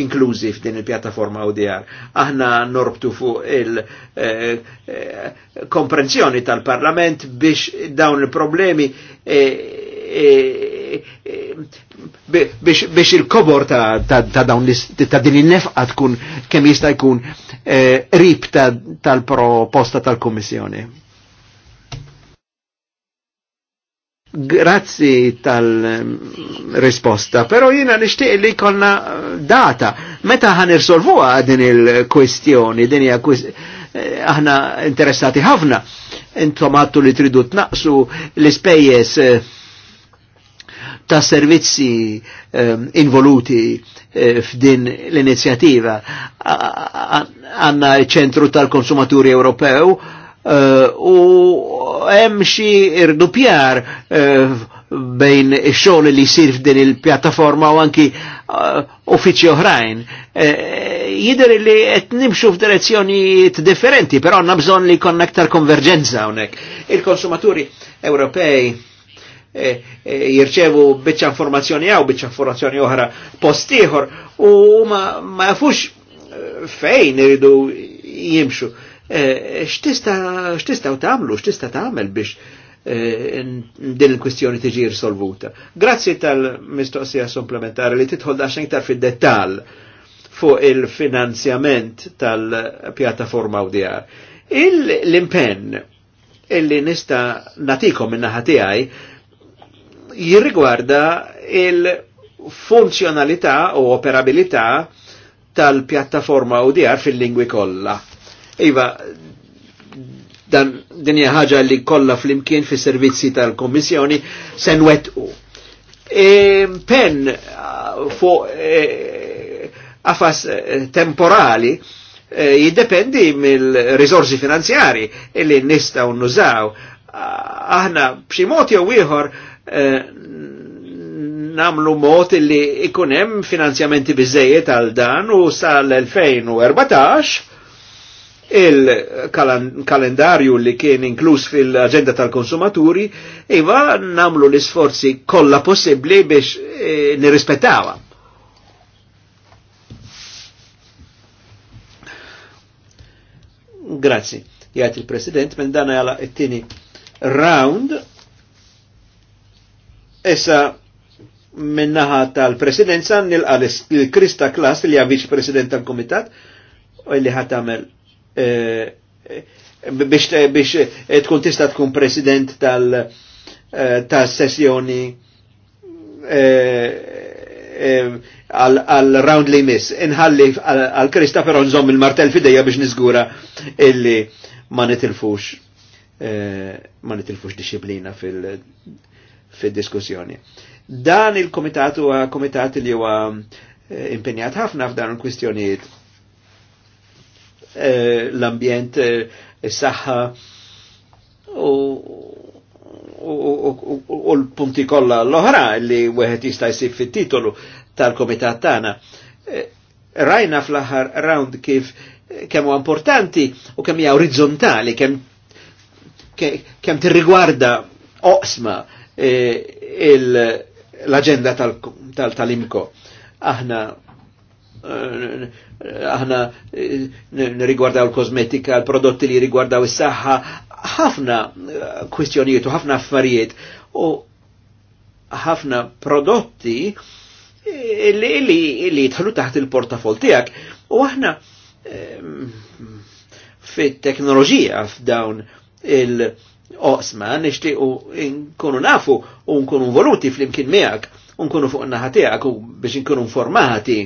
inklużi f'din il-pjattaforma ODR. Aħna norbtu fuq il-komprensjoni eh, tal-Parlament biex dawn il-problemi biex il-kobor ta' dawn ta' din il-nefqa tkun kemm jista' jkun rib tal-proposta tal-Kummissjoni. Grazzi tal-risposta, però jina nishtiq li konna data. Meta ħan irsolvuha din il-kwestjoni, din hija eh, aħna interessati ħafna. Intom għattu li tridu tnaqsu l-ispejjeż eh, ta' servizzi eh, involuti f'din l-inizjativa. Għanna ċentru tal-konsumaturi Ewropew, Eh, u hemm xi irdupjar eh, bejn ix-xogħol li jsir f'din il-pjattaforma u anki eh, uffiċċji oħrajn. Jidher li qed nimxu f'direzzjonijiet differenti, però għandna bżonn li jkollna aktar konverġenza hawnhekk. Il-konsumaturi Ewropej jirċevu biċċa informazzjoni għaw, biċċa informazzjoni oħra postiħor u ma jafux fejn iridu jimxu. Eh, x'tista' u tagħmlu, x'tista' tagħmel biex eh, din il-kwistjoni tiġi solvuta. Grazzi tal-mistoqsija supplementari li titħol daċċen iktar fid-dettall fuq il-finanzjament tal-pjattaforma UDR. L-impenn illi nista natikom minna ħatijaj jirrigwarda il-funzjonalità u operabilità tal-pjattaforma UDR fil-lingwi kollha Iva, dan dinja ħaġa li kollha flimkien fi servizzi tal-Kommissjoni se nwettqu. E, pen eh, fuq e, afas eh, temporali e, jiddependi mill-rizorsi finanzjari illi nistaw nużaw. Aħna b'xi mod wieħor ieħor namlu mod li ikun hemm finanzjamenti bizzejiet għal dan u sal-2014 il-kalendarju li kien inkluż fil-agenda tal-konsumaturi, iva namlu l-isforzi kolla possibli biex e, nirrispettawa. Grazzi. Jgħat il-President, men dana jgħala it-tini round. Essa minnaħa tal-presidenza nilqa l-Krista Klas li għaviċ president tal-komitat u li ħatamel Eh, eh, biex eh, tkun tista tkun president tal tas sessjoni għal round li miss. Inħalli għal Krista però nżomm il-martel fideja biex nizgura illi ma nitilfux ma nitilfux disciplina fil-diskussjoni. Dan il komitatu huwa komitat li huwa impenjat ħafna f'dan il-kwistjonijiet Eh, l-ambjent, s eh, saħħa u l-punti kolla l-oħra li weħet jista' jsib fit-titolu tal-komitat tagħna. Eh, rajna fl-aħħar round kif kemm importanti u kemm hija orizzontali, kemm kemm tirrigwarda oqsma l-aġenda tal-imko. Aħna aħna eh, nirigwardaw l-kosmetika, l-prodotti li rigwardaw is-saħħa, ħafna eh, kwistjonijiet u ħafna affarijiet u ħafna prodotti eh, li jidħlu taħt il-portafol tiegħek. U aħna fit-teknoloġija f'dawn il-oqsma u nkunu nafu u nkunu voluti fl-imkien miegħek unkunu fuq naħa tiegħek u biex inkunu informati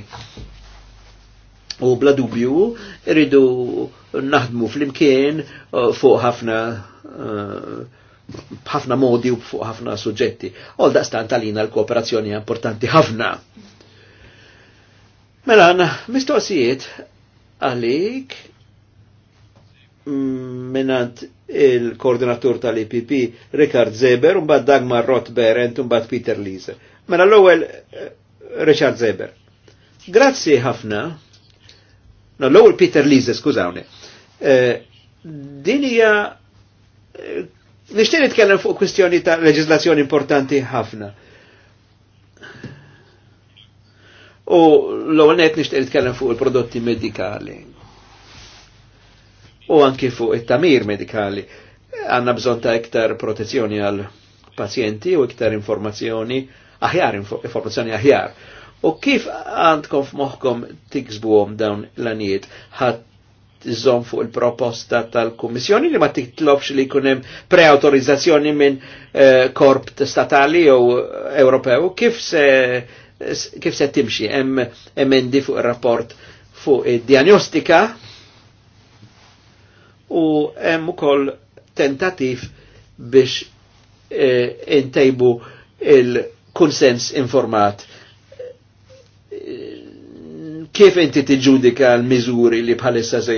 U bla dubju rridu naħdmu fl-imkien uh, fuq ħafna uh, ħafna modi u fuq ħafna suġġetti. Għol daqstant talina l-kooperazzjoni importanti ħafna. Mela, mistoqsijiet għalik mm, minnant il-koordinatur tal-IPP Richard Zeber, un bad Dagmar Rothberent, un bad Peter Lise. Mela l-ewel eh, Richard Zeber. Grazzi ħafna No, l-ewwel Peter Lise, skużawni. Eh, din hija eh, nixtieq nitkellem fuq kwistjoni ta' leġislazzjoni importanti ħafna. U l-ewwel net nixtieq nitkellem fuq il-prodotti medikali. U anki fuq it-tamir medikali għanna bżon ta' iktar protezzjoni għal pazjenti u iktar informazzjoni aħjar, informazzjoni aħjar. U kif għandkom f'moħkom tiksbuhom dawn l-anijiet ħadd iżom fuq il-proposta tal-Kummissjoni li ma titlobx li kunem preautorizzazzjoni minn eh, korp statali u Ewropew. Kif se, timxi? Hemm emendi fuq ir-rapport fuq il diagnostika u hemm ukoll tentativ biex entejbu eh, intejbu il konsens informat kif inti tiġudika l-miżuri li bħalissa se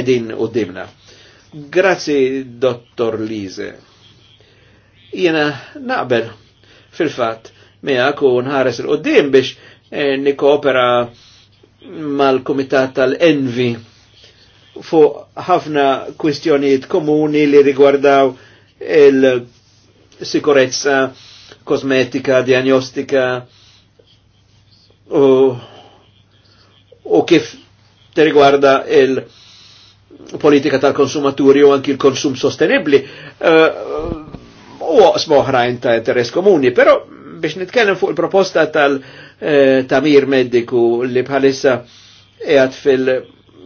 edin u dimna. Grazzi, dottor Lise. Jena naqbel fil-fat me u nħares il-qoddim biex eh, nikopera mal-Kumitat tal-Envi fuq ħafna kwistjonijiet komuni li rigwardaw il-sikurezza kosmetika, diagnostika u u kif riguarda il-politika tal-konsumaturi u anki l-konsum sostenibli eh, u osmo oħrajn ta' interess komuni, pero biex nitkellem fuq il-proposta tal-tamir eh, mediku li bħalissa jgħat fil-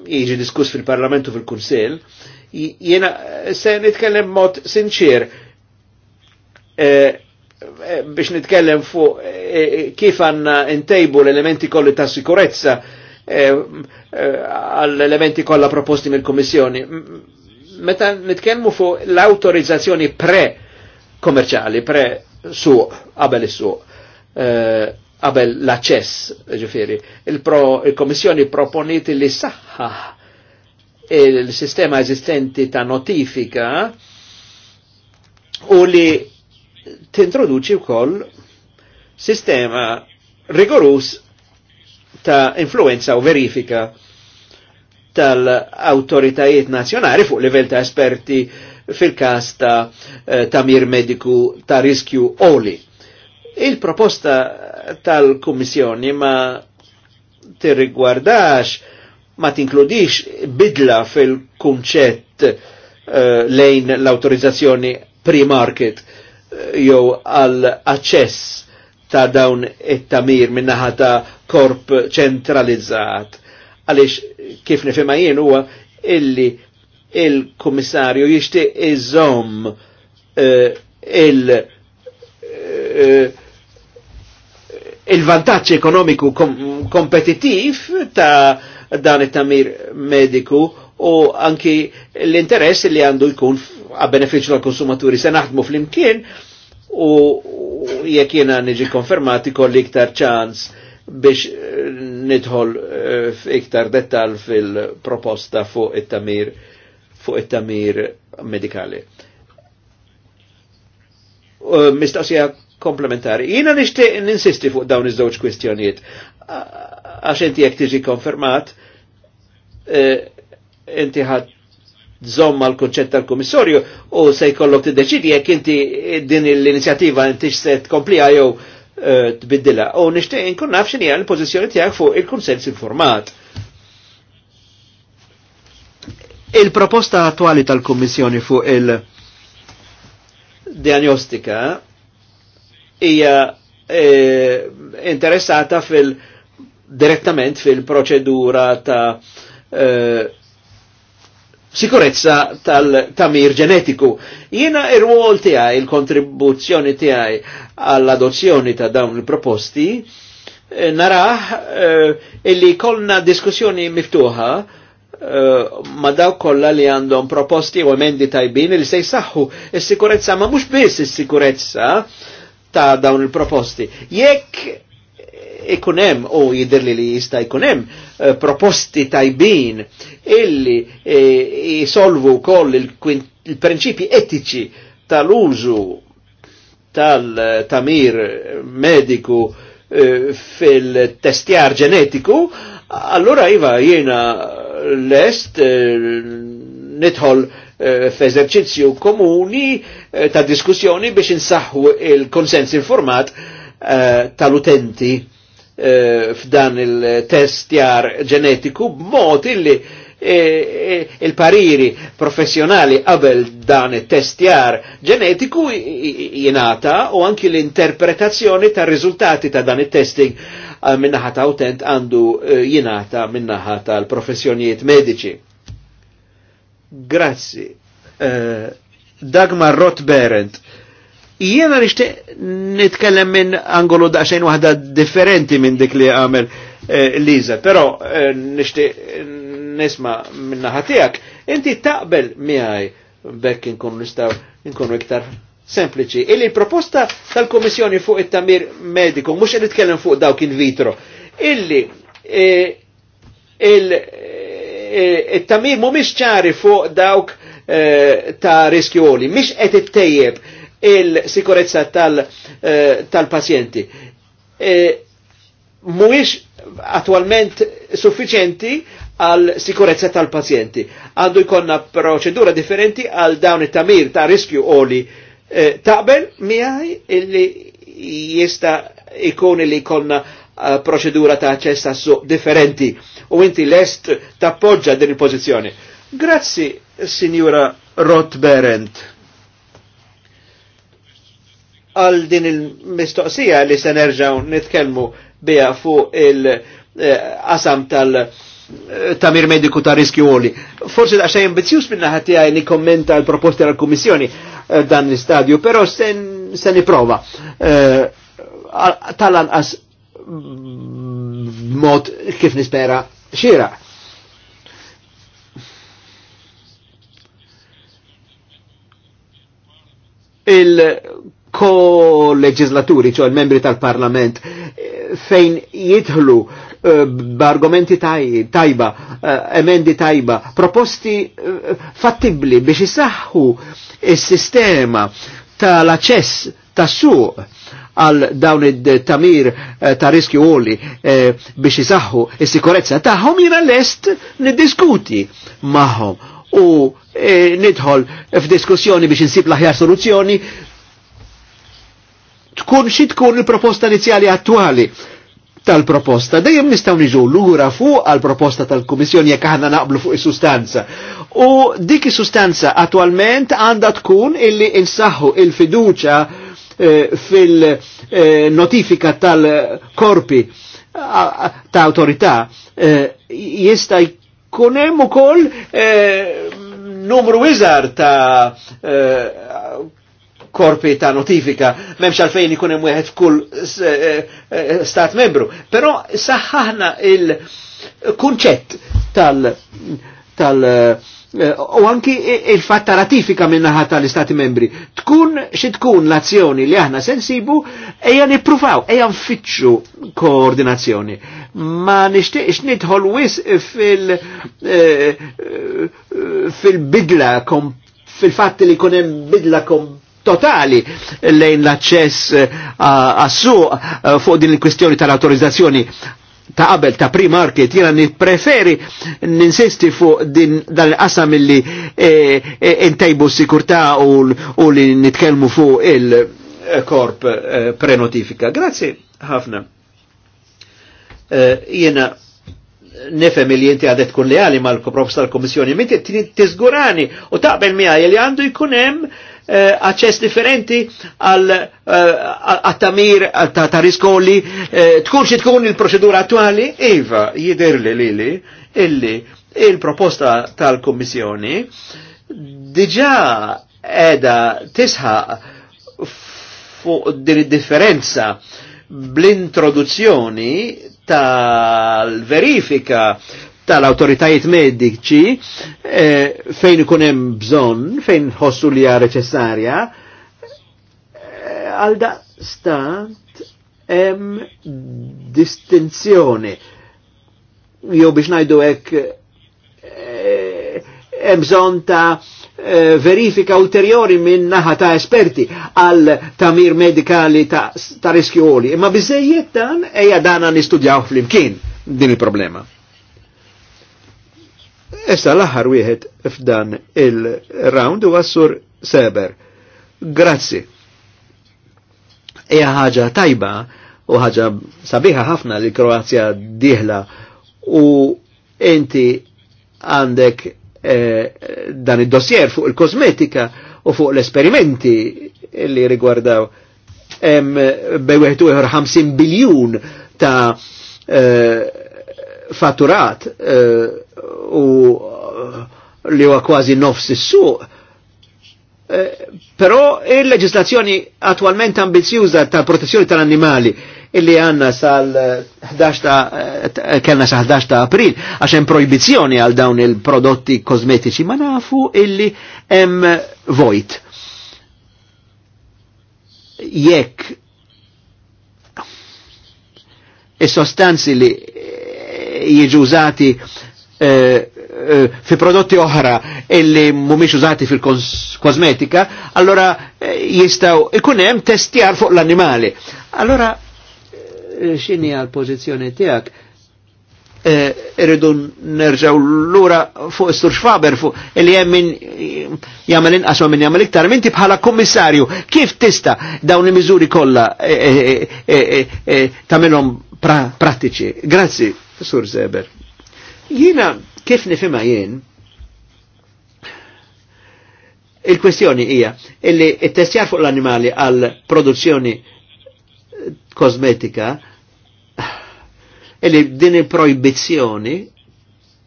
jiġi diskuss fil-parlamentu fil-kunsel, jena se nitkellem mod sinċir eh, biex nitkellem fuq kif għanna intejbu l-elementi kolli ta' sikurezza Eh, eh, għall-elementi eh, kollha proposti mill-Kummissjoni. Meta nitkellmu fuq l-autorizzazzjoni pre-kommerċali, pre-suq, qabel is-suq, eh, qabel eh, l-aċċess, ġifieri, il-Kommissjoni il proponiti li saħħaħ il-sistema eżistenti ta' notifika u li tintroduċi wkoll sistema rigorus ta' influenza u verifika tal-autoritajiet nazjonali fuq livell ta' esperti fil-kas ta' eh, tamir mediku ta' riskju oli. Il-proposta tal-Kummissjoni ma tirrigwardax, ma tinkludix bidla fil-kunċett uh, lejn l-autorizzazzjoni pre-market eh, jew għal access ta' dawn it-tamir minnaħa ta' korp ċentralizzat. Għalix kif nifima jien huwa illi il-komissarju jishti iżom eh, il- eh, eh, vantaċ ekonomiku kom kompetitiv ta' dan it-tamir mediku u anki l-interess li għandu jkun a beneficju tal-konsumaturi se naħdmu fl-imkien u jekk jena niġi konfermati kolli iktar ċans biex eh, nidħol eh, iktar dettal fil-proposta fuq it-tamir fuq it-tamir medikali. Mistoqsija komplementari. Jina nishtiq ninsisti fuq dawn iż-żewġ kwistjonijiet. Għax inti jekk tiġi konfermat, eh, inti ħadd tżomm mal konċett tal komissorju u se jkollok tiddeċidi jekk inti din l-inizjattiva inti se tkomplija jew eh, tbiddilha. U nixtieq inkun naf x'inhi l-pożizzjoni tiegħek fuq il-kunsens informat. Il-proposta attuali tal-Kommissjoni fuq il-diagnostika hija e, interessata fil- direttament fil-proċedura ta' e, sikurezza tal-tamir ġenetiku. Jiena il rwol tiegħi, il-kontribuzzjoni tiegħi għall-adozzjoni ta' dawn il-proposti, eh, naraħ eh, illi kolna diskussjoni miftuħa eh, ma daw kolla li għandhom proposti u emendi tajbin li se jisaxħu is-sikurezza ma mhux biss is-sikurezza ta' dawn il-proposti. Jekk ikunem u jidirli li jista ikunem eh, proposti tajbin illi eh, jisolvu koll il-prinċipi etiċi tal-użu tal-tamir mediku eh, fil-testjar ġenetiku, allora iva jiena l-est nidħol f'eżerċizzju komuni ta' diskussjoni biex insaħħu il-konsens informat tal-utenti Eh, f'dan il jar ġenetiku b'mod illi eh, eh, il-pariri professjonali qabel dan it jar ġenetiku jenata u anki l-interpretazzjoni ta' riżultati ta' dan it-testing minnaħa ta' utent għandu jenata minnaħa tal-professjonijiet medici. Grazzi. Dagmar Rothberent Jiena nixtieq nitkellem minn angolo daqsxejn waħda differenti minn dik li għamel eh, Liza, però eh, nixtieq nisma minna ħatijak, inti taqbel miħaj bekk nkun nistaw nkunu iktar sempliċi. Illi proposta tal-Komissjoni fuq it-tamir mediku, mux qed nitkellem fuq dawk in vitro, illi eh, il-tamir eh, mumiex ċari fuq dawk ta' riskjoli, mhix qed ittejjeb il-sikurezza eh, tal-pazjenti. E, mhuwiex attualment suffiċenti għal sikurezza tal-pazjenti. Għandu jkonna proċedura differenti għal dawn it-tamir ta' riskju oli e, taqbel miħaj illi jista ikun li konna e, proċedura ta' ċessa su differenti u inti lest tappoġġa din il-pozizjoni. Grazzi, signora Rothberend għal din il-mistoqsija li se nerġaw nitkellmu bija fuq il-qasam tal- eh, tamir mediku ta' riski għoli. Forse da' xejn bizzjus minna ħati għaj kommenta l-proposti għal komissjoni eh, dan l-istadju, pero sen, sen eh, Talan as mod kif nispera xira. Il ko-leġizlaturi, ċo l-membri tal-parlament, eh, fejn jidħlu eh, b'argumenti tajba, eh, emendi tajba, proposti fattibli biex jisaxħu il-sistema tal-aċess tas-suq għal dawn id-tamir ta' riskju għoli biex jisaxħu il-sikurezza taħħom jina lest niddiskuti maħħom u nidħol f'diskussjoni biex nsib laħjar soluzzjoni tkun xi tkun il-proposta inizjali attwali tal-proposta. Dejjem nistgħu niġu lura fuq għall-proposta tal-Kummissjoni jekk aħna naqblu fuq is-sustanza. U dik is-sustanza attwalment għandha tkun illi insaħħu il-fiduċa eh, fil-notifika eh, tal-korpi ta' autorità eh, jista' jkun hemm ukoll numru iżgħar ta' korpi ta' notifika, memx għalfejn ikun hemm wieħed kull eh, eh, eh, stat membru. Però saħħaħna il-kunċett tal- tal u anki il fatta ratifika ratifika minnaħa tal-Istati membri. Tkun xi tkun l-azzjoni li aħna sensibu ejja nippruvaw, ejja nfittxu koordinazzjoni. Ma nixtieqx nidħol wis fil- fil-bidla fil-fatt li kunem bidla kom totali lejn l-aċċess għas-suq fuq din il-kwestjoni tal-autorizzazzjoni ta' qabel ta' pre-market jena nippreferi ninsisti fuq din dal-qasam illi intajbu sikurta u li nitkelmu fuq il-korp pre-notifika. Grazie ħafna. Jena nefem li jinti għadet kun leali mal koprofs tal-Komissjoni, minti tizgurani u taqbel miħaj li għandu jkunem hemm eh, differenti għal eh, Tamir, eh, ta' riskolli tkun xi tkun il-proċedura attuali, iva, jidirli li li, illi il-proposta tal-Kommissjoni diġa edha tisħa fuq din differenza bl-introduzzjoni tal-verifika tal-autoritajiet mediċi eh, fejn ikun hemm bżonn, fejn ħossu li hija neċessarja, eh, għal eh, hemm distinzjoni. Jew biex ngħidu hekk eh, hemm bżonn ta' verifika ulterjori minn naħa ta' esperti għal tamir medikali ta', ta riskju Imma bizzejiet dan eja dana nistudjaw fl-imkien din il-problema. Issa l-aħħar wieħed f'dan il-round huwa sur Seber. Grazzi. Hija ħaġa tajba u ħaġa sabiħa ħafna li Kroazja diħla u inti għandek eh, dan id-dossier fuq il-kosmetika u fuq l-esperimenti li rigwardaw bej 50 biljun ta' eh, fatturat eh, u eh, li huwa kważi nofs is-suq. Eh, però il-leġislazzjoni attualment ambizjuża tal-protezzjoni tal-annimali illi għanna sal-11 kellna sa' 11 ta' april għax hemm projbizzjoni għal dawn il-prodotti kosmetiċi ma nafu illi hemm vojt. Jekk is-sostanzi li jiġu użati eh, eh, fi prodotti oħra illi mumiex użati fil-kosmetika, allora eh, jistaw ikunem testjar fuq l-animali. Allora, xini għal-pozizjoni tijak, irridu nerġaw l-ura fuq istur xfaber fuq illi jemmin jgħamil inqas minn jgħamil iktar. Minti bħala kommissarju, kif tista dawni mizuri kolla tamilhom pratiċi? Grazie. Sur Zeber. Jina, kif nifima jien, il-kwestjoni hija illi il testjar fuq l-animali għal produzzjoni kosmetika illi din il-projbizzjoni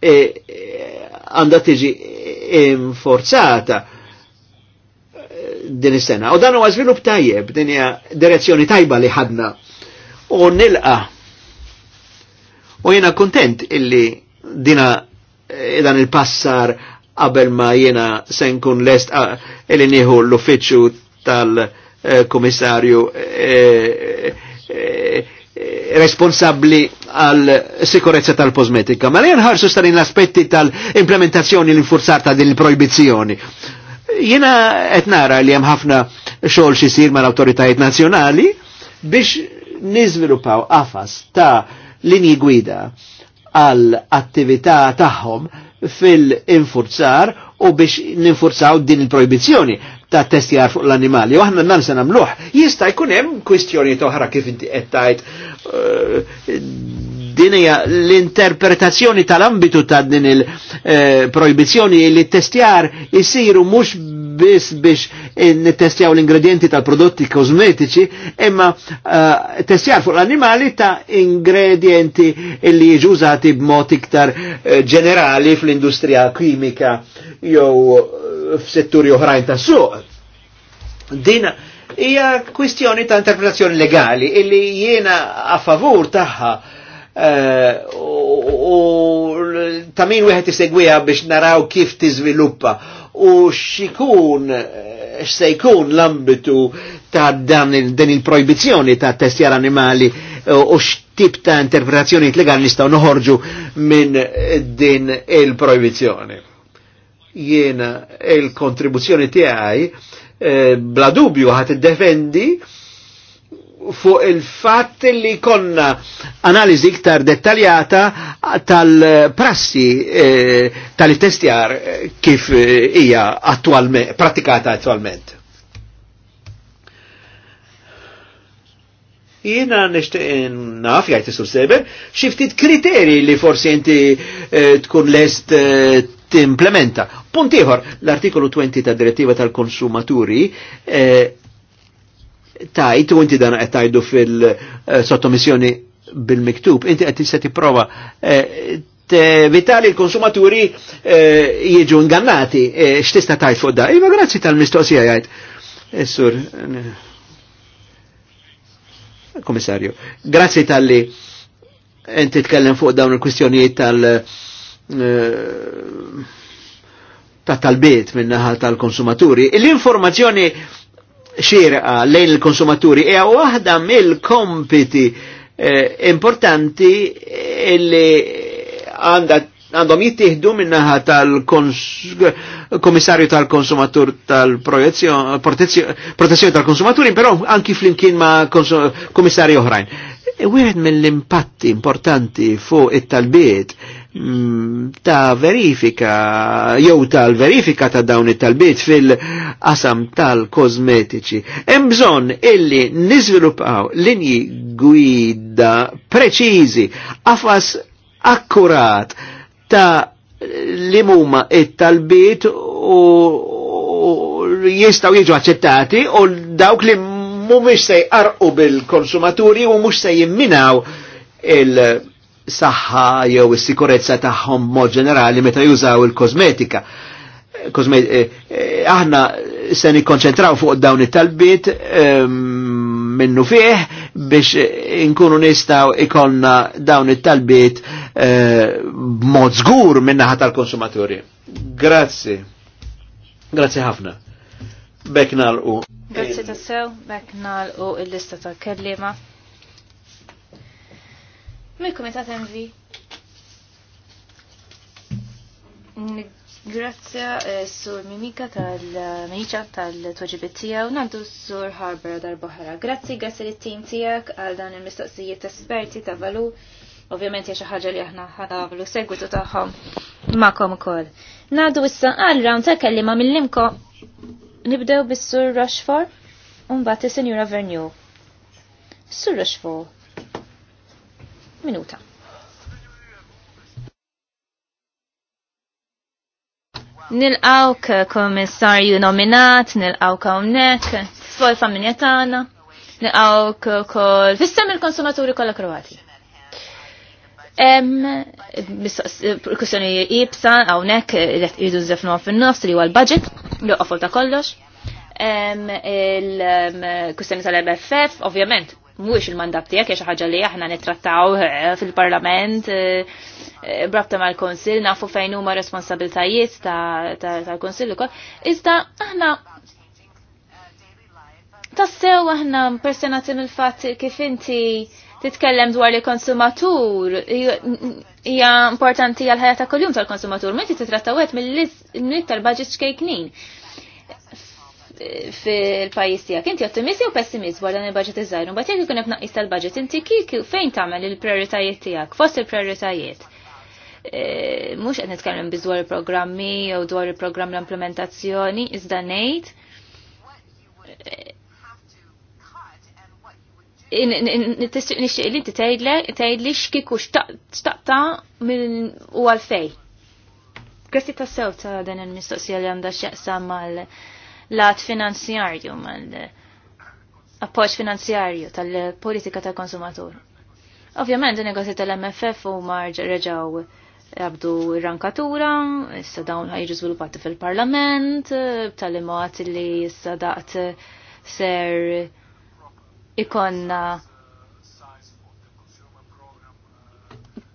e, għandha tiġi forzata din is-sena. U dan huwa żvilupp tajjeb, din hija direzzjoni tajba li ħadna. U nilqa' U jena kontent illi dina eh, dan il-passar qabel ma jena senkun lest ah, illi nieħu l-uffiċċju tal-komissarju eh, eh, responsabli għal sikurezza tal-kosmetika. Ma jena ħarsu starin l-aspetti tal-implementazzjoni l infurzata ta' din il-projbizzjoni. Jena etnara li hemm ħafna xogħol xisir mal-autoritajiet nazzjonali biex nizvilupaw afas ta' linji gwida għal attività tagħhom fil-infurzar u biex ninfurzaw din il-projbizjoni ta' testjar fuq l-animali. U aħna nan sena mluħ, Jista' jkun hemm kwistjoni toħra kif inti qed tajt eh, din hija l-interpretazzjoni tal-ambitu ta' din il-projbizjoni eh, li testjar isiru mhux biss biex nittestjaw l-ingredienti tal-prodotti kosmetiċi, imma uh, fuq l-animali ta' ingredienti li jġużati b'mod iktar eh, ġenerali fl-industrija kimika jew eh, f'setturi oħrajn ta' suq. Dina hija kwistjoni ta' interpretazzjoni legali illi jiena a favur tagħha u ta' min wieħed isegwiha biex naraw kif tiżviluppa u xikun eh, x'se jkun l-ambitu ta' dan din il proibizjoni ta' testjar animali eh, u x'tip ta' interpretazzjoni legali nistgħu noħorġu minn din il proibizjoni Jiena il-kontribuzzjoni tiegħi eh, bla dubju ħat id defendi fuq il-fatt li konna analizi iktar dettaljata tal-prassi eh, tal-testjar eh, kif eh, hija attualment, pratikata attualment. Jina nishtiq naf jgħid isur seber xiftit kriteri li forsi inti tkun lest t-implementa. Puntiħor, l-artikolu 20 ta' direttiva tal-konsumaturi tajt u inti dan qed tajdu fil-sottomissjoni bil-miktub, inti qed tista' tipprova eh, vitali l-konsumaturi eh, jieġu ingannati eh, x'tista' tajt fuq da. Iva grazzi tal-mistoqsija jgħid. Essur, komissarju, grazzi tal-li inti tkellem fuq dawn il-kwistjonijiet tal- ta' talbiet minnaħal tal-konsumaturi. L-informazzjoni xirqa lejn il-konsumaturi hija waħda mill-kompiti eh, importanti illi eh, għandhom jittihdu minnaħa tal-komissarju tal-konsumatur tal-protezzjoni tal-konsumaturi, però anki flimkien ma' komissarju oħrajn. Wieħed mill-impatti importanti fuq it-talbiet Mm, ta' verifika, jew tal-verifika ta' dawn it-talbiet fil-qasam tal-kosmetiċi. Hemm bżonn illi niżviluppaw linji gwida preċiżi, afas akkurat ta' li huma it-talbiet u, u jistgħu jiġu aċċettati u dawk li mhumiex se jqarqu bil-konsumaturi u mhux se jimminaw il- saħħa jew is-sikurezza tagħhom mod ġenerali meta jużaw il-kosmetika. Eh, eh, aħna se nikkonċentraw fuq dawn it-talbiet ehm, minnu fih biex inkunu nistaw ikonna dawn it-talbiet eh, b'mod żgur minnaħa tal-konsumaturi. Grazzi. Grazzi ħafna. l nalqu. Grazzi tassew, l-u il-lista tal-kellima mill-Kumitat MV. Grazzja eh, sur Mimika tal-Mimiċa tal-Tweġibit tijaw, nandu sur Harbor dal-Bohara. Grazzi, grazzi li tim tijak għal dan il-mistoqsijiet esperti ta' valu. Ovvjament jaxa ħagġa li aħna għavlu segwitu taħħom kom ukoll. Nadu issa għal round ta' kellima ma' millimko, Nibdew bis-sur Rochefort, un bat is senjura Vernew. Sur Rochefort. Minuta. nil awk eh, komissarju nominat, nil awk għomnek, s-fol familjetana, nil awk kol, fissem il-konsumaturi kolla kroati. Kussjoni jibsa, għawnek, eh, jridu zefnu fin-nofs li għal budget, li għafol ta' kollox. Il-kussjoni tal-MFF, ovvjament, mhuwiex il-mandat tiegħek hija xi ħaġa li aħna nittrattaw eh, fil-Parlament eh, eh, brabta mal-Konsil nafu fejn huma responsabiltajiet tal konsill ukoll. Iżda aħna tassew aħna personati mill-fatt kif inti titkellem dwar li konsumatur hija importanti għal ħajja ta' kuljum tal-konsumatur, meta titrattawet mill-lit tal-budget xkejknin fil-pajis tiegħek. Inti ottimisti jew pessimist dwar dan il-budget iżajru, bat jekk ikun hemm naqis tal-budget, inti kik fejn tagħmel il prioritajiet tiegħek, fost il prioritajiet e, Mhux qed nitkellem biż dwar il-programmi jew dwar il-programm l-implementazzjoni, iżda ngħid e, nixtieq li inti tgħidli xtaqta minn u għalfej. Grazzi sew ta' dan il-mistoqsija li għandha x'jaqsam mal- lat finanzjarju mal-appoġġ finanzjarju tal-politika tal-konsumatur. Ovvjament, negozji tal-MFF u marġ reġaw għabdu rankatura, issa dawn ħajġu sviluppati fil-parlament, tal-imot li issa daqt ser ikonna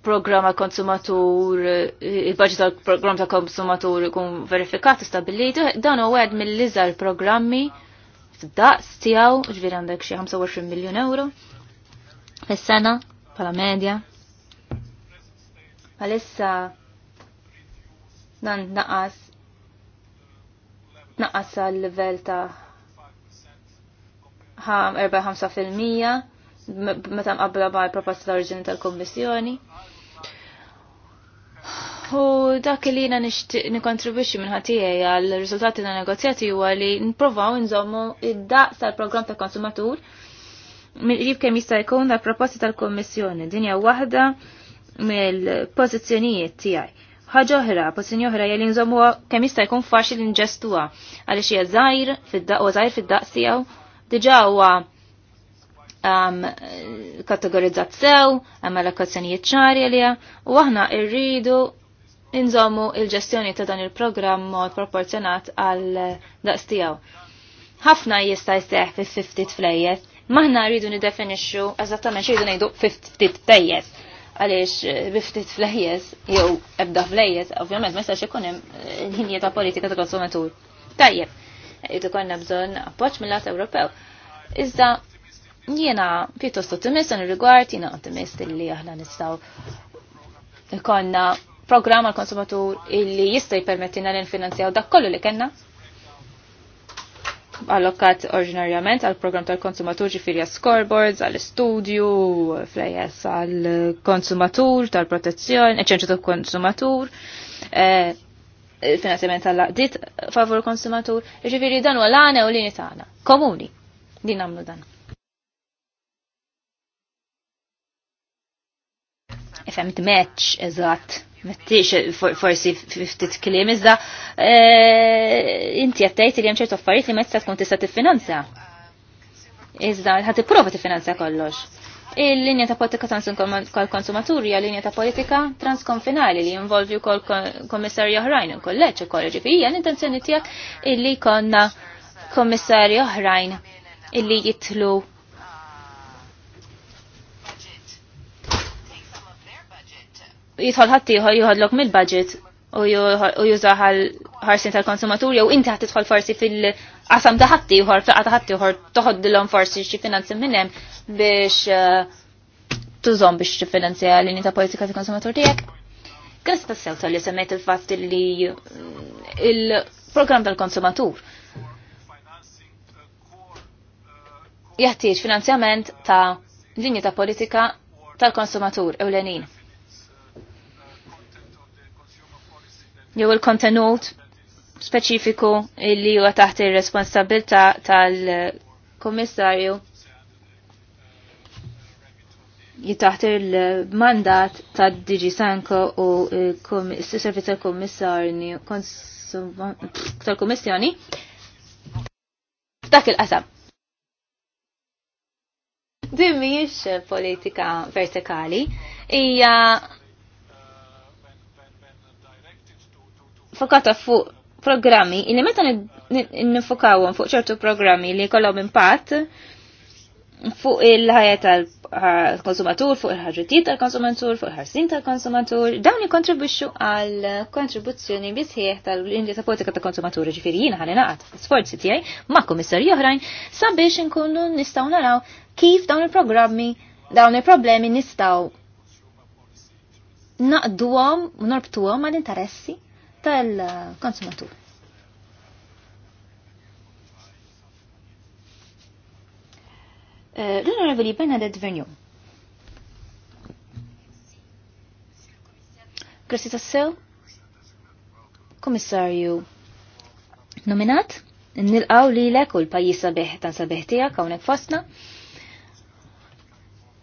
programma konsumatur, il-budget tal-programm ta' konsumatur kun verifikat stabili, dan u għed mill-lizar programmi f'daqs tijaw, ġviri għandek xie 25 miljon euro, fis-sena, pala medja. Għalissa dan naqas naqas għal-level ta' 4-5% meta mqabbla ma' proposta tal-oriġini tal-Kommissjoni. U dak li jina nikontribwixi minn ħatijaj għal riżultati ta' negozjati huwa li nprovaw nżommu id-daqs tal-programm ta' konsumatur mill-qrib kemm jista' jkun dal proposti tal-Kommissjoni. Dinja waħda mill-pożizzjonijiet tiegħi. Ħaġa oħra, pożizzjoni oħra jgħalli nżommu kemm jista' jkun faċli nġestuha għaliex hija żgħir fid-daq u żgħir fid-daqs tiegħu. Diġà huwa um, kategorizzat sew, għamma l-okkazzjonijiet ċari għalija, u aħna irridu inżommu il-ġestjoni ta' dan il-programm mod proporzjonat għal daqs tiegħu. Ħafna jista' jseħ fi 50 flejjes, maħna rridu nidefinixxu eżattament xi ngħidu 50 tejjes għaliex biftit eh, flejjes jew ebda flejjes, ovvjament ma jistax ikun hemm eh, linja ta' politika ta' konsumatur. Tajjeb, jrid konna bżonn appoġġ mill-lat Ewropew. Iżda jiena pjuttost ottimist ir rigward jiena ottimist li aħna nistgħu ikonna programm għal konsumatur illi jista' jippermettina l nfinanzjaw dak kollu li kellna allokat oriġinarjament għal program tal-konsumatur ġifiri għal scoreboards, għal studio, flejes għal konsumatur, tal-protezzjoni, eċenċu tal-konsumatur, il-finanzjament eh, għal laqdit favur konsumatur, ġifiri dan u għal-għana u l-lini tagħna. Komuni, din għamlu dan. Ifem t-meċ, eżat mettix forsi ftit klim, iżda eh, inti għattajt li ċertu affarijiet li mezz tkun tista' tiffinanza. Iżda prova t-finanza kollox. Il-linja ta' politika tal-konsumaturi hija linja ta' politika transkonfinali li jinvolvi wkoll kommissarji oħrajn il-kolleġġ ukoll ġifi hija l-intenzjoni tiegħek illi jkollna kommissarji oħrajn illi jitlu jidħol ħaddieħor jieħodlok mill-budget u juża ħarsin tal-konsumatur jew inti ħad forsi fil-qasam ta' fil flaqa ħatti ħaddieħor toħoddilhom forsi xie finanzi minnem biex eh, tużom biex xie l għalini ta' politika ta' konsumatur tiegħek. Kien se tassew tal-li semmejt il-fatt li semmet il fatt li tal-konsumatur jaħtieġ finanzjament ta' linja ta' politika tal-konsumatur ewlenin. jew il-kontenut speċifiku li huwa taħt ir-responsabilità tal-Kummissarju taħt il-mandat ta' Digi Sanko u s-servizz tal kummissjoni tal f'dak il-qasam. Din mhijiex politika vertikali, hija fokata fuq programmi illi meta nifokawhom fuq ċertu programmi li jkollhom impatt fuq il-ħajja tal-konsumatur, fuq il-ħarġitiet tal-konsumatur, fuq il-ħarsin tal-konsumatur, dawn jikontribwixxu għal kontribuzzjoni bisħieħ tal indi ta' politika tal-konsumatur, ġifiri jiena ħalli naqgħad sforzi tiegħi ma' kummissarji oħrajn sabiex inkunu nistgħu naraw kif dawn il-programmi, dawn il-problemi nistgħu naqduhom u norbtuhom għal interessi tal-konsumatur. Eh, L-Onorevoli Bernadette Verniu. Grazie tassew. Komissarju nominat. Nilqaw li l-ek u l-pajis sabiħ tan sabiħ tijak għawnek fosna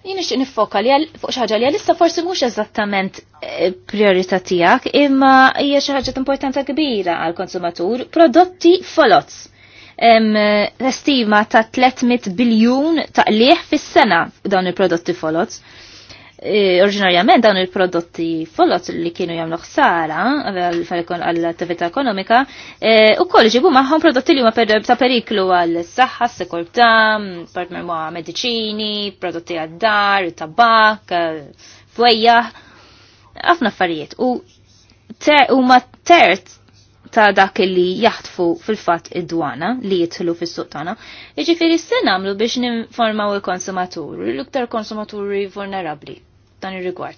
jini nixtieq nifoka li fuq xi ħaġa li għalissa forsi mhux eżattament eh, priorità tiegħek, imma hija xi ħaġa importanti kbira għall konsumatur prodotti folots. Estima ta' 300 biljun ta' liħ fis-sena dawn il-prodotti folots. E, oriġinarjament dawn il-prodotti follot li kienu jagħmlu ħsara għall-attività ekonomika e, u koll ġibu magħhom prodotti li huma ta' periklu għall-saħħa, s-sekurtà, partner ma' mediċini, prodotti għad-dar, tabak, fwejja, ħafna affarijiet. U huma terz ta' dak li jaħtfu fil-fat id-dwana li jitħlu fis-suq tagħna. Jiġifieri se nagħmlu biex ninformaw il-konsumatur, l-iktar konsumaturi vulnerabbli dan ir-rigward.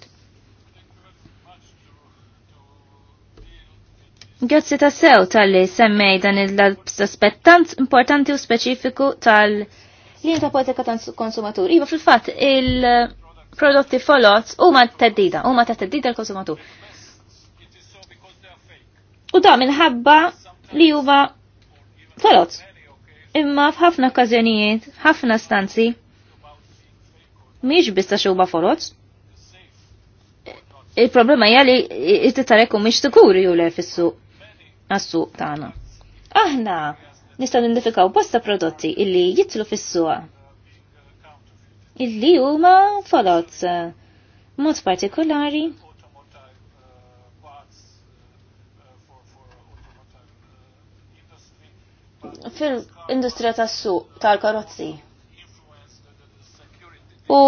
Grazzi ta' sew tal-li semmej dan il-aspettant importanti u speċifiku tal- li ta' politika ta' konsumatur. Iva fil-fat il-prodotti folot u ma' teddida, u ma' ta' teddida l-konsumatur. U da' minħabba li juva folot. Imma f'ħafna okkazjonijiet, ħafna stanzi, miex bista xuba folot, il-problema hija li it-tarek mhix sikuri u le fis-suq għas-suq tagħna. Aħna nistgħu nindifikaw bosta prodotti illi jitlu fis-suq illi huma falot eh, mod partikolari fil-industrija tas-suq tal-karozzi. U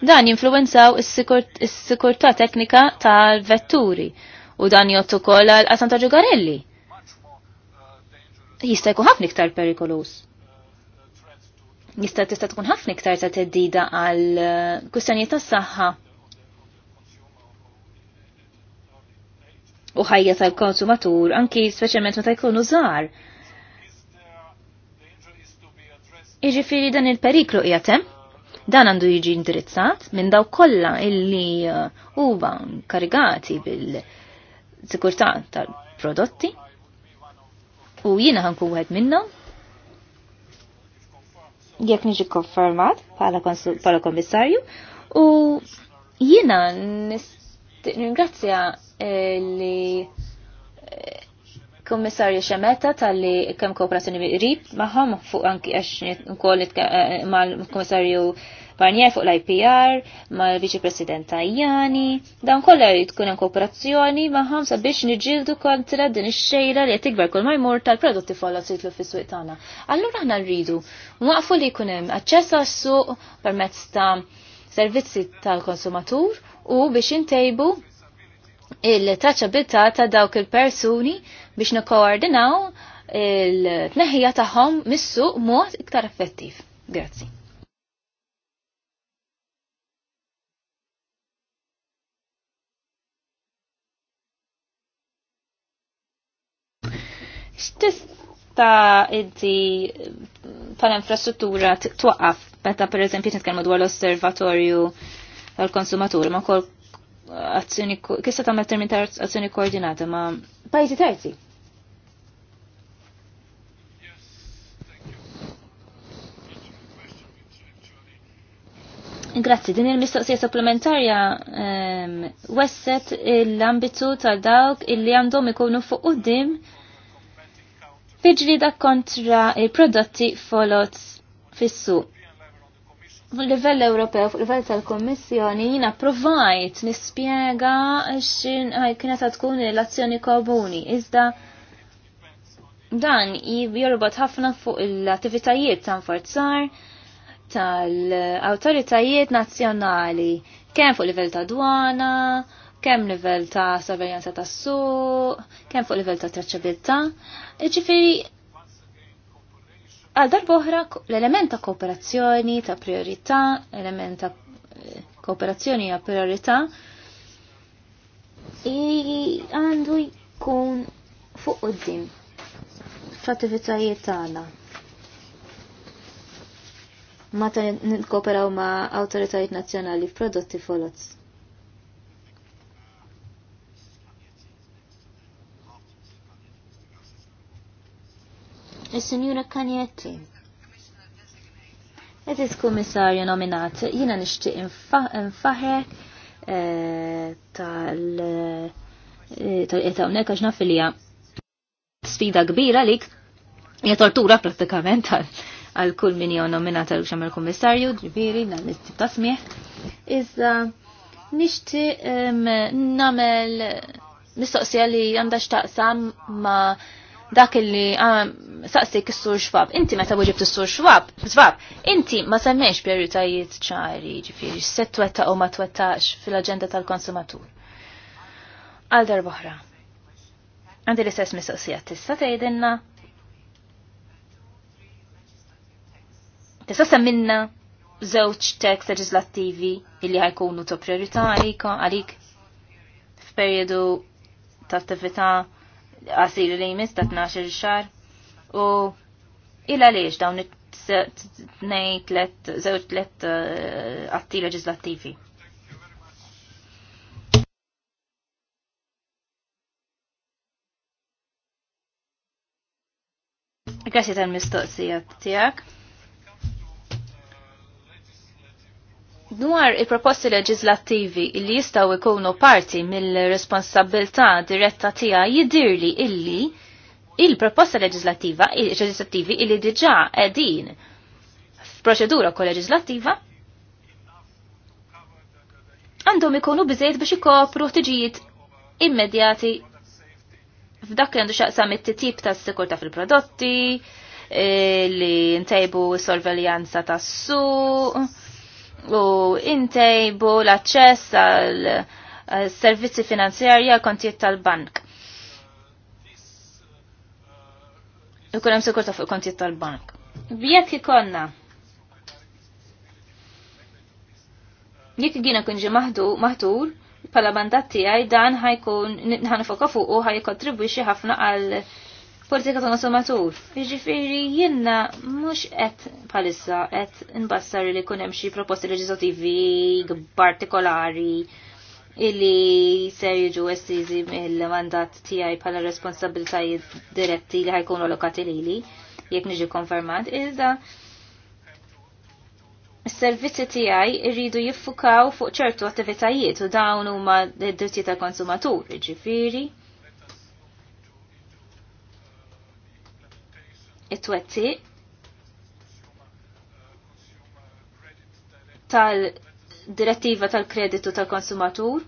Dan jinfluenzaw is-sikurtà teknika tal-vetturi u dan jottu kol għal asanta Giugarelli. ġugarelli. Jista' jkun ħafna iktar perikolus. Jista' tista' tkun ħafna iktar ta' teddida għal uh, kustanijiet tas-saħħa. U ħajja tal-konsumatur anki speċjalment meta jkunu żgħar. Iġifieri dan il-periklu qiegħed hemm Dan għandu jiġi indirizzat minn daw kollha illi uh, huwa karigati bil-sikurtà tal-prodotti u jiena ħanku wieħed minnhom. Jekk niġi konfermat bħala kommissarju u jiena ningrazzja eh, li eh, Kommissarju Xemeta tal-li kem kooperazzjoni rib maħom fuq anki għax nkollit eh, mal-Kommissarju Barnier fuq l-IPR, mal-Viċi President Tajani, dan kollha tkun hemm kooperazzjoni maħom sabiex niġildu kontra din ix-xejra li qed tikber kull ma jmur tal-prodotti folla titlu fis-suq tagħna. Allura aħna rridu nwaqfu li jkun hemm aċċess għas-suq permezz ta' servizzi tal-konsumatur u biex intejbu il-traċabilità ta' dawk il-persuni biex nikkoordinaw il-tneħħija tagħhom mis mod iktar effettiv. Grazzi. X'tista' inti tal-infrastruttura twaqqaf meta pereżempju nitkellmu dwar l-osservatorju tal-konsumatur ma' azzjoni, kista tagħmel termin ta' azzjoni koordinata ma' pajjiżi terzi. Grazzi, din il-mistoqsija supplementarja ehm, wesset l-ambitu ta' dawk illi għandhom ikunu fuq qudiem fiġri da kontra il-prodotti folot fissu livell Ewropew fuq livell tal-Kommissjoni jina provajt nispjega xin kienet tkun l-azzjoni komuni. Iżda dan jorbat ħafna fuq l-attivitajiet ta' nforzar tal-autoritajiet nazzjonali, kemm fuq livell ta' dwana, kemm livell ta' sorveljanza ta' suq, kemm fuq livell ta' traċċabilità. Ġifieri Għal darboħra l-element ta' kooperazzjoni ta' priorità, element ta' kooperazzjoni ta' priorità, għandu jkun fuq qoddim f'attivitajiet tagħna. Meta nikkoperaw ma' awtoritajiet nazzjonali f'prodotti folots il sinjura Kanjetti. Eżis kummissarju nominat, jina nishti infaħek eh, eh, tal-qieta unnek għax sfida kbira lik hija tortura pratikament għal kull min jew nominat għal xamel kummissarju, ġifieri dan tip ta' smieħ. Iżda nixtieq namel mistoqsija li għandax taqsam ma' dak illi ah, saqsi is-sur xwab. Inti meta weġibt is-sur xwab, żwab, inti ma semmejx prioritajiet ċari, ġifieri se twetta u ma twettax fil-aġenda tal-konsumatur. Għal darbohra. Għandi l-istess mistoqsija tista' tgħidilna Tista' semminna żewġ tekst leġislattivi illi ħajkunu ta' priorità għalik għalik periodu ta' attività għasir li jmiss ta' 12 xar u illa liġ dawn it-nej tlet, zew tlet eh, atti leġislattivi. Grazie tal-mistoqsija tijak. Dwar il-proposti leġislattivi illi jistaw ikunu parti mill-responsabilità diretta tija jidirli illi il-proposta leġislattiva leġislattivi illi diġa edin f'proċedura ko leġislattiva għandhom ikunu biżejt biex ikopru ħtiġijiet immedjati f'dak li għandu xaqsam it-tip ta' sikurta fil-prodotti, eh, li ntejbu sorveljanza tas-suq, u intejbu l-aċċess għal servizzi finanzjarji għal kontijiet tal-bank. Ikun hemm sikurta fuq kontijiet tal-bank. Bjek jikonna. jekk gina kunġi ġi maħtur pala mandat tiegħi dan ħajkun ħanifoka fuq u ħajkontribwixxi ħafna għal politika ta' konsumatur. Jiġifieri jiena mhux qed bħalissa qed inbassar li jkun hemm xi proposti leġislattivi partikolari illi ser jiġu estizi mill-mandat tiegħi bħala responsabiltajiet diretti li ħajkunu allokati li jekk niġi konfermat, iżda s-servizzi tiegħi irridu jiffukaw fuq ċertu attivitajiet u dawn huma d-dirti tal-konsumatur, ġifiri it twetti tal-direttiva tal-kreditu tal-konsumatur,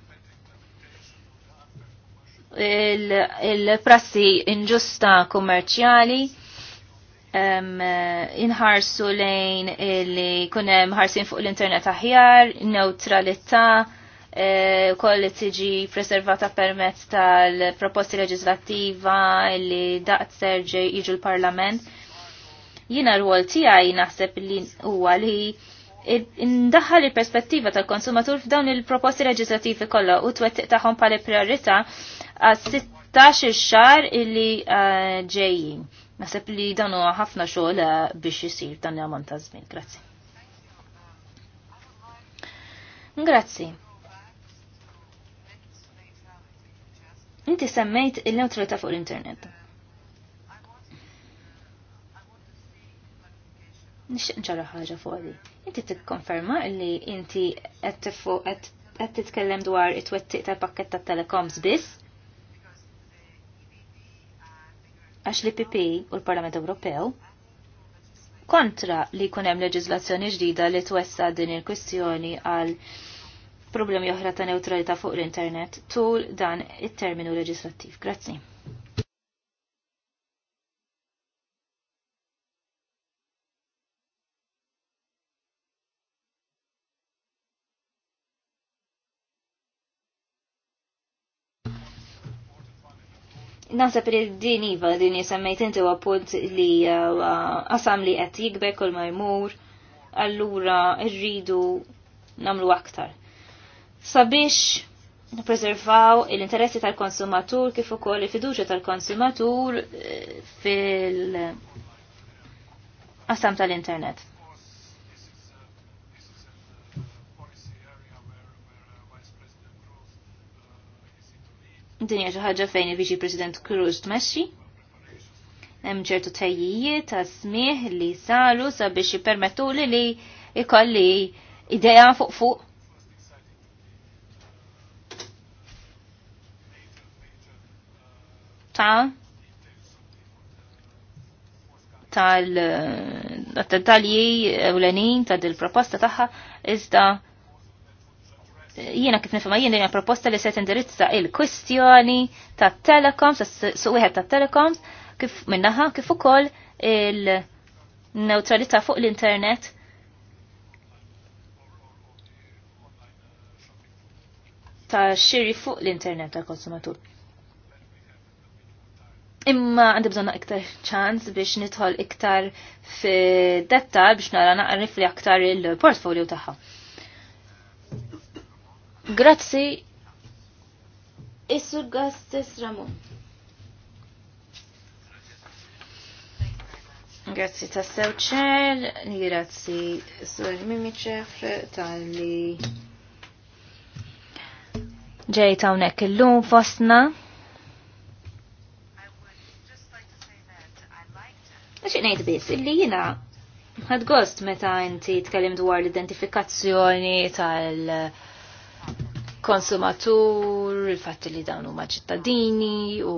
il-prassi inġusta kummerċjali, um, inħarsu lejn li kunem ħarsin fuq l-internet aħjar, neutralita' Eh, koll tiġi preservata permezz tal-proposti leġislattiva li daqt serġe jiġu l-parlament. Jina r għol tijaj naħseb li huwa li indaħħal il-perspettiva tal-konsumatur f'dawn il-proposti leġislattivi kollha u twettiq tagħhom bħala priorità għas 16 xar illi eh, ġejjin. Naħseb li dan huwa ħafna xogħol eh, biex isir dan l-ammont ta' żmien. Grazzi. Grazzi. Inti semmejt il-neutralità fuq l-internet. Nixtieq nċara ħaġa fuq li. Inti tikkonferma li inti qed titkellem dwar it-twettiq tal-pakket tat-telecoms biss? Għax li PP u l-Parlament Ewropew kontra li jkun hemm ġdida li twessa din il-kwistjoni għal problemi oħra ta' neutralità fuq l-internet tul dan it-terminu leġislattiv. Grazzi. Nasab li din iva din jisammejt inti għapunt li għasam uh, li qed jikbek u l jmur, allura rridu namlu aktar sabiex nippreservaw l-interessi tal-konsumatur kif ukoll il-fiduċja tal-konsumatur eh, fil qasam tal-internet. Dinja xi ħaġa fejn il President Cruz tmexxi hemm ċertu tejjijiet ta' smih li saru sabiex jippermettu li li ikolli idea fuq fuq ta' eh, tal-detalji ewlenin ta' dil-proposta tagħha iżda eh, jiena kif nifhem jien dinja proposta li se tindirizza il-kwistjoni tat-telecoms, suq wieħed tat-telecoms, kif minnaħa kif ukoll il-neutralità fuq l-internet ta' xiri fuq l-internet tal-konsumatur. Imma għandi bżonna iktar ċans biex nidħol iktar fi dettal biex nara naqrif li aktar il-portfolio tagħha. Grazzi. Issu Gastis Ramon. Grazzi ta' sewċer, grazzi Sur Mimiċef tal-li ġej ta' unek il-lum fosna. Għaxi nejt biss illi jina, għad gost meta inti tkellim dwar l-identifikazzjoni tal konsumatur, il-fatt li dawn huma ċittadini u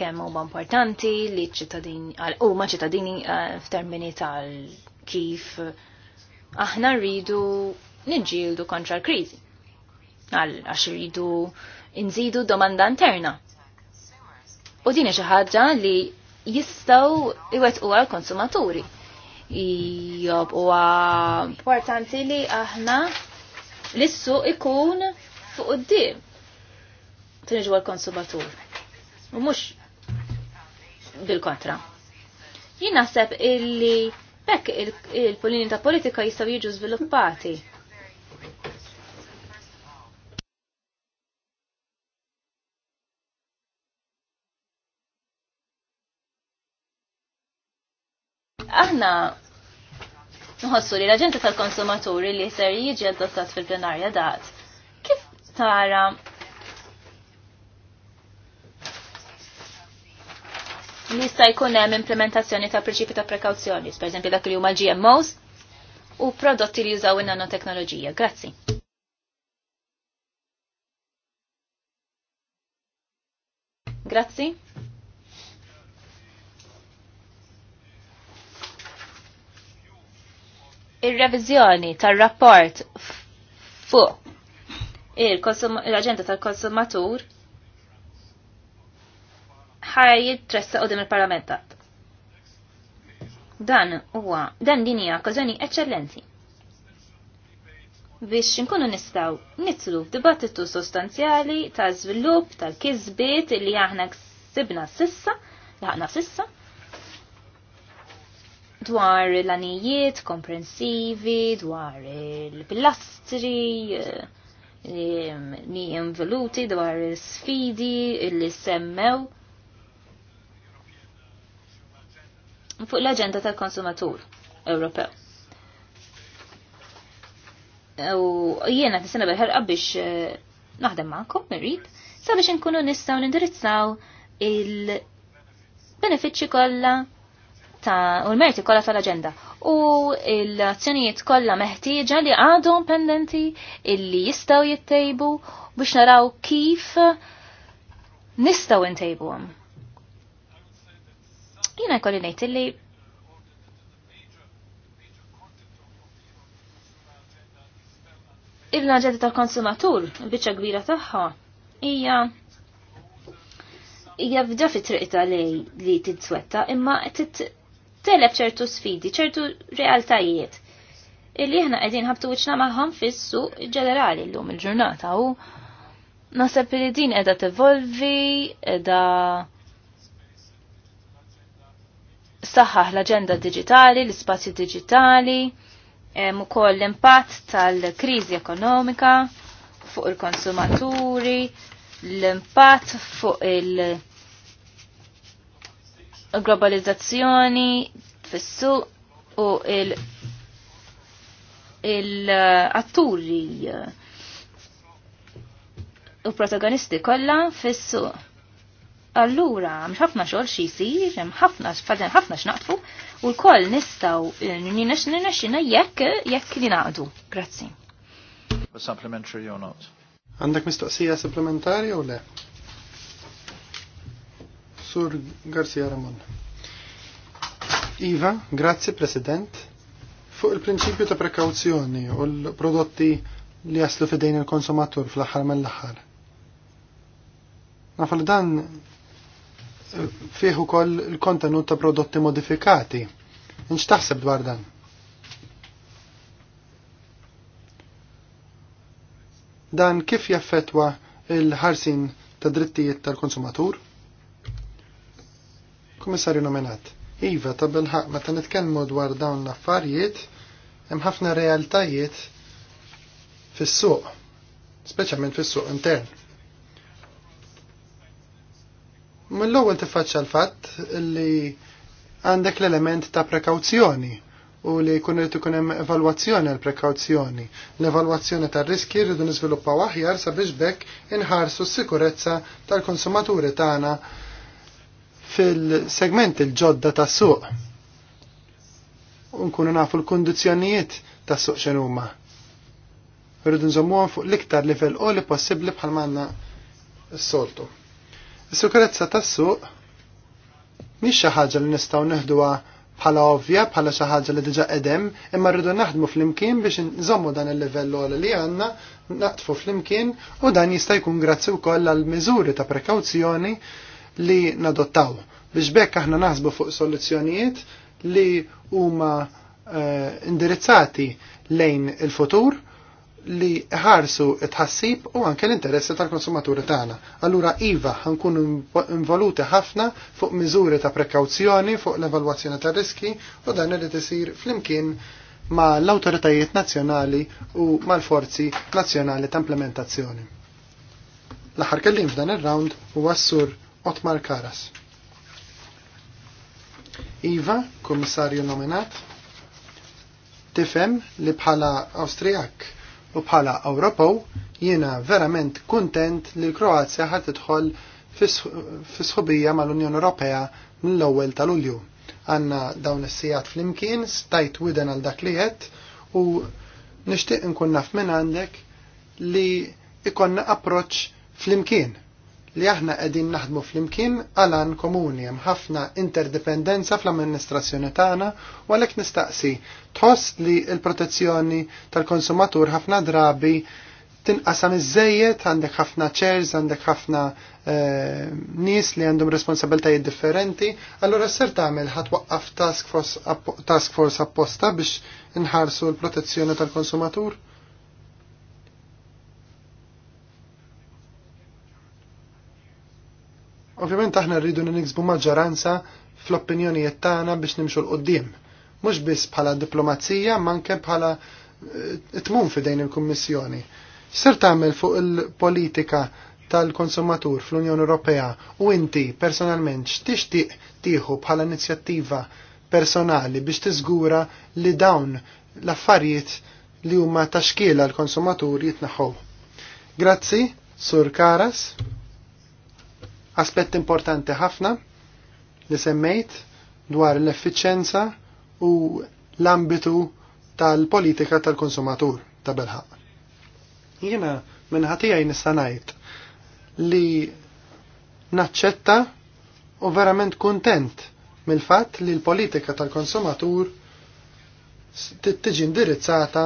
kemm huma importanti li ċittadini huma ċittadini eh, f'termini tal kif aħna rridu ninġieldu kontra l-kriżi. Għax rridu nżidu domanda interna. U din xi ħaġa li jistaw u għal konsumaturi. Job, u importanti li aħna l-issu ikun fuq d-dim tinġu għal-konsumatur. U mux bil-kontra. Jien naħseb illi pek il-polini ta' politika jistaw jiġu sviluppati. Aħna nħossu li l aġenti tal-Konsumaturi li ser jiġi adottat fil-plenarja dat. Kif tara li jista' jkun hemm implementazzjoni ta' prinċipju ta' prekawzjoni, pereżempju dak li huma GMOs u prodotti li jużaw in-nanoteknoloġija. Grazzi. Grazzi. ir-reviżjoni tar-rapport fuq l-aġenda tal-konsumatur ħaj u qudiem il-parlamentat. Dan huwa dan din hija okkażjoni eċċellenti biex nkunu nistaw nitlu f'dibattitu sostanzjali ta' żvilupp tal-kisbiet li aħna ksibna sissa, laħna sissa, dwar l-anijiet komprensivi, dwar il-pilastri, eh, ni involuti dwar sfidi l semmew fuq l-agenda tal-konsumatur Ewropew. U jiena t-sena ħarqa biex eh, naħdem ma'kom mirrid sabiex nkunu nistgħu nindirizzaw il-benefiċċji kollha ta' u l-merti kollha tal agenda u l-azzjonijiet kolla meħtieġa li għadhom pendenti illi jistaw jittejbu biex naraw kif nistaw nistgħu ntejbuhom. Jina jkolli nejt illi il-naġenda tal-konsumatur, il gbira taħħa ija ija hija fitriqta li triq ta' lej li titwetta imma teleb ċertu sfidi, ċertu realtajiet illi ħna qegħdin ħabtu wiċċna magħhom fissu ġenerali ġenerali llum il-ġurnata u naħseb li din qiegħda tevolvi, qiegħda saħħaħ l-aġenda digitali, l spazju digitali, hemm ukoll l-impatt tal-kriżi ekonomika fuq il-konsumaturi, l-impatt fuq il-, -konsumaturi, l impat fuq il globalizzazzjoni fissu u il il-atturi uh, u protagonisti kollha fissu. Allura, mx ħafna xogħol xi jsir, hemm ħafna fadden ħafna x'naqfu u l-koll nistgħu eh, ninexxina jekk jekk li naqdu. Grazzi. Supplementary or not? mistoqsija supplementari u le? Sur Garcia Ramon. Iva, grazie President. Fuq il-prinċipju ta' prekawzjoni u l-prodotti li jaslu fidejn il-konsumatur fl-aħħar mill-aħħar. Nafal dan eh, fieħu kol il-kontenut ta' prodotti modifikati. Inx taħseb dwar dan? Dan kif jaffetwa il-ħarsin ta' drittijiet tal-konsumatur? kummissarju nominat. Iva, ta' bil ma meta nitkellmu dwar dawn l-affarijiet, hemm ħafna realtajiet fis-suq, speċjalment fis-suq intern. Mill-ewwel tiffaċċa l-fatt li għandek l-element ta' prekawzjoni u li jkun irid ikun hemm evalwazzjoni għal prekawzjoni. L-evalwazzjoni tar-riski rridu niżviluppaw aħjar sabiex bekk inħarsu s-sikurezza tal-konsumaturi tagħna fil-segment il-ġodda tas suq unkunu nafu l-kondizjonijiet tas suq xenuma. Rridu nżommuhom fuq l-iktar livell u li possibbli bħal manna s-soltu. Is-sikurezza tas-suq mhix xi ħaġa li nistgħu neħduha bħala ovvja, bħala xi ħaġa li diġa' qedem, imma rridu naħdmu flimkien biex nżommu dan il-livell l li għandna, naqtfu flimkien u dan jista' jkun grazzi wkoll għall miżuri ta' prekawzjoni li nadottaw biex bekk aħna naħsbu fuq soluzzjonijiet li huma eh, indirizzati lejn il-futur li ħarsu tħassib u anke l-interessi tal-konsumaturi tagħna. Allura iva ħankun involuti ħafna fuq miżuri ta' prekawzjoni fuq l-evalwazzjoni ta' riski u dan irid isir flimkien ma' l-awtoritajiet nazzjonali u mal-forzi nazzjonali ta' implementazzjoni. L-aħħar kellim f'dan ir-round huwa s-sur Otmar Karas. Iva, komissarju nominat, tifem li bħala Awstrijak u bħala Ewropew jiena verament kuntent li l-Kroazja ħad tidħol fis-sħubija mal-Unjoni Ewropea mill-ewwel ta' Lulju. Għandna dawn is-sijat flimkien stajt widen għal dak li qed u nixtieq nkun naf minn għandek li ikonna approċċ flimkien li aħna qegħdin naħdmu flimkien għalan komuni hemm ħafna interdependenza fl-amministrazzjoni tagħna u għalhekk nistaqsi tħoss li l-protezzjoni tal-konsumatur ħafna drabi tinqasam iż-żejjed għandek ħafna chairs, għandek ħafna eh, nies li għandhom responsabiltajiet differenti, allura ser tagħmel ħatwaqqaf task force apposta biex inħarsu l-protezzjoni tal-konsumatur? Ovvjament aħna rridu nixbu maġġoranza fl-opinjonijiet tagħna biex nimxu l-qoddim. Mhux biss bħala diplomazija, ma anke bħala eh, tmun fidejn il-Kummissjoni. Ser tagħmel fuq il-politika tal-konsumatur fl-Unjoni Ewropea u inti personalment x'tixtieq tieħu bħala inizjattiva personali biex tiżgura li dawn l-affarijiet li huma xkiela l-konsumatur jitnaħħu. Grazzi, Sur Karas. Aspett importanti ħafna li semmejt dwar l-effiċenza u l-ambitu tal-politika tal-konsumatur ta' belħaq. Jiena minnħatijaj nista' ngħid li naċċetta u verament kuntent mill-fatt li l-politika tal-konsumatur tiġi indirizzata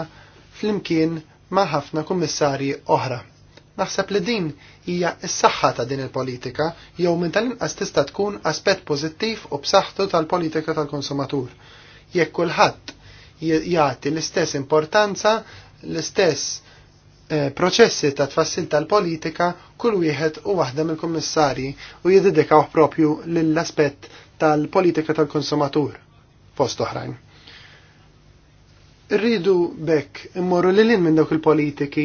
fl-imkien ma' ħafna kummissarji oħra. Naħseb li din hija s-saħħa ta' din il-politika jew minn tal-inqas tista' tkun aspett pożittiv u b'saħħtu tal-politika tal-konsumatur. Jekk kulħadd jagħti l-istess importanza, l-istess eh, proċessi ta' tfassil tal-politika kull wieħed u waħda mill-kummissarji u jiddedikaw propju lill-aspett tal-politika tal-konsumatur fost oħrajn. Rridu bekk immorru li lin minn dawk il-politiki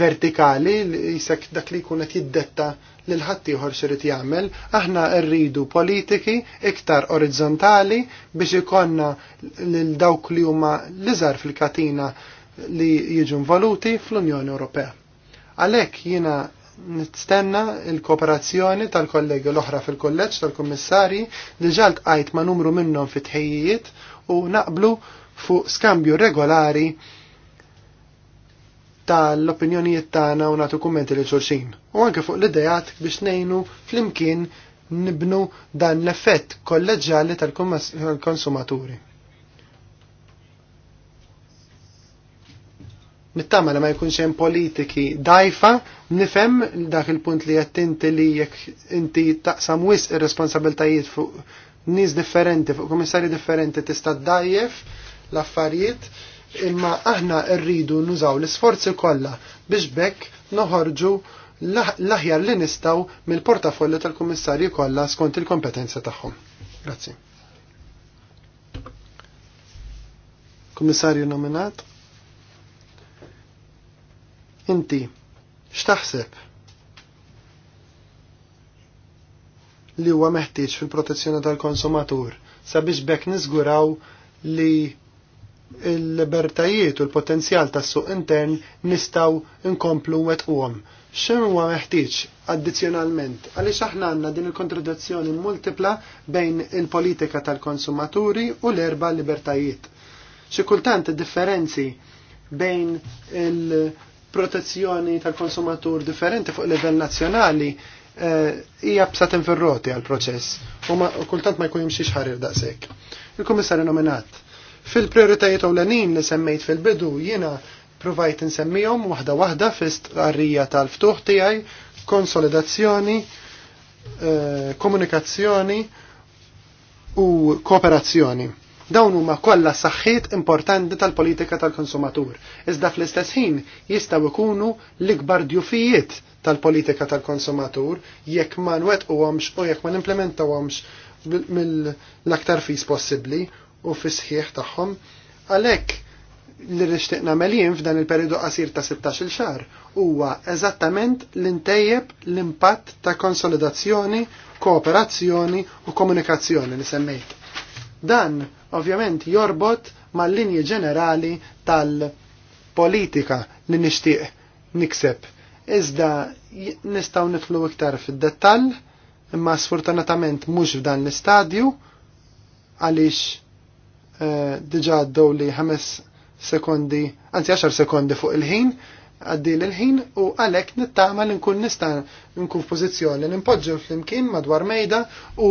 vertikali li jisek dak li jkun qed jiddetta lil ħatti ieħor x'irid jagħmel, aħna rridu politiki iktar orizzontali biex ikonna lil dawk li huma liżar fil-katina li jiġu involuti fl-Unjoni Ewropea. Għalhekk jiena nistenna il-kooperazzjoni tal-kollegi l-oħra fil-kolleġġ tal-kummissarji li ġalt għajt ma' numru minnhom fit-tħejjijiet u naqblu fuq skambju regolari tal-opinjonijiet tagħna u nagħtu kummenti li xulxin. U anke fuq l-idejat biex ngħinu flimkien nibnu dan l-effett kolleġjali tal-konsumaturi. nittama li ma jkunx hemm politiki dajfa, nifhem dak il-punt li qed inti li jekk inti taqsam wisq ir-responsabiltajiet fuq nies differenti, fuq kummissarji differenti tista' ddajjef l-affarijiet, imma aħna rridu nużaw l-isforzi kollha biex bekk noħorġu l-aħjar li nistaw mill-portafolju tal-kummissarju kollha skont il-kompetenza tagħhom. Grazzi. Kummissarju nominat? Inti, x'taħseb? li huwa meħtieġ fil-protezzjoni tal-konsumatur sabiex bekk niżguraw li il-libertajiet u l-potenzjal tas suq intern nistaw inkomplu wet uwom. ċem huwa meħtieġ addizzjonalment għaliex aħna għandna din il-kontradizzjoni multipla bejn il-politika tal-konsumaturi u l-erba libertajiet. Xi kultant differenzi bejn il-protezzjoni tal-konsumatur differenti fuq livell nazzjonali eh, hija e, b'satin fir għal-proċess u kultant ma jkun jimxiex ħarir daqshekk. Il-Kummissarju nominat Fil-prioritajiet ewlenin li semmejt fil-bidu jiena provajt nsemmihom waħda waħda fis-qarrija tal-ftuħ tiegħi, konsolidazzjoni, eh, komunikazzjoni u kooperazzjoni. Dawn huma kollha saħħiet importanti tal-politika tal-konsumatur. Iżda fl-istess ħin jistgħu jkunu l-ikbar djufijiet tal-politika tal-konsumatur jekk ma nwettquhomx u jekk ma nimplementawhomx mill-aktar fis possibbli u fisħiħ taħħom, tagħhom għalhekk li nixtieq nagħmel f'dan il-periodu qasir ta' 16-il xahar huwa eżattament l-intejjeb l-impatt ta' konsolidazzjoni, kooperazzjoni u komunikazzjoni li semmejt. Dan ovvjament jorbot mal-linji ġenerali tal-politika li nixtieq nikseb. Iżda nistgħu nitlu iktar fid-dettall, imma sfortunatament mhux f'dan l-istadju għaliex diġa għaddew li 5 sekondi, anzi 10 sekondi fuq il-ħin, għaddi l-ħin u għalek nittama li nkun nista nkun f'pożizzjoni li nimpoġġu fl-imkien madwar mejda u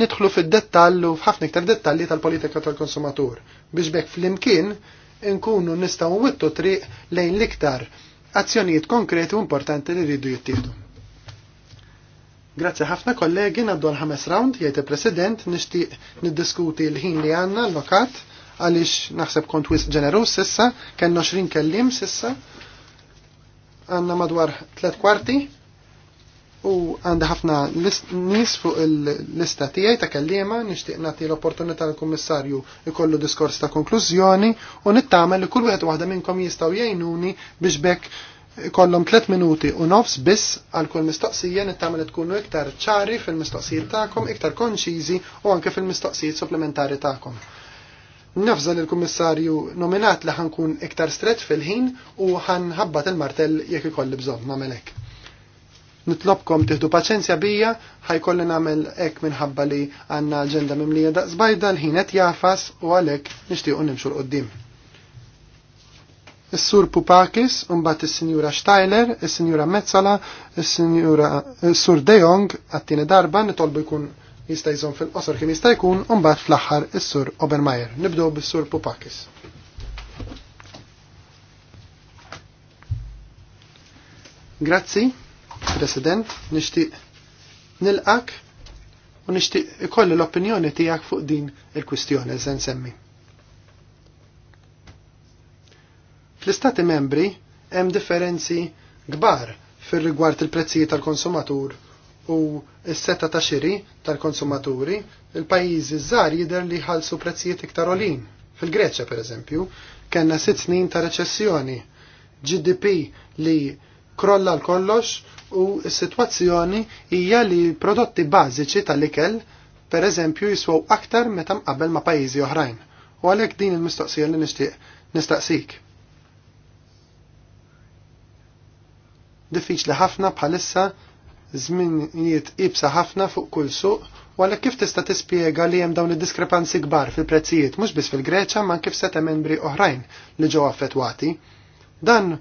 nidħlu fid-dettall u f'ħafna iktar dettalji tal-politika tal-konsumatur biex bekk fl-imkien nkunu nistgħu wittu triq lejn l-iktar azzjonijiet konkreti u importanti li rridu jittieħdu. Grazzi ħafna kollegi naddu l-ħames round jgħid il-President nixtieq niddiskuti l-ħin li għandna l-lokat għaliex naħseb kont wisq ġenerus sissa, kenno 20 kellim sissa, għanna madwar tliet kwarti u għandha ħafna nies fuq il-lista tiegħi ta' kellima nixtieq nagħti l-opportunità l-Kummissarju ikollu diskors ta' konklużjoni u nittamel li kull wieħed waħda minnkom jistgħu jgħinuni biex bekk kollom 3 minuti u nofs biss għal kull mistoqsija nittamel tkunu iktar ċari fil-mistoqsijiet tagħkom, iktar konċiżi u anke fil-mistoqsijiet supplementari tagħkom. Nafza l kummissarju nominat li ħankun iktar stret fil-ħin u ħanħabbat il-martell jekk ikolli bżonn namelek. Nitlobkom tiħdu paċenzja bija, ħajkolli nagħmel hekk minħabba li għandna aġenda mimlija zbajda l-ħin qed jafas u għalhekk nixtiequ nimxu l-qoddim. Is-Sur Pupakis, mbagħad is-Sinjura Steiner, is-Sinjura Mezzala, is-Sinjura Sur Dejong, Jong għat-tieni darba nitolbu jkun jista' jżomm fil-qosor kien jista' jkun u mbagħad fl-aħħar is-Sur Obermeyer. Nibdew bis-Sur Pupakis. Grazzi, President, nixtieq nilqak u nixtieq ikolli l-opinjoni tiegħek fuq din il-kwistjoni se nsemmi. Fl-istati membri hemm differenzi kbar fir-rigward il-prezzijiet tal-konsumatur u s-setta ta' xiri tal-konsumaturi, il-pajjiżi żgħar jidher li ħalsu prezzijiet iktar olin. Fil-Greċja pereżempju, kellna sitt snin ta' reċessjoni, GDP li krolla l-kollox u s-sitwazzjoni hija li prodotti bażiċi tal-ikel pereżempju jiswaw aktar meta mqabel ma' pajjiżi oħrajn. U għalhekk din il-mistoqsija li nixtieq nistaqsik diffiċli ħafna bħalissa żminijiet ibsa ħafna fuq kull suq u għalhekk kif tista' tispjega li hemm dawn id-diskrepanzi kbar fil-prezzijiet mhux biss fil-Greċja ma kif seta' membri oħrajn li ġew affettwati. Dan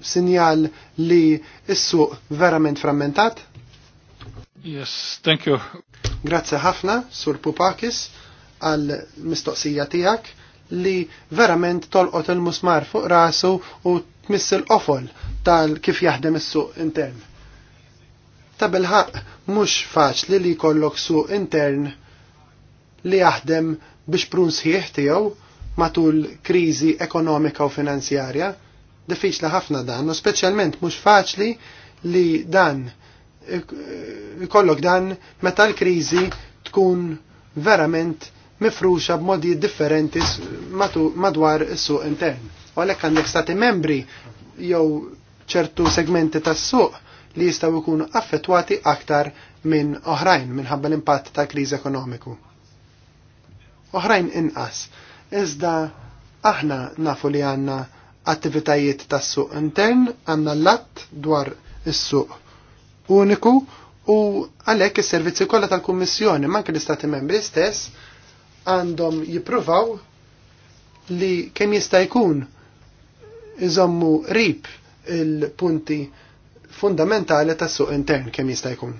sinjal li s-suq verament frammentat? Yes, thank you. Grazzi ħafna, Sur Pupakis, għal mistoqsija tiegħek li verament tolqot il-musmar fuq rasu u tmiss il-qofol tal kif jaħdem is-suq intern. Ta' bil-ħaq mhux faċli li jkollok suq intern li jaħdem biex prun sħiħ tiegħu matul kriżi ekonomika u finanzjarja. Diffiċli ħafna dan, u speċjalment mhux faċli li dan jkollok dan meta l-kriżi tkun verament mifruxa b'modi differenti madwar is-suq intern U għalhekk għandek stati membri jew ċertu segmenti tas-suq li jistgħu jkunu affettwati aktar minn oħrajn minħabba l-impatt ta' kriżi ekonomiku. Oħrajn inqas. Iżda aħna nafu li għandna attivitajiet tas-suq intern, għandna l-att dwar is-suq uniku u għalhekk is-servizzi kollha tal-Kummissjoni manke l-Istati Membri stess għandhom jippruvaw li kemm jista' jkun iżommu rib il-punti fundamentali tas suq intern kemm jista' jkun.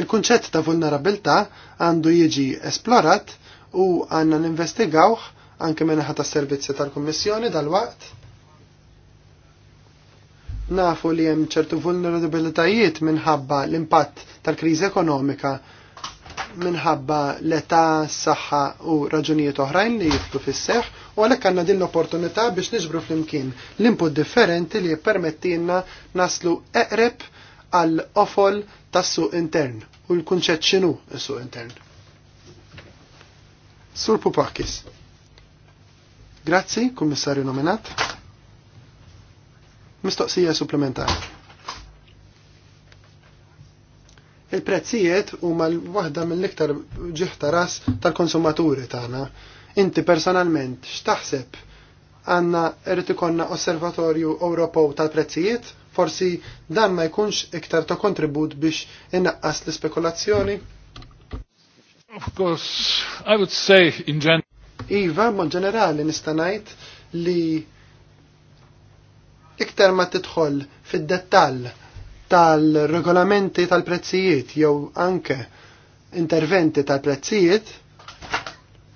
Il-kunċett ta' vulnerabilità għandu jiġi esplorat u għandna ninvestigawh anke minn tas servizzi tal-Kummissjoni dal-waqt. Nafu li hemm ċertu vulnerabilitajiet minħabba l-impatt tal-kriżi ekonomika minħabba l-età, s-saħħa u raġunijiet oħrajn li jiftu fis-seħħ U għalhekk għandna din l-opportunità biex niġbru flimkien l-input differenti li jippermettilna naslu eqreb għal ofol tas-suq intern u l-kunċett x'inhu s-suq intern. Sur Pupakis. Grazzi, kummissarju nominat. Mistoqsija supplementari. Il-prezzijiet huma mal waħda mill-iktar ġiħta ras tal-konsumaturi tagħna. Ta Inti personalment x'taħseb għandna irid ikonna osservatorju Ewropew tal-prezzijiet? Forsi dan ma jkunx iktar ta' kontribut biex innaqqas l-ispekulazzjoni? Of course, I would say in general. Iva, ma ġenerali nistanajt li iktar ma titħol fid-dettall tal-regolamenti tal-prezzijiet jew anke interventi tal-prezzijiet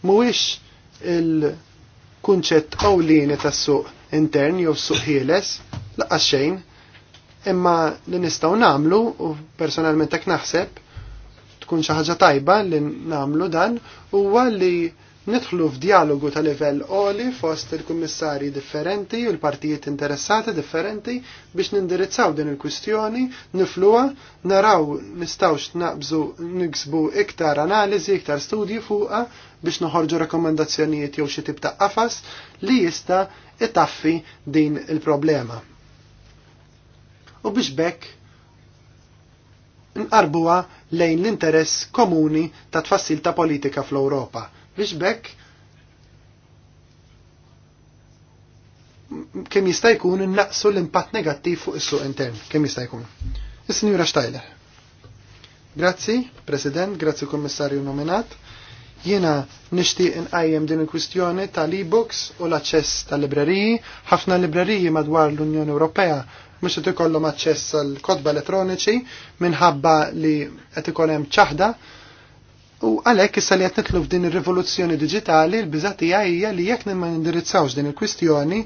mhuwiex il-kunċett ewlieni tas-suq intern jew suq ħieles laqqas xejn, imma li nistgħu nagħmlu u personalment hekk naħseb tkun xi ħaġa tajba li nagħmlu dan huwa li nidħlu f'dialogu ta' livell qoli fost il-kummissarji differenti u l-partijiet interessati differenti biex nindirizzaw din il-kwistjoni, nifluha, naraw nistawx naqbżu niksbu iktar analiżi, iktar studji fuqha biex noħorġu rekomendazzjonijiet jew xi tip ta' qafas li jista' itaffi din il-problema. U biex bekk nqarbuha lejn l-interess komuni ta' tfassil ta' politika fl-Ewropa biex bekk kemm jista' jkun innaqsu l-impatt negattiv fuq is-suq intern, kemm jista' jkun. Is-Sinjura Steiler. Grazzi, President, grazzi Kummissarju nominat. Jiena nixtieq inqajjem din il-kwistjoni tal-e-books u l-aċċess tal-libreriji. Ħafna libreriji madwar l-Unjoni Ewropea mhux qed ikollhom aċċess għal kotba elettroniċi minħabba li qed ikoll hemm ċaħda U għalhekk issa li qed nitlu f'din ir-rivoluzzjoni diġitali l-biża' għajja hija li jekk ma nindirizzawx din il-kwistjoni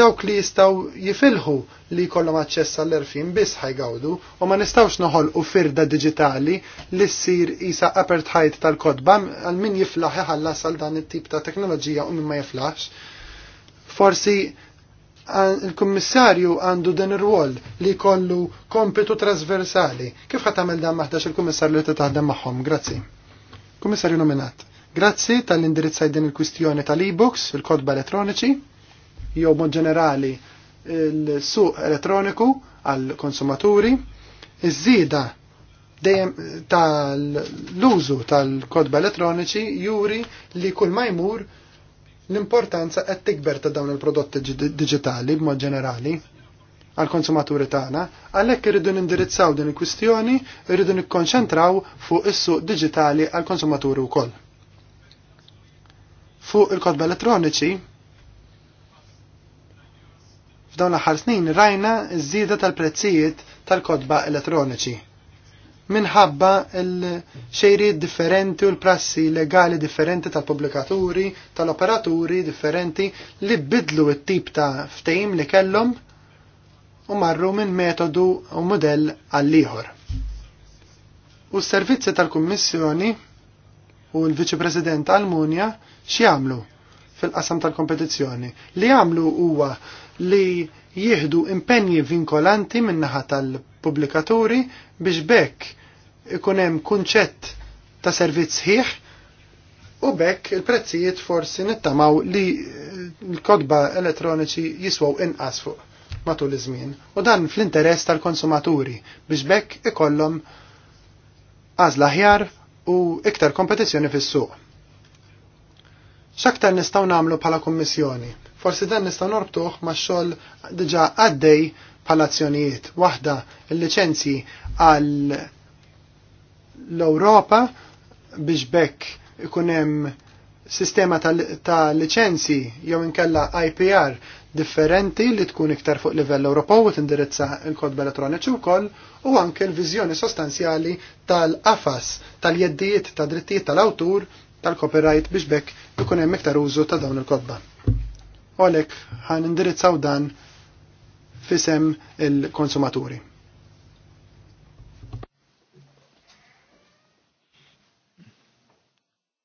dawk li jistgħu jifilħu li jkollhom aċċess għall-erfin biss ħajgawdu u ma nistgħux noħolqu firda digitali li ssir isa apartheid tal-kodba għal min jiflaħi għallas għal dan it-tip ta' teknoloġija u min ma jiflaħx. Forsi il-kummissarju għandu din ir-rwol li kollu kompitu trasversali. Kif ħat tagħmel dan maħdax il-kummissarju li titaħdem magħhom? Grazzi. Kummissarju nominat. Grazzi tal-indirizzaj din il-kwistjoni tal-e-books, il-kodba elettroniċi, jew mod ġenerali il-suq elettroniku għal-konsumaturi, iż-żieda dejjem tal-użu tal-kodba elettroniċi juri li kull ma jmur L-importanza qed tikber ta' dawn il-prodotti digitali b'mod ġenerali għal konsumaturi tagħna, għalhekk irridu nindirizzaw din il-kwistjoni, irridu nikkonċentraw fuq is-suq diġitali għal konsumaturi wkoll. Fuq il-kodba elettroniċi, f'dawn l-aħħar snin rajna iż-żieda tal-prezzijiet tal-kodba elettroniċi minħabba l-xejriet differenti u l-prassi legali differenti tal-publikaturi, tal-operaturi differenti li bidlu it-tip ta' ftejm li kellhom u marru minn metodu u modell għall-ieħor. U s-servizzi tal-Kummissjoni u l-Viċi-President Almunja x'jagħmlu fil-qasam tal-kompetizzjoni. Li jagħmlu huwa li jieħdu impenji vinkolanti min-naħa tal pubblikaturi biex bekk ikun hemm kunċett ta' servizz ħieħ u bekk il-prezzijiet forsi nittamaw li l-kodba elettroniċi jiswaw inqas fuq matul iż-żmien u dan fl-interess tal-konsumaturi biex bekk ikollhom għażla ħjar u iktar kompetizzjoni fis-suq. X'aktar nistgħu nagħmlu bħala Kummissjoni? Forsi dan nistgħu norbtuh ma' xogħol diġà għaddej palazzjonijiet. Waħda il licenzi għal l-Europa biex bekk ikunem sistema ta', ta jew inkella IPR differenti li tkun iktar fuq livell Ewropew u tindirizza l kodba elettroniċi wkoll u anke l-viżjoni sostanzjali tal-qafas tal-jeddijiet ta' drittijiet tal-awtur tal-copyright biex bekk ikun hemm iktar użu ta' dawn il-kodba. Olek ħan indirizzaw dan fisem il-konsumaturi.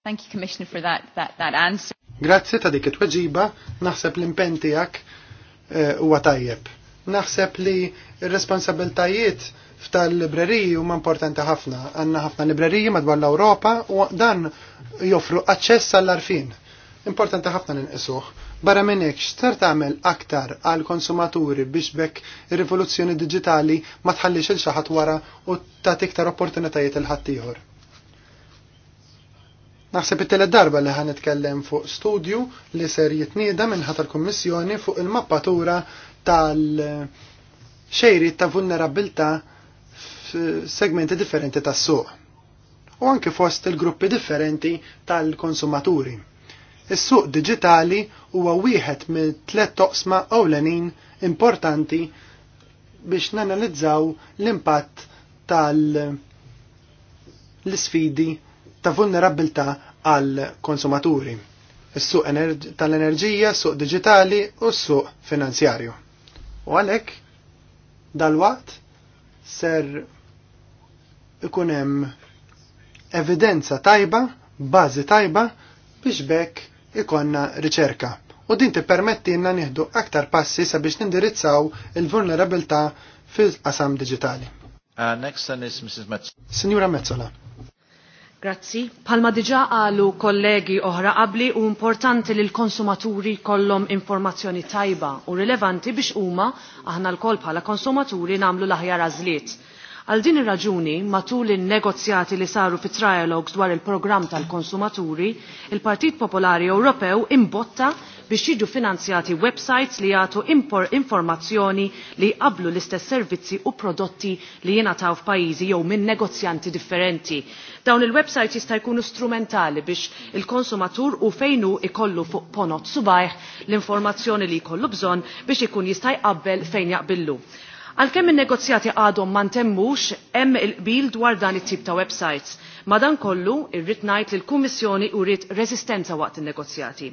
Thank you, Commissioner, for that, that, that answer. Grazzi ta' dik it-tweġiba, naħseb l-impen tiegħek eh, huwa tajjeb. Naħseb li r-responsabiltajiet f'tal-libreriji huma importanti ħafna. Għandna ħafna libreriji madwar l-Ewropa u dan joffru aċċess għall-arfin. Importanti ħafna ninqisuh Barra minnek, xtar x'ser tagħmel aktar għal konsumaturi biex bekk ir-rivoluzzjoni Digitali ma tħallix il xaħat wara u tagħti iktar opportunitajiet il ħaddieħor. Naħseb it tele darba li ħanitkellem fuq studju li ser jitnieda minn ħatar kummissjoni fuq il-mappatura tal xejri ta' vulnerabilità segmenti differenti tas-suq u anke fost il-gruppi differenti tal-konsumaturi Is-suq diġitali huwa wieħed mill-tliet toqsma ewlenin importanti biex nanalizzaw l-impatt tal-sfidi ta' vulnerabilità għal konsumaturi. Is-suq tal-enerġija, suq diġitali u s-suq finanzjarju. U għalhekk dal-waqt ser ikun hemm evidenza tajba, bażi tajba biex bekk ikonna riċerka u din tippermettilna nieħdu aktar passi sabiex nindirizzaw il-vulnerabilità fil-qasam digitali. Uh, next one is Mrs. Metzola. Signora Metzola. Grazzi. Palma diġa għalu kollegi oħra qabli u importanti li l-konsumaturi kollom informazzjoni tajba u rilevanti biex huma aħna l-kol bħala konsumaturi namlu l-aħjar Għal din ir-raġuni, matul in-negozjati li saru fi trialogs dwar il-programm tal-konsumaturi, il-Partit Popolari Ewropew imbotta biex jiġu finanzjati websites li jagħtu informazzjoni li jqablu l-istess servizzi u prodotti li jingħataw f'pajjiżi jew minn negozjanti differenti. Dawn il-websites jista' jkunu strumentali biex il-konsumatur u fejnu ikollu fuq ponot subajh l-informazzjoni li jkollu bżonn biex ikun jista' jqabbel fejn jaqbillu. Għalkemm in-negozjati għadhom ma ntemmux hemm il-qbil dwar dan it-tip ta' websites. Madankollu irrid ngħid li l-Kummissjoni uriet resistenza waqt in-negozjati.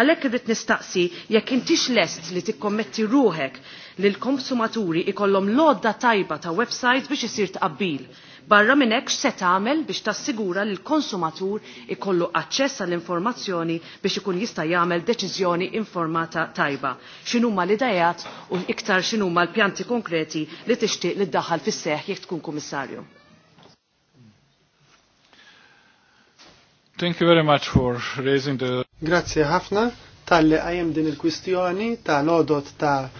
Għalhekk irrid nistaqsi jekk intix lest li tikkommetti ruħek li l-konsumaturi ikollhom lodda tajba ta' websites biex isir tqabbil Barra minn hekk se tagħmel biex tassigura li l-konsumatur ikollu aċċess għall informazzjoni biex ikun jista' jagħmel deċiżjoni informata tajba. X'inhuma l-idejat u iktar x'inhuma l-pjanti konkreti li tixtieq li ddaħħal fis-seħħ jekk tkun kummissarju. Thank you very much for raising the... Grazie ħafna tal-li għajem din il-kwistjoni ta' nodot ta'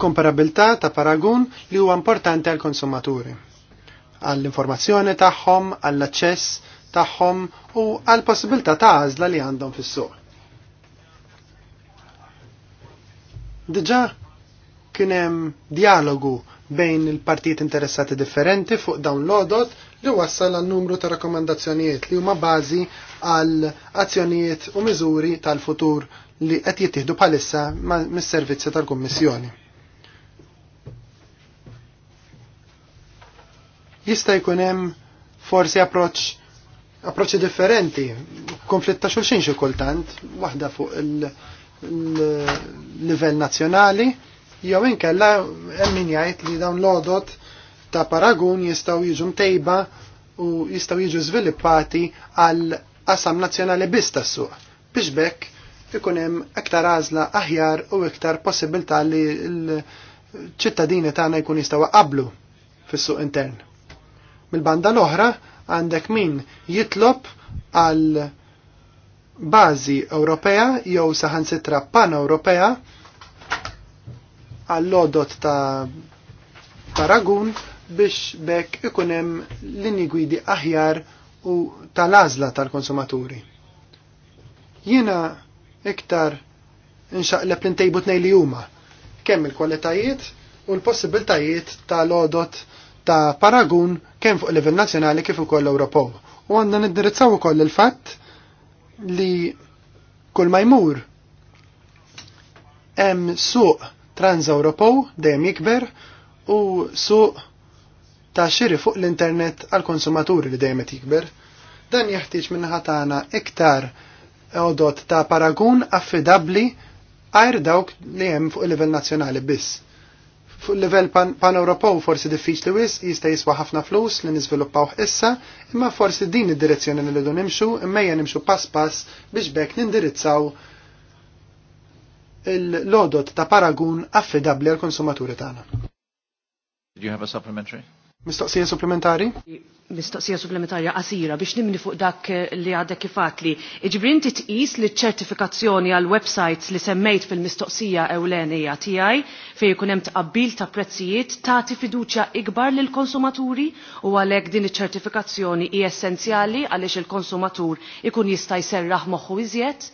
komparabilta, ta' paragun li huwa importanti għal konsumaturi għall-informazzjoni tagħhom, għall-aċċess tagħhom u għall-possibilità ta' għażla li għandhom fis-suq. Diġà kien hemm dialogu bejn il-partijiet interessati differenti fuq dawn l-odot li wassal għal numru ta' rakkomandazzjonijiet li huma bażi għal azzjonijiet u miżuri tal-futur li qed jittieħdu bħalissa mis-servizzi tal-Kummissjoni. jista' jkun hemm forsi approċċ approċċi differenti, konflitt ta' xulxin xi kultant, waħda fuq il-livell nazzjonali, jew inkella hemm min jgħid li dawn l-odot ta' paragun jistgħu jiġu mtejba u jistgħu jiġu żviluppati għal qasam nazzjonali biss tas-suq. Biex bekk ikun hemm aktar għażla aħjar u iktar possibilità li l-ċittadini tagħna jkun jistgħu qablu fis-suq intern. Mil-banda l-oħra għandek min jitlob għal bażi Ewropea jew saħansitra pan-Ewropea għall lodot ta' paragun biex bekk ikunem l-inni gwidi aħjar u tal-azla tal-konsumaturi. Jiena iktar inxaqleb l-intejbu li huma kemm il-kwalitajiet u l-possibiltajiet tal-odot ta' paragun kemm fuq livell nazzjonali kif ukoll Ewropew. U għandna niddirizzaw ukoll il-fatt li kull ma jmur hemm suq trans dejjem jikber u suq ta' xiri fuq l-internet għal konsumaturi li dejjem qed jikber. Dan jeħtieġ minn ħatana iktar għodot ta' paragun affidabbli għajr dawk li hemm fuq il-livell nazzjonali biss. Fuq livell pan-Ewropew forsi diffiċli wis jista' jiswa ħafna flus li niżviluppaw issa, imma forsi din id-direzzjoni li du nimxu imma nimxu pass pass biex bekk nindirizzaw il-lodot ta' paragun affidabli għal konsumaturi tagħna. Did you have a supplementary? Mistoqsija supplementari? Mistoqsija supplementarja qasira biex nimni fuq dak eh, li għadek kifat li. Iġbrin titqis li ċertifikazzjoni għal websites li semmejt fil-mistoqsija ewlenija tiegħi fejn ikun hemm tqabbil ta' prezzijiet tagħti fiduċja ikbar lil konsumaturi u għalhekk din iċ-ċertifikazzjoni hi essenzjali għaliex il-konsumatur ikun jista' jserraħ moħħu iżjed?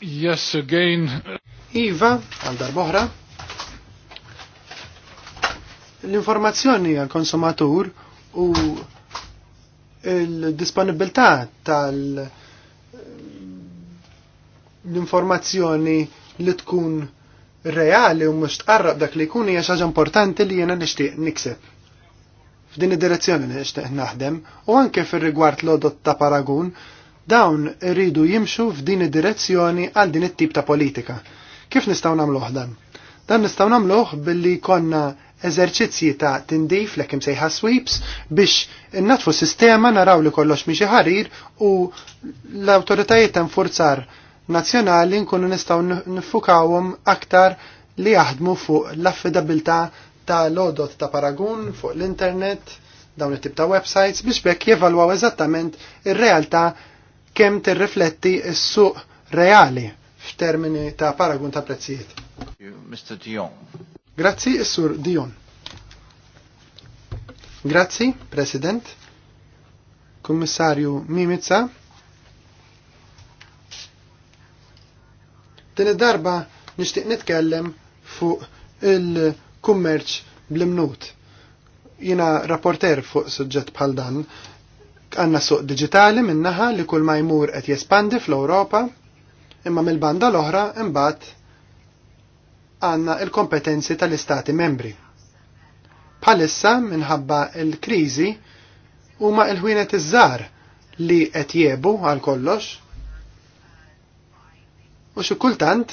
Yes, again. Iva, għal darboħra, l-informazzjoni għal konsumatur u l-disponibilità tal- l-informazzjoni li tkun reali u mux tqarrab dak li jkun hija xaġa importanti li jiena nixtieq nikseb. F'din id-direzzjoni li nixtieq naħdem u anke fir-rigward l-odot ta' paragun dawn iridu jimxu f'din id-direzzjoni għal din it-tip ta' politika Kif nistaw namluħ dan? Dan nistaw namluħ billi konna eżerċizzji ta' tindif l sejħa sweeps biex innatfu sistema naraw li kollox miexi ħarir u l-autoritajiet ta' nfurzar nazzjonali nkunu nistaw nifukawhom aktar li jaħdmu fuq l-affidabilità ta' lodot ta' paragun fuq l-internet dawn it-tip ta' websites biex bekk jevalwaw eżattament ir-realtà kemm tirrifletti s-suq reali f'termini ta' paragun ta' prezzijiet. Mr. Dion. Grazzi, Sur Dion. Grazzi, President. Kommissarju Mimica. Din id-darba nixtieq nitkellem fuq il-kummerċ bl-imnut. Jina rapporter fuq suġġett bħal dan għanna suq digitali minnaħa li kull ma jmur qed jespandi fl-Ewropa imma mill-banda l-oħra imbagħad għandna il-kompetenzi tal-istati membri. Bħalissa minħabba l-kriżi huma l-ħwienet iż-żar li qed jiebu għal kollox u xi kultant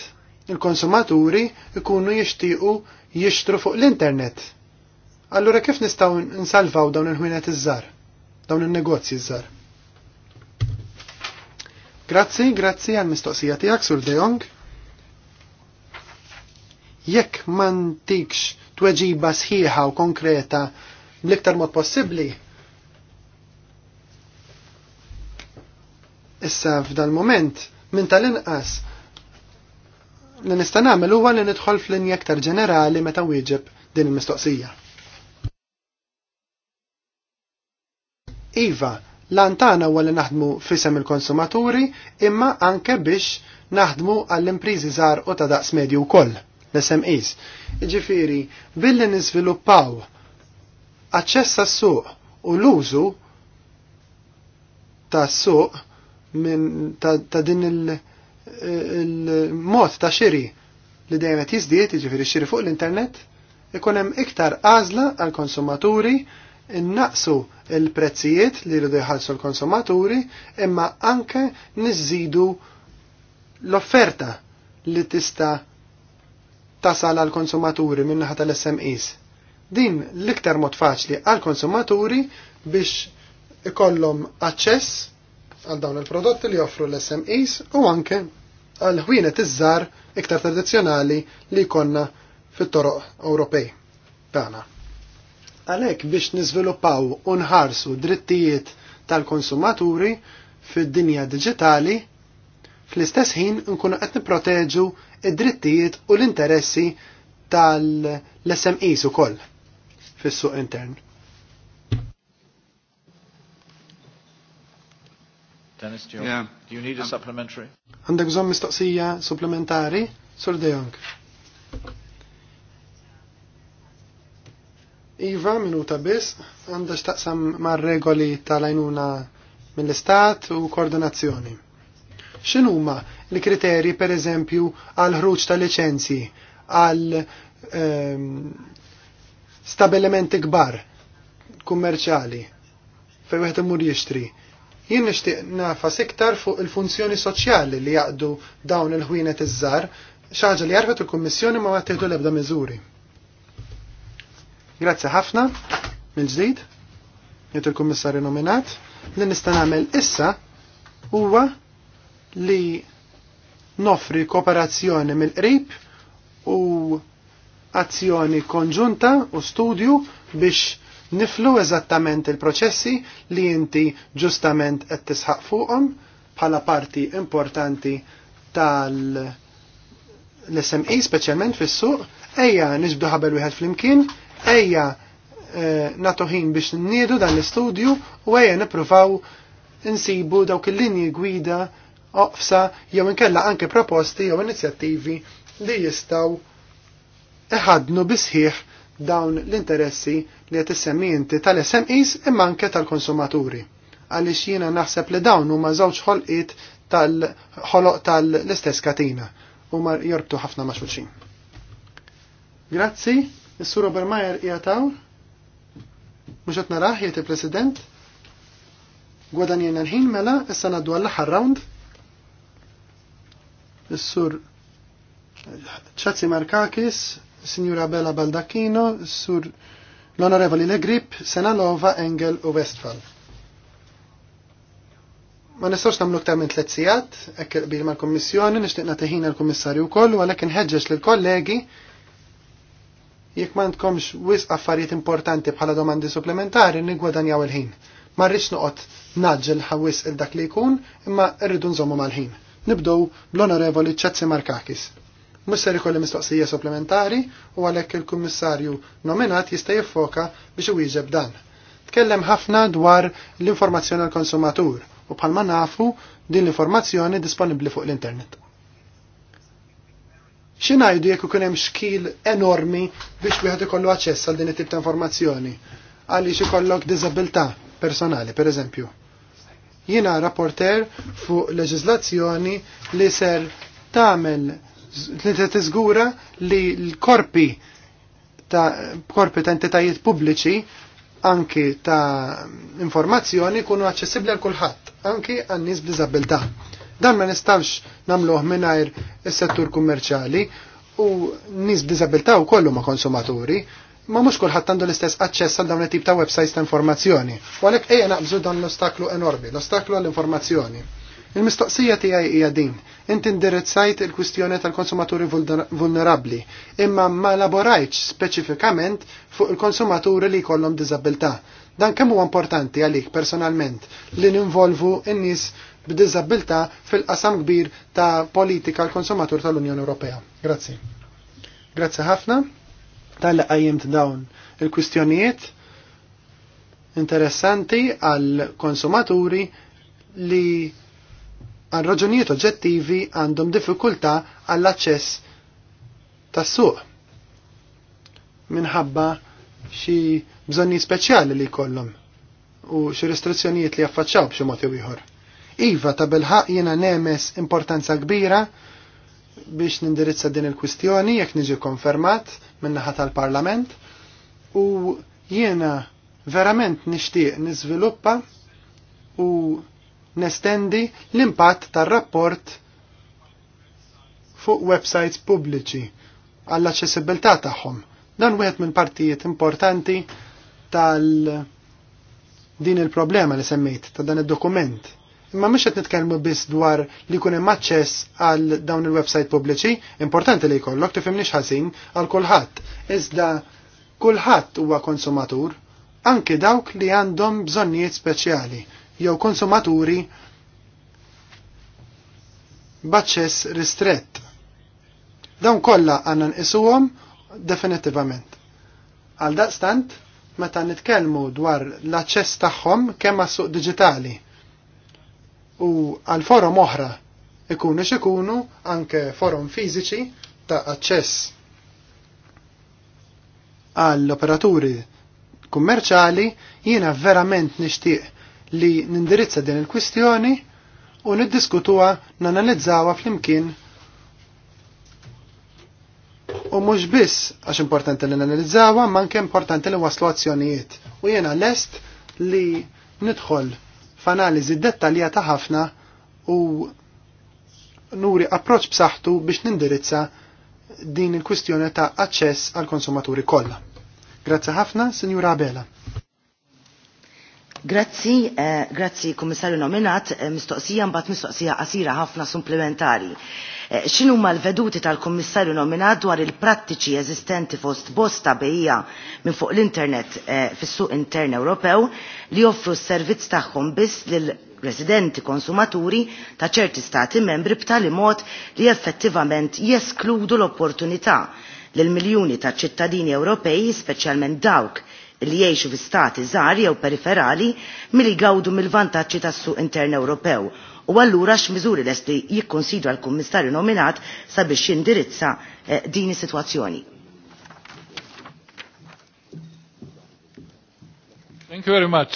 il-konsumaturi ikunu jixtiequ jixtru fuq l-internet. Allura kif nistgħu nsalvaw dawn il-ħwienet iż-żar, dawn il negozji iż-żar? Grazzi, grazzi għal mistoqsija tiegħek sur De Jong. Jekk m'għandikx tweġiba sħiħa u konkreta bl-iktar mod possibbli, issa f'dal moment minn tal-inqas li nista' nagħmel huwa li nidħol f'linja aktar ġenerali meta wieġeb din il-mistoqsija. Iva, Lantana huwa naħdmu fissem il-konsumaturi imma anke biex naħdmu għall-imprizi żgħar u ta' daqs medju wkoll, l-SMEs. Ġifieri, billi niżviluppaw aċċess għas-suq u l-użu tas-suq minn ta', ta din il-mod ta' xiri li dejjem qed jiżdied, jiġifieri xiri fuq l-internet, ikun hemm iktar għażla għall-konsumaturi innaqsu il-prezzijiet li rridu jħallsu l-konsumaturi imma anke niżidu l-offerta li tista' tasal għal konsumaturi naħa tal-SMEs. Din l-iktar mod faċli għal konsumaturi biex ikollhom aċċess għal dawn il-prodotti li joffru l-SMEs u anke għal ħwienet iż-żar iktar tradizzjonali li jkollna fit-toroq Ewropej. Tana. Għalhekk biex niżviluppaw u nħarsu drittijiet tal-konsumaturi fid-dinja Digitali fl-istess ħin nkunu qed nipproteġu id-drittijiet u l-interessi tal-SMEs ukoll fis-suq intern. Dennis, do you, yeah. do you need a um, supplementary? Għandek bżonn mistoqsija supplementari? Sur De Jong. Iva minuta biss għandha x'taqsam mar-regoli tal-għajnuna mill-istat u koordinazzjoni. X'inhuma l-kriterji pereżempju għal ħruġ ta' liċenzji għal ehm, stabilimenti kbar kummerċali fejn wieħed imur jixtri. Jien nixtieq nafas iktar fuq il-funzjoni soċjali li jaqdu dawn il-ħwienet iż-żar, xi ħaġa li jarfet il-Kummissjoni ma tieħdu l-ebda miżuri. Grazzi ħafna mill-ġdid, jiet il-kummissarju nominat, li nista' nagħmel issa huwa li nofri kooperazzjoni mill-qrib u azzjoni konġunta u studju biex niflu eżattament il-proċessi li inti ġustament qed tisħaq fuqhom bħala parti importanti tal l-SME speċjalment fis-suq ejja nisbdu ħabel wieħed flimkien ejja eh, nagħtu ħin biex nniedu dan l-istudju u ejja nippruvaw insibu dawk il-linji gwida oqsa, jew inkella anke proposti jew inizjattivi li jistaw iħadnu bisħiħ dawn l-interessi li qed issemmi tal-SMEs imma anke tal-konsumaturi. Għaliex jiena naħseb li dawn huma żewġ ħolqiet tal-ħoloq tal-istess katina huma jorbtu ħafna ma' xulxin. Grazzi, Is-Sur Obermajer jgħataw? Mux għatna raħ il president? Gwadan jgħna l-ħin mela, issa naddu għall aħħar round. Is-Sur Ċazzi Markakis, Signora Bella Baldacchino, Sur l-Onorevoli Legrip, Senalova, Engel u Westfall. Ma nistax namlu ktar minn tliet sigħat, hekk bil mal-Kummissjoni, nixtieq nagħti għall-Kummissarju wkoll, u għalhekk inħeġġeġ lill-kollegi jekk m'għandkomx wisq affarijiet importanti bħala domandi supplementari niggwadanjaw il-ħin. Ma rridx noqgħod naġġel ħawis il dak li jkun, imma rridu nżommu mal-ħin. Nibdow bl-onorevoli Ċazzi Markakis. Mhux ser ikolli mistoqsija supplementari u għalhekk il-kummissarju nominat jista' jiffoka biex iwieġeb dan. Tkellem ħafna dwar l-informazzjoni għall konsumatur u bħalma nafu din l-informazzjoni disponibbli fuq l-internet. Xinajdu jekk ikun hemm xkil enormi biex wieħed ikollu aċċess għal din it-tip ta' informazzjoni għaliex ikollok diżabilità personali, per eżempju. Jiena rapporter fuq leġiżlazzjoni li ser tagħmel li se tiżgura li l-korpi ta' korpi ta' entitajiet pubbliċi anki ta' informazzjoni kunu aċċessibbli għal kulħadd, anki għan nies b'diżabilità Dan ma nistawx namluħ mingħajr il settur kummerċjali u nies b'diżabilità wkoll ma konsumaturi ma mhux kulħadd għandu l-istess aċċess għal dawn it-tip ta' websites ta' informazzjoni. U għalhekk ejja naqbżu dan l-ostaklu enormi, l-ostaklu għall-informazzjoni. Il-mistoqsija tiegħi hija din. Inti indirizzajt il-kwistjoni tal-konsumaturi vulnerabbli, imma ma laborajċ speċifikament fuq il-konsumaturi li jkollhom diżabilità. Dan kemm huwa importanti għalik personalment li ninvolvu n-nies b'diżabilità fil-qasam kbir ta' politika l-konsumatur tal-Unjoni Ewropea. Grazzi. Grazzi ħafna tal qajjimt dawn il-kwistjonijiet interessanti għal konsumaturi li għal raġunijiet oġġettivi għandhom diffikultà għall aċċess tas-suq minħabba xi bżonni speċjali li jkollhom u xi restrizzjonijiet li jaffaċċaw b'xi mod ieħor. Iva ta' bilħaq jiena nemes importanza kbira biex nindirizza din il-kwistjoni jekk niġi konfermat min-naħa tal-Parlament u jiena verament nixtieq niżviluppa u nestendi l-impatt tar-rapport fuq websites pubbliċi għall-aċċessibilità tagħhom. Dan wieħed minn partijiet importanti tal- din il-problema li semmejt ta' dan id-dokument Ma mhux qed nitkellmu biss dwar li jkun hemm aċċess għal dawn il-website pubbliċi, importanti li jkollok tifhimniex ħażin għal kulħadd. Iżda kulħadd huwa konsumatur, anki dawk li għandhom bżonnijiet speċjali jew konsumaturi b'aċċess ristrett. Dawn kollha għandna nqisuhom definitivament. Għal daqstant, meta nitkellmu dwar l-aċċess tagħhom kemm għas-suq diġitali u għal forum oħra ikunu xikunu anke forum fiżiċi ta' aċċess għall operaturi kummerċali jiena verament nixtieq li nindirizza din il-kwistjoni u niddiskutuha nanalizzawa flimkien u mhux biss għax importanti li nanalizzawa ma anke importanti li waslu azzjonijiet u jiena lest li nidħol f'analiżi dettaljata ħafna u nuri approċ b'saħħtu biex nindirizza din il-kwistjoni ta' aċċess għal konsumaturi kollha. Grazzi ħafna, Sinjura Abela. Grazzi, eh, grazzi Kummissarju nominat, eh, mistoqsija mbagħad mistoqsija qasira ħafna supplementari. Eh, Xinu ma l-veduti tal-Kommissarju nominat dwar il-prattiċi eżistenti fost bosta bejja minn fuq l-internet eh, fis-suq intern Ewropew li joffru s-servizz tagħhom biss l residenti konsumaturi ta' ċerti stati membri b'tali mod li effettivament jeskludu l-opportunità l miljuni ta' ċittadini Ewropej, speċjalment dawk li jgħixu fi stati żgħar jew periferali milli gawdu mill-vantaġġi tas-suq intern Ewropew u allura x'miżuri lesti jikkonsidra l-kummissarju nominat sabiex jindirizza eh, din is-sitwazzjoni. Thank you very much.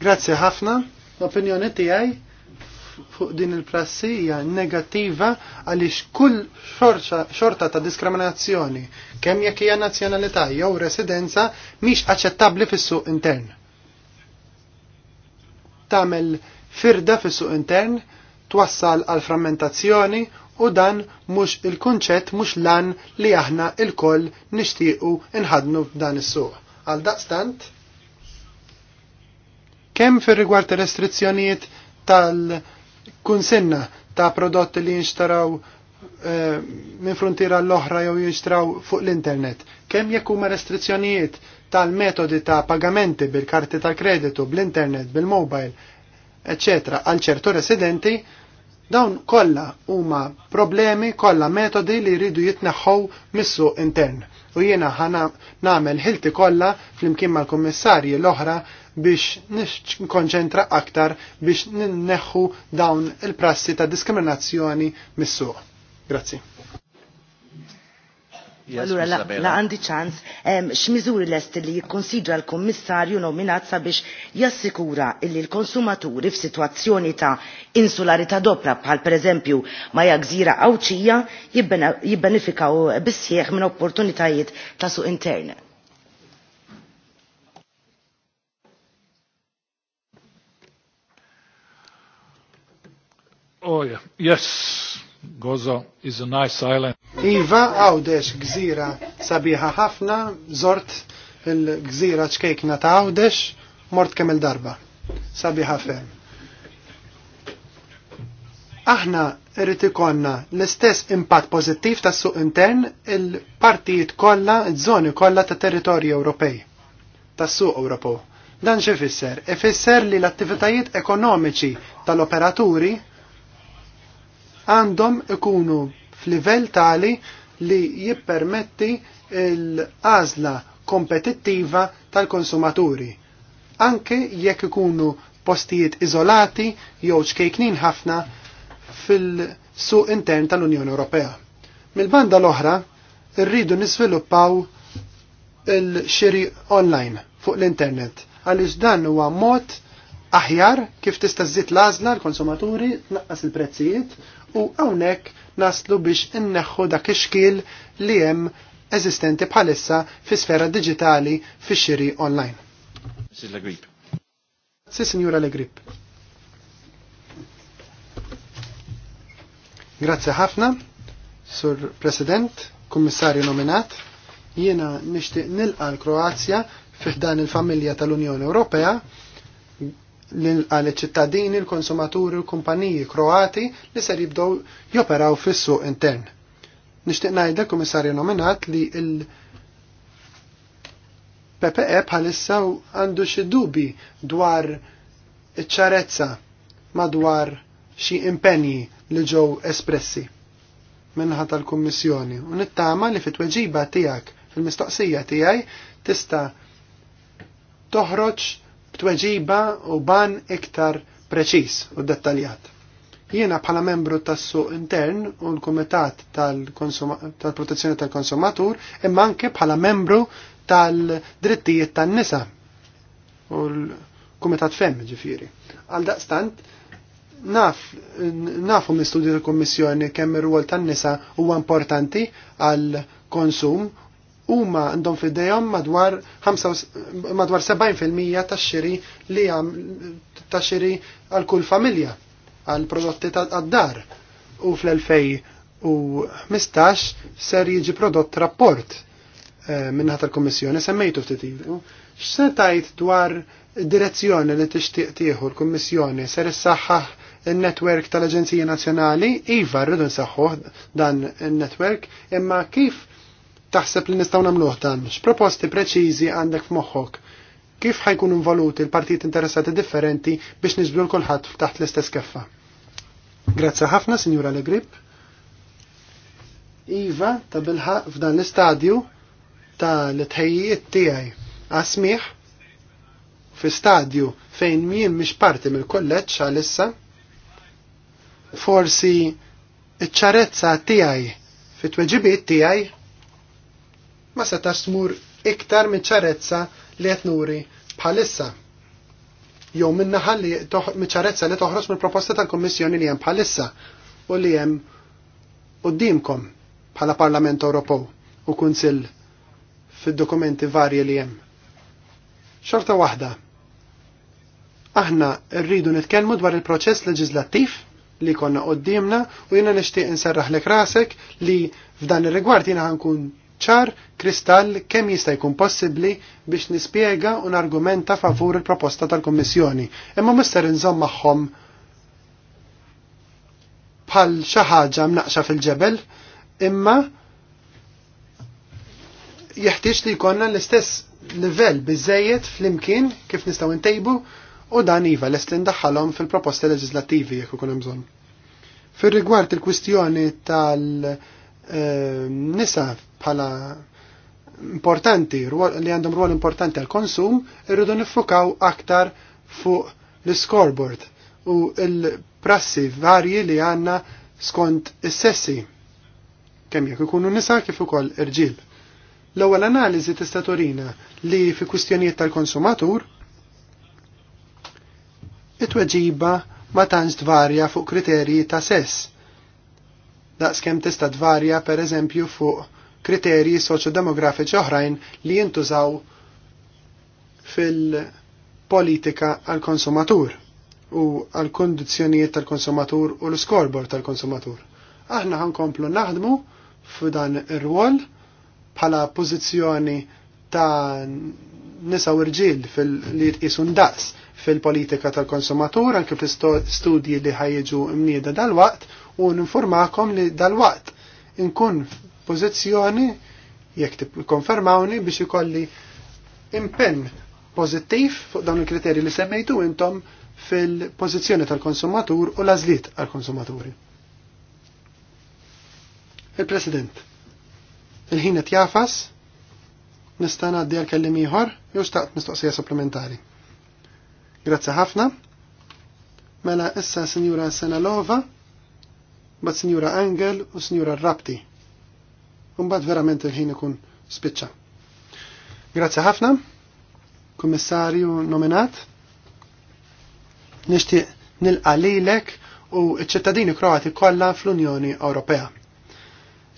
Grazie ħafna. L-opinjoni tiegħi fuq din il-prassi hija negattiva għaliex kull xorta ta' diskriminazzjoni kemm jekk hija nazzjonalità jew residenza mhix aċċettabbli fis-suq intern. Tagħmel firda fis-suq intern twassal għal frammentazzjoni u dan mhux il-kunċett mhux lan li aħna il-koll nixtiequ inħadnu f'dan is-suq. Għal daqstant, kemm fir-rigward restrizzjonijiet tal-kunsinna ta' prodotti li jinxtaraw eh, minn frontiera l-oħra jew jinxtraw fuq l-internet. Kemm jekk huma restrizzjonijiet tal-metodi ta' pagamenti bil-karti ta' kreditu, bl-internet, bil-mobile, eccetera, għal ċertu residenti, dawn kollha huma problemi, kollha metodi li jridu jitneħħu missu intern. U jiena ħana nagħmel ħilti kollha flimkien mal-kummissarji l-oħra biex nkonċentra aktar biex nneħħu dawn il-prassi ta' diskriminazzjoni mis-suq. Grazzi. Allora la għandi ċans x'miżuri est li jikkonsidra l-Kummissarju nominat sabiex jassikura illi l-konsumaturi f'sitwazzjoni ta' insularità dopra, bħal pereżempju ma jagżira għawċija jibbenefikaw bissieħ minn opportunitajiet ta' suq Internet. Oh yeah, yes Gozo is a nice island. Iva, għawdex gżira sabiħa ħafna, zort il-gżira ċkejkna ta' għawdex, mort kemm il-darba. Sabiħa fem. Aħna irrit ikonna l-istess impatt pozittiv tas suq intern il-partijiet kollha, iż-żoni kollha ta' territorju Ewropej, tas suq Ewropew. Dan xi Ifisser li l-attivitajiet ekonomiċi tal-operaturi għandhom ikunu f'livell tali li jippermetti l-għażla kompetittiva tal-konsumaturi. Anke jekk ikunu postijiet izolati jew xkejknin ħafna fil-suq intern tal-Unjoni Ewropea. Mil-banda l-oħra, rridu nisviluppaw il-xiri online fuq l-internet, għaliex dan huwa mod aħjar kif tista' żid l-għażla l-konsumaturi, tnaqqas il-prezzijiet u hawnhekk naslu biex inneħħu dak ix-xkil li hemm eżistenti bħalissa fi sfera digitali fi xiri online. Mrs. Legrip. Si, Signora Legrip. Grazie ħafna, Sur President, Kummissarju nominat. Jiena nixtieq nilqa l-Kroazja fiħdan il-familja tal-Unjoni Ewropea għal ċittadini, l-konsumaturi, l-kumpaniji kroati li ser jibdow joperaw fis-suq intern. Nixtieq ngħidlek kummissarju nominat li l PPE bħalissa għandu xi dubi dwar iċ-ċarezza madwar xi impenji li ġew espressi minnaħa tal-Kummissjoni u nittama li fit-tweġiba tiegħek fil-mistoqsija tiegħi tista' toħroġ b'tweġiba u ban iktar preċiż u dettaljat. Jiena bħala membru tas-suq intern u l-Kumitat tal-Protezzjoni tal-Konsumatur imma anke bħala membru tal-drittijiet tan-nisa u l-Kumitat Fem ġifieri. Għal daqstant, naf, nafu mistudju studju tal-Kommissjoni kemm ir-rwol tan-nisa huwa importanti għal konsum huma għandhom fidejhom madwar madwar 70% tax-xiri li għam tax-xiri għal kull familja għal prodotti għad-dar u fl-2015 ser jiġi prodott rapport eh, minnaħat tal-Kommissjoni semmejtu ftit ilu. X'se tajt dwar direzzjoni li tixtieq tieħu l-Kummissjoni ser issaħħaħ in netwerk tal-Aġenzija Nazzjonali, iva rridu nsaħħuh dan in netwerk imma kif taħseb li nistgħu nagħmluh dan? X'proposti preċiżi għandek f'moħħok? Kif ħajkun involuti l-partit interessati differenti biex niġbdu l-kulħadd taħt l-istess keffa? Grazzi ħafna, Sinjura Legrip. Iva, ta' bilħaq f'dan l-istadju ta' l-tħejjiet tiegħi għasmiħ fi stadju fejn mien mhix parti mill-kolleġġ għalissa. Forsi iċ-ċarezza tiegħi fit-tweġibiet tiegħi ma setax tmur iktar minn ċarezza li qed nuri bħalissa. Jew minnaħa li minn ċarezza li toħroġ mill-proposta tal-Kummissjoni li hemm bħalissa u li hemm qudiemkom bħala Parlament Ewropew u Kunsill fid-dokumenti varji li hemm. Xorta waħda. Aħna rridu nitkellmu dwar il-proċess leġislattiv li konna qoddimna u jiena nixtieq inserraħlek rasek li f'dan ir-rigward jiena ħankun ċar kristall kemm jista' jkun possibbli biex nispjega u nargumenta favur il-proposta tal-Kummissjoni, imma mister inżomm magħhom bħal xi ħaġa mnaqxa fil-ġebel, imma jeħtieġ li jkollna l-istess livell biżejjed flimkien kif nistgħu ntejbu u dan iva lest indaħħalhom fil-proposti leġislattivi jekk ikun hemm bżonn. Fir-rigward il-kwistjoni tal-nisa eh, bħala importanti, li għandhom rwol importanti għal konsum, irridu nifukaw aktar fuq l-scoreboard u l-prassi varji li għanna skont is-sessi. Kemm jekk ikunu nisa kif ukoll irġiel. L-ewwel analiżi tista' turina li fi kwistjonijiet tal-konsumatur it-tweġiba ma tantx tvarja fuq kriterji ta' sess. Daqskemm tista' tvarja pereżempju fuq kriterji soċjodemografiċi oħrajn li jintużaw fil-politika għal-konsumatur u għal-kondizjonijiet tal-konsumatur u l-skorbor tal-konsumatur. Aħna ħankomplu naħdmu f'dan ir-rwol bħala pożizzjoni ta' nisa u rġil li jitqisu ndaqs fil-politika tal-konsumatur, anke fil-studji li ħajġu imnieda dal-waqt, u ninformakom li dal-waqt inkun pożizzjoni jekk konfermawni biex ikolli impenn pożittiv fuq dawn il-kriterji li semmejtu intom fil-pożizzjoni tal-konsumatur u l għal-konsumaturi. Il-President, il-ħin qed jafas, nista' ngħaddi għal kellim ieħor jew staqt mistoqsija supplementari. Grazzi ħafna. Mela issa Sinjura Senalova, bat Sinjura Angel u Sinjura Rapti mbagħad verament il-ħin ikun spiċċa. Grazzi ħafna, kummissarju nominat. Nixtieq nilqa' lilek u ċ-ċittadini Kroati kollha fl-Unjoni Ewropea.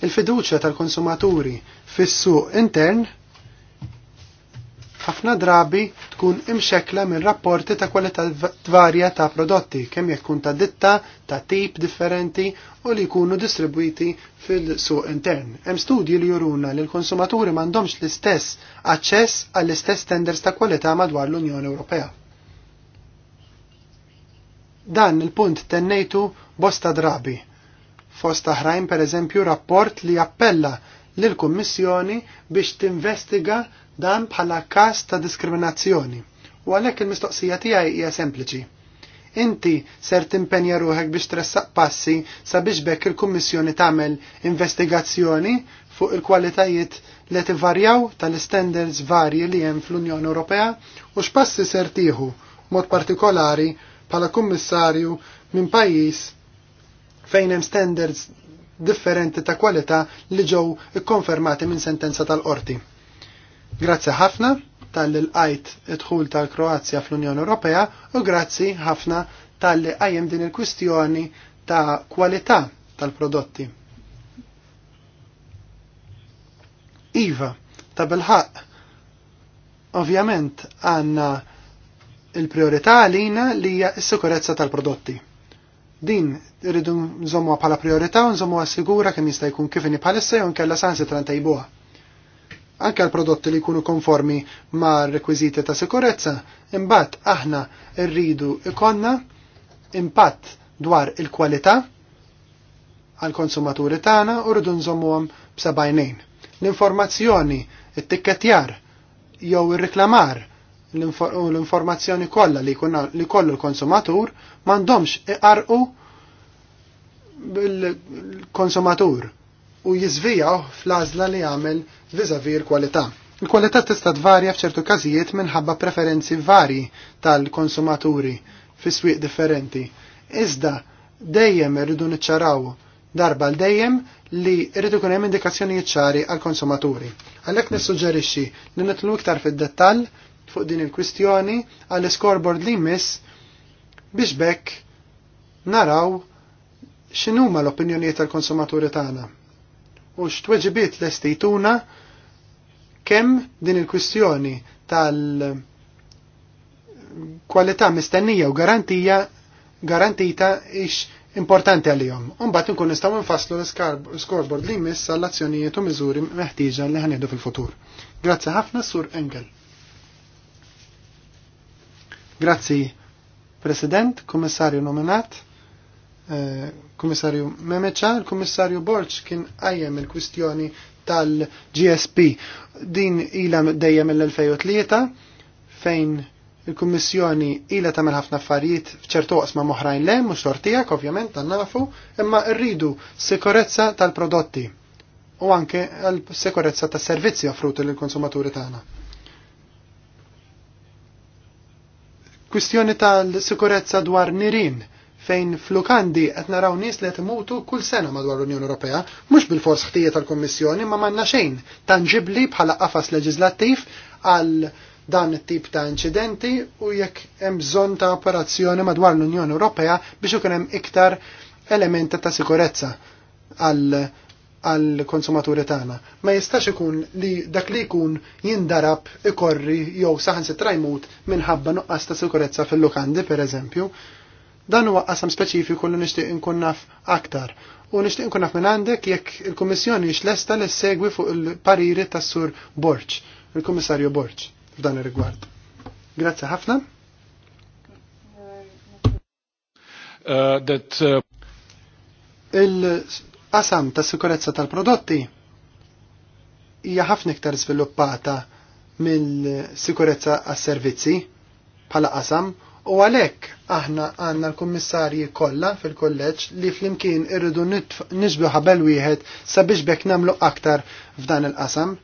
Il-fiduċja tal-konsumaturi fis-suq intern ħafna drabi tkun imxekla minn rapporti ta' kwalità tvarja ta' prodotti, kemm jekk ta' ditta, ta' tip differenti u li jkunu distribwiti fil-suq intern. Hemm studji li juruna li l-konsumaturi m'għandhomx l-istess aċċess għall-istess standards ta' kwalità madwar l-Unjoni Ewropea. Dan il-punt tennejtu bosta drabi. Fost aħrajn per eżempju rapport li appella lil kummissjoni biex tinvestiga dan bħala każ ta' diskriminazzjoni. U għalhekk il-mistoqsija tiegħi hija sempliċi. Inti ser timpenja ruħek biex tressaq passi sabiex bekk il-Kummissjoni tagħmel investigazzjoni fuq il-kwalitajiet li tivarjaw tal-standards varji li hemm fl-Unjoni Ewropea u x'passi ser tieħu mod partikolari bħala kummissarju minn pajjiż fejn hemm standards differenti ta' kwalità li ġew ikkonfermati minn sentenza tal-qorti. Grazzi ħafna tal-qajt id-dħul tal-Kroazja fl-Unjoni Ewropea u grazzi ħafna tal-li qajjem din il-kwistjoni ta' kwalità tal-prodotti. Iva, ta' bilħaq, ovvjament għanna il-priorità għalina li hija s-sikurezza tal-prodotti. Din irridu nżommu bħala priorità u nżommuha sigura kemm jista' jkun kif inhi bħalissa jew nkella sansi trantajbuha. Anke għal prodotti li jkunu konformi ma' rekwiżiti ta' sikurezza, imbagħad aħna rridu ikonna impatt dwar il-kwalità għal konsumaturi tagħna u rridu nżommuhom b'sebgħinejn. L-informazzjoni, it-tikketjar jew ir-riklamar l-informazzjoni kollha li kollu l-konsumatur m'għandhomx iqarqu bil-konsumatur u jizvijaw fl-għażla li jagħmel viżavi l-kwalità. Il-kwalità tista' tvarja f'ċertu każijiet minħabba preferenzi varji tal-konsumaturi fi swieq differenti. Iżda dejjem irridu niċċaraw darba l dejjem li rridu kun hemm indikazzjonijiet ċari għal konsumaturi. Għalhekk nissuġġerixxi li nitlu iktar fid-dettall fuq din il-kwistjoni għall scoreboard li jmiss biex bekk naraw x'inhuma l-opinjonijiet tal-konsumaturi tagħna u x'tweġibiet lestejtuna kemm din il-kwistjoni tal- kwalità mistennija u garantija garantita ix importanti għalihom. Umbagħad inkun nistgħu nfasslu l-scoreboard li jmiss għall-azzjonijiet u miżuri meħtieġa li ħanieħdu fil-futur. Grazzi ħafna Sur Engel. Grazzi, President, Kummissarju nominat, eh, Kummissarju Memeċa, il-Kummissarju Borċ kien għajjem il-kwistjoni tal-GSP. Din ila dejjem mill-2003 fejn il-Kummissjoni ila tagħmel ħafna affarijiet f'ċertu qosma moħrajn le, mux sortijak ovvjament tan nafu, imma rridu sikurezza tal-prodotti u anke għal sikurezza tas-servizzi offruti lill-konsumaturi tagħna. Kwistjoni tal-sikurezza dwar nirin fejn flukandi qed naraw nies li qed imutu kull sena madwar l-Unjoni Ewropea, mhux bil-fors ħtija tal-Kummissjoni ma m'għandna xejn tanġibli bħala qafas leġislattiv għal dan it-tip ta' inċidenti u jekk hemm bżonn ta' operazzjoni madwar l-Unjoni Ewropea biex ikun hemm iktar elementi ta' sikurezza għal għal konsumaturi tagħna. Ma jistax ikun li dak li jkun jindarab ikorri jew saħansitra jmut minħabba nuqqas ta' sikurezza fil-lukandi pereżempju. Dan huwa qasam speċifiku li nixtieq inkun naf aktar u nixtieq inkun naf minn għandek jekk il-Kummissjoni x'lesta li segwi fuq il-pariri tas-Sur Borċ, il-Kummissarju Borċ f'dan ir-rigward. Grazzi ħafna. Uh, that uh... il qasam ta' sikurezza tal-prodotti hija ħafna iktar żviluppata mill-sikurezza għas-servizzi bħala qasam u għalhekk aħna għandna l-kummissarji kollha fil-kolleġġ li flimkien irridu niġbu ħabel wieħed sabiex bekk nagħmlu aktar f'dan il-qasam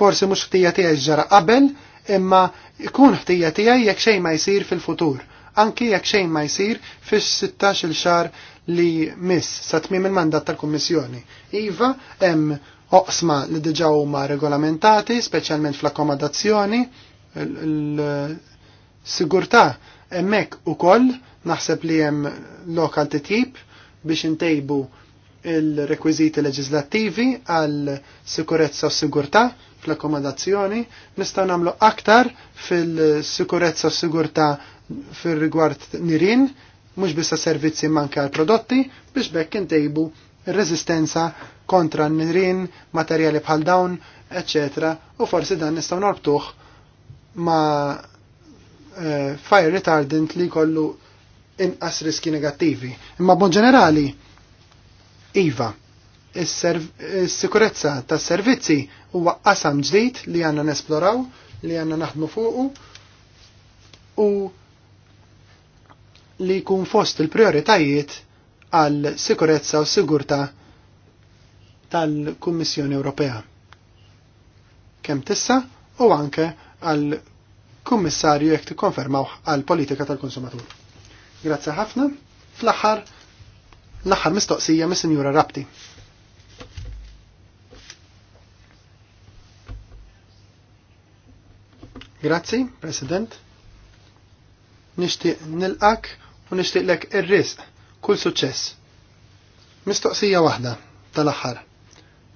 forsi mhux ħtija tiegħi ġara qabel, imma jkun ħtija tiegħi jekk xejn ma jsir fil-futur anki jekk xejn ma jsir fis-16 il xar li miss sa tmiem il-mandat tal-Kummissjoni. Iva hemm oqsma li diġà huma regolamentati, speċjalment fl-akkomodazzjoni, l-sigurtà hemmhekk ukoll naħseb li hemm lokal titjib biex intejbu il-rekwiziti leġislattivi għal sikurezza u sigurtà fl-akkomodazzjoni, nistgħu nagħmlu aktar fil-sikurezza u sigurtà fir-rigward nirin, mhux bissa servizzi manka għal prodotti biex bekk intejbu r-reżistenza kontra n-nirin, materjali bħal dawn, eċċetera, u forsi dan nistgħu norbtuħ ma' uh, fire retardant li kollu inqas riski negattivi. Imma bon ġenerali, Iva, s sikurezza tas servizzi huwa qasam ġdid li għandna nesploraw, li għandna naħdmu fuqu u li jkun fost il-prioritajiet għal sikurezza u sigurta tal-Kummissjoni Ewropea. Kemm tissa u anke għal kummissarju jekk tikkonfermaw għal politika tal-konsumatur. Grazzi ħafna. Fl-aħħar l-aħħar mistoqsija mis-Sinjura Rabti. Grazzi, President. Nishtiq nil-ak u nixtieqlek ir-risq, kull suċċess. Mistoqsija waħda tal-aħħar.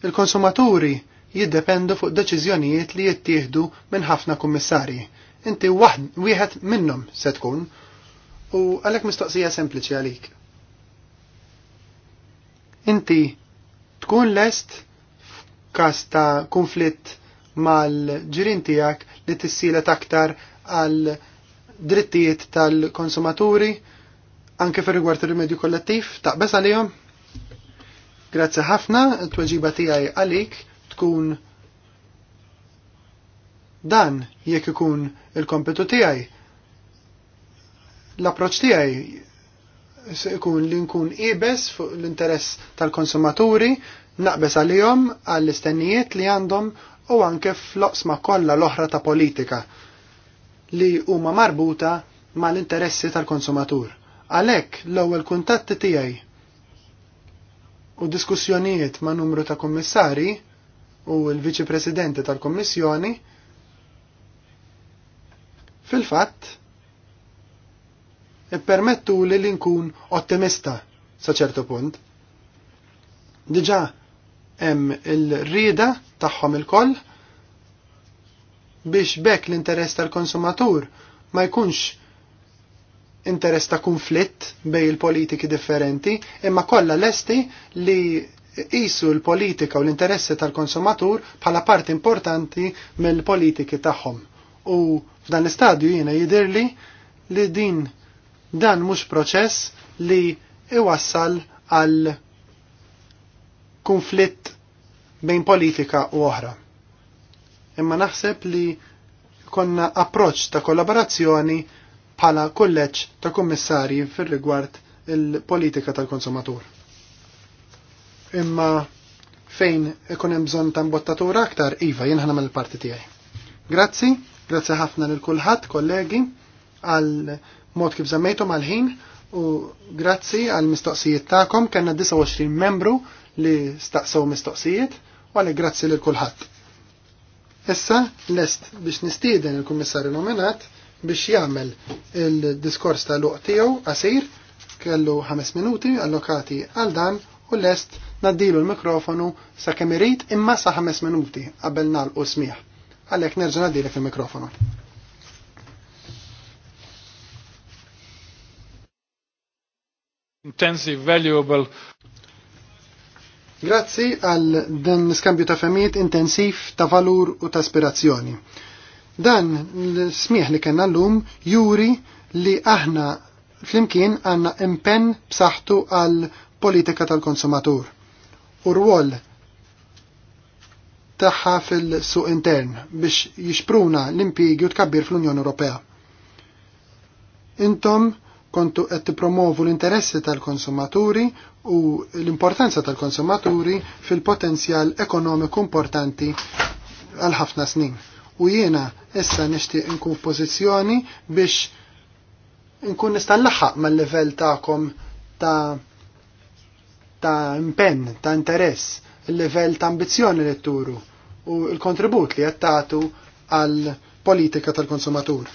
Il-konsumaturi jiddependu fuq deċiżjonijiet li jittieħdu minn ħafna kummissarji. Inti wieħed minnhom se tkun u għalhekk mistoqsija sempliċi għalik. Inti tkun lest f'każ ta' konflitt mal-ġirin tijak li tissilet aktar għal drittijiet tal-konsumaturi anke fir rigward ir-rimedju kollettiv taqbes għalihom? Grazzi ħafna, t-tweġiba tiegħi għalik tkun dan jekk ikun il-kompetu tiegħi. L-approċċ tiegħi se ikun li nkun qibes fuq l-interess tal-konsumaturi, naqbes għalihom għall-istennijiet li għandhom u anke fl-oqsma kollha l-oħra ta' politika li huma marbuta mal-interessi tal-konsumatur Għalhekk l-ewwel kuntatti tiegħi u diskussjonijiet ma' numru ta' kommissari u l-Viċi Presidenti tal-Kommissjoni fil-fatt ippermettu li li nkun ottimista sa ċertu punt. Diġà hemm il-rieda tagħhom il-koll biex bekk l-interess tal-konsumatur ma jkunx interess ta' konflitt bej il-politiki differenti, imma kollha lesti li qisu l-politika u l-interessi tal-konsumatur bħala parti importanti mill-politiki tagħhom. U f'dan l-istadju jiena jidirli li din dan mhux proċess li iwassal għal konflitt bejn politika u oħra. Imma naħseb li konna approċ ta' kollaborazzjoni bħala kulleġġ ta' kummissarji fir-rigward il-politika tal-konsumatur. Imma fejn ikun hemm bżonn ta' mbottatura aktar, iva jien ħana mill-parti tiegħi. Grazzi, grazzi ħafna lil kulħadd, kollegi, għal mod kif żammejtu mal-ħin u grazzi għal mistoqsijiet tagħkom kellna 29 membru li staqsew mistoqsijiet u għal grazzi lil kulħadd. Issa lest biex nistieden il-kummissarju nominat biex jagħmel il-diskors ta' luq tiegħu qasir kellu ħames minuti allokati għal dan u lest naddilu l-mikrofonu sa' kemm irid imma sa' ħames minuti qabel nagħlqu smieħ. Għalhekk nerġa' nadilek il-mikrofonu. Intensive, valuable. Grazzi għal dan l-iskambju ta' femijiet intensiv ta' valur u ta' aspirazzjoni. Dan l-smieħ li kena l-lum juri li aħna flimkien għanna impenn b'saħħtu għal politika tal-konsumatur u rwol taħħa fil-suq intern biex jixpruna l-impigi u tkabbir fl-Unjoni Ewropea. Intom kontu qed tippromovu l-interessi tal-konsumaturi u l-importanza tal-konsumaturi fil-potenzjal ekonomiku importanti għal ħafna snin u jiena issa nixtieq nkun pożizzjoni biex nkun nista' nlaħħaq mal-livell tagħkom ta' ta' impenn, ta' interess, il-livell ta' ambizzjoni li turu u l-kontribut li jattatu għal politika tal-konsumatur.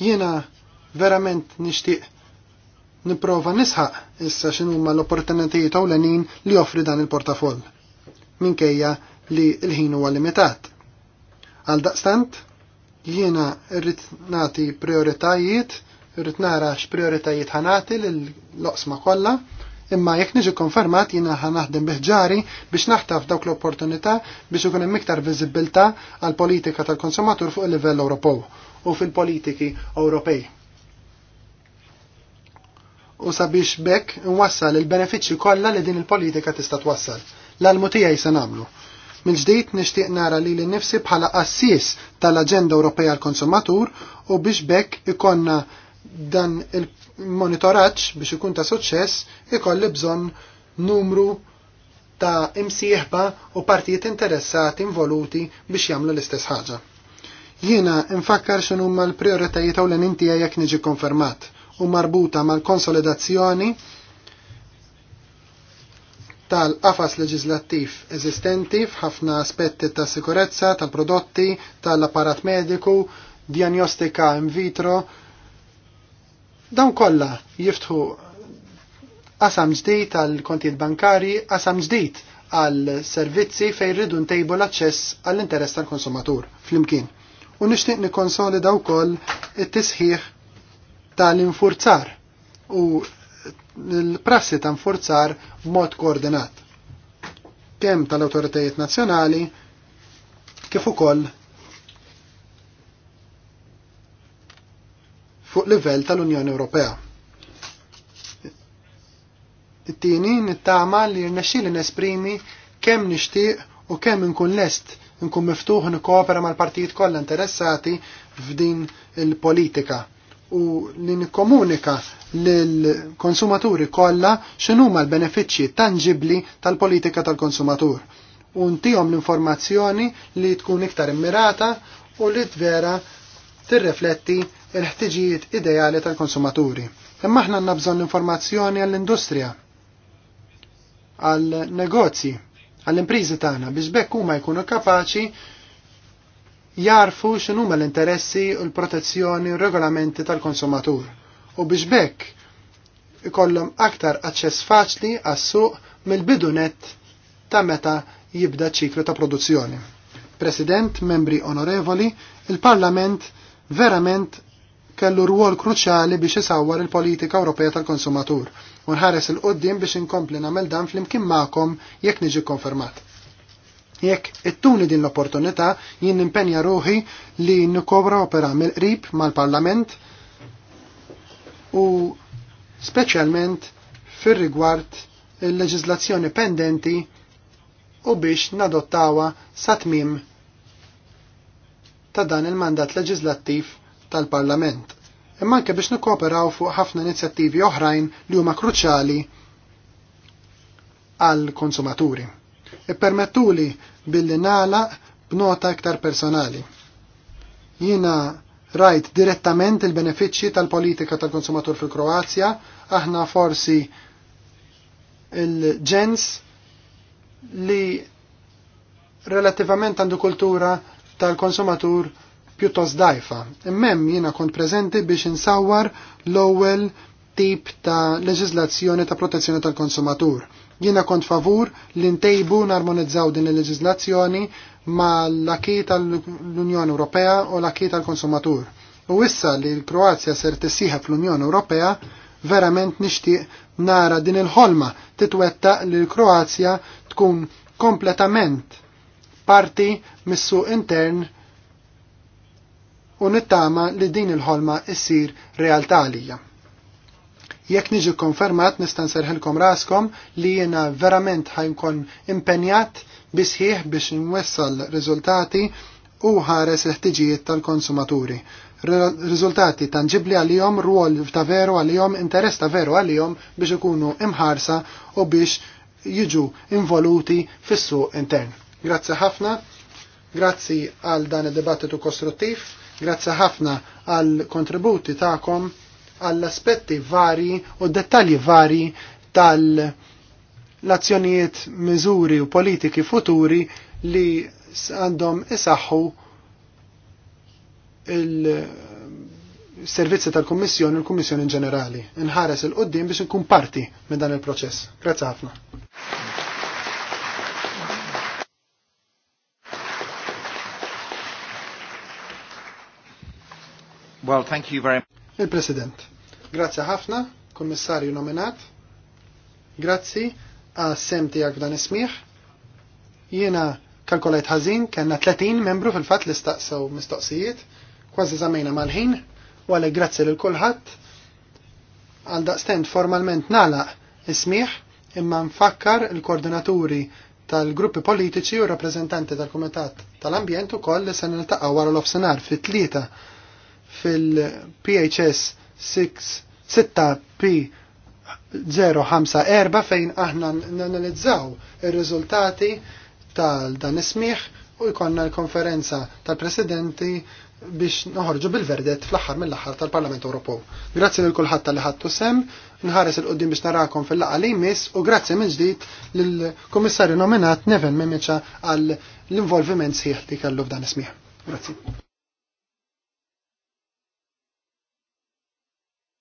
Jiena verament nixtieq niprofa nisħaq issa x'inhuma l-opportunitajiet ewlenin li joffri dan il-portafoll minkejja li l-ħin huwa limitat. Għal daqstant, jiena rrit nagħti prioritajiet, rrit nara x'prioritajiet ħanati lill-loqsma kollha, imma jekk niġi konfermat jiena ħanaħdem biħġari biex naħtaf dawk l-opportunità biex ikun hemm iktar viżibilità għal politika tal-konsumatur fuq il-livell Ewropew u fil-politiki Ewropej. U sabiex bekk nwassal il-benefiċċji kollha li din il-politika tista' twassal. l għalmu tiegħi se nagħmlu. Minn ġdejt nixtieq nara li l-nifsi bħala assis tal-Aġenda Ewropea l konsumatur u biex bekk ikonna dan il-monitoraġġ biex ikun ta' suċċess ikolli bżonn numru ta' imsieħba u partijiet interessati involuti biex jagħmlu l-istess ħaġa. Jiena nfakkar x'inhu huma l u l-nintija jekk niġi konfermat u marbuta mal-konsolidazzjoni tal-qafas leġislattiv eżistenti f'ħafna aspetti ta' sikurezza tal-prodotti, tal-apparat mediku, diagnostika in vitro. Dawn kollha jiftħu qasam ġdid għall-kontijiet bankari, qasam ġdid għal servizzi fejn rridu ntejbu l-aċċess għall-interess tal-konsumatur flimkien. U nixtieq nikkonsolida wkoll it-tisħiħ tal-infurzar u l-prassi ta' nforzar mod koordinat. Kemm tal-autoritajiet nazzjonali kif ukoll fuq livell tal-Unjoni Ewropea. It-tieni nittama li rnexxieli nesprimi kemm nixtieq u kemm inkun lest inkun miftuħ nikkoopera mal-partijiet kollha interessati f'din il-politika u li nikkomunika lill-konsumaturi kollha x'inhuma l-benefiċċji tangibbli tal-politika tal-konsumatur u ntihom l-informazzjoni li tkun iktar immirata u li tvera tirrefletti il-ħtiġijiet ideali tal-konsumaturi. Imma aħna għandna bżonn informazzjoni għall-industrija, għall-negozji, għall-imprizi tagħna biex bekk huma jkunu kapaċi jarfu x'inhuma l-interessi u l-protezzjoni u regolamenti tal-konsumatur. U biex bekk ikollhom aktar aċċess faċli għas-suq mill-bidu ta' meta jibda ċiklu ta' produzzjoni. President, membri onorevoli, il-Parlament verament kellu rwol kruċjali biex isawwar il-politika Ewropea tal-konsumatur u nħares il-qoddim biex inkompli nagħmel dan flimkien magħkom jekk niġi konfermat. Jekk ittuni din l-opportunità jien nimpenja ruħi li nikobra opera mill-qrib mal-Parlament u speċjalment fir-rigward il-leġiżlazzjoni pendenti u biex nadottawa sa tmim ta' dan il-mandat leġislattiv tal-Parlament. Imma anke biex nikkooperaw fuq ħafna inizjattivi oħrajn li huma kruċjali għall konsumaturi. Ippermettuli billi nagħlaq b'nota iktar personali. Jiena rajt direttament il-benefiċċji tal-politika tal-konsumatur fil-Kroazja, aħna forsi il-ġens li relativament għandu kultura tal-konsumatur pjuttost dajfa. Immem jiena kont prezenti biex insawwar l-ewwel tip ta' leġislazzjoni ta' protezzjoni tal-konsumatur Jiena kont favur li ntejbu narmonizzaw din il-leġizlazzjoni ma l akiet tal-Unjoni Ewropea u l akiet tal-konsumatur. U issa li l-Kroazja ser tissieħa fl-Unjoni Ewropea, verament nixtieq nara din il-ħolma titwetta li l-Kroazja tkun kompletament parti mis-suq intern u nittama li din il-ħolma issir realtà għalija. Jekk niġi konfermat nista' nserħilkom raskom li jena verament ħajnkun impenjat bisħieħ biex nwessal riżultati u ħares il-ħtiġijiet tal-konsumaturi. Riżultati tangibli għalihom, ruol ta' veru għalihom, interess ta' veru għalihom biex ikunu imħarsa u biex jiġu involuti fis-suq intern. Grazzi ħafna, grazzi għal dan id-dibattitu kostruttiv, grazzi ħafna għal kontributi ta'kom għall-aspetti vari u dettalji vari tal-azzjonijiet, miżuri u politiki futuri li għandhom isaħħu il-servizzi tal-Kommissjoni u l-Kommissjoni in ġenerali. Nħares il-qoddim biex nkun parti minn dan il-proċess. Grazzi ħafna. Well, thank you very much. Il-President. Grazzi ħafna, Kommissarju nominat. Grazzi għas-sem tiegħek dan ismiħ. Jiena kalkolajt ħażin kellna 30 membru fil-fatt li staqsew mistoqsijiet, kważi zamejna mal-ħin, u għalek grazzi lil kulħadd. Għal daqstent formalment nagħlaq ismiħ imma nfakkar il-koordinaturi tal-gruppi politiċi u rappresentanti tal-Kumitat tal-Ambjent ukoll li se il wara l-ofsenar fit-tlieta fil-PHS 6P054 fejn aħna nanalizzaw ir-riżultati tal-dan ismiħ u jkonna l-konferenza tal-presidenti biex noħorġu bil-verdet fl-axar mill-axar tal-Parlament Ewropew. Grazzi l kulħadd tal-li ħadtu sem, nħares il-qoddim biex narakom fil-laqa li jmiss u grazzi minn ġdid lill-Kummissarju nominat Neven Mimiċa għall involviment sħiħ li kellu f'dan ismiħ. Grazzi.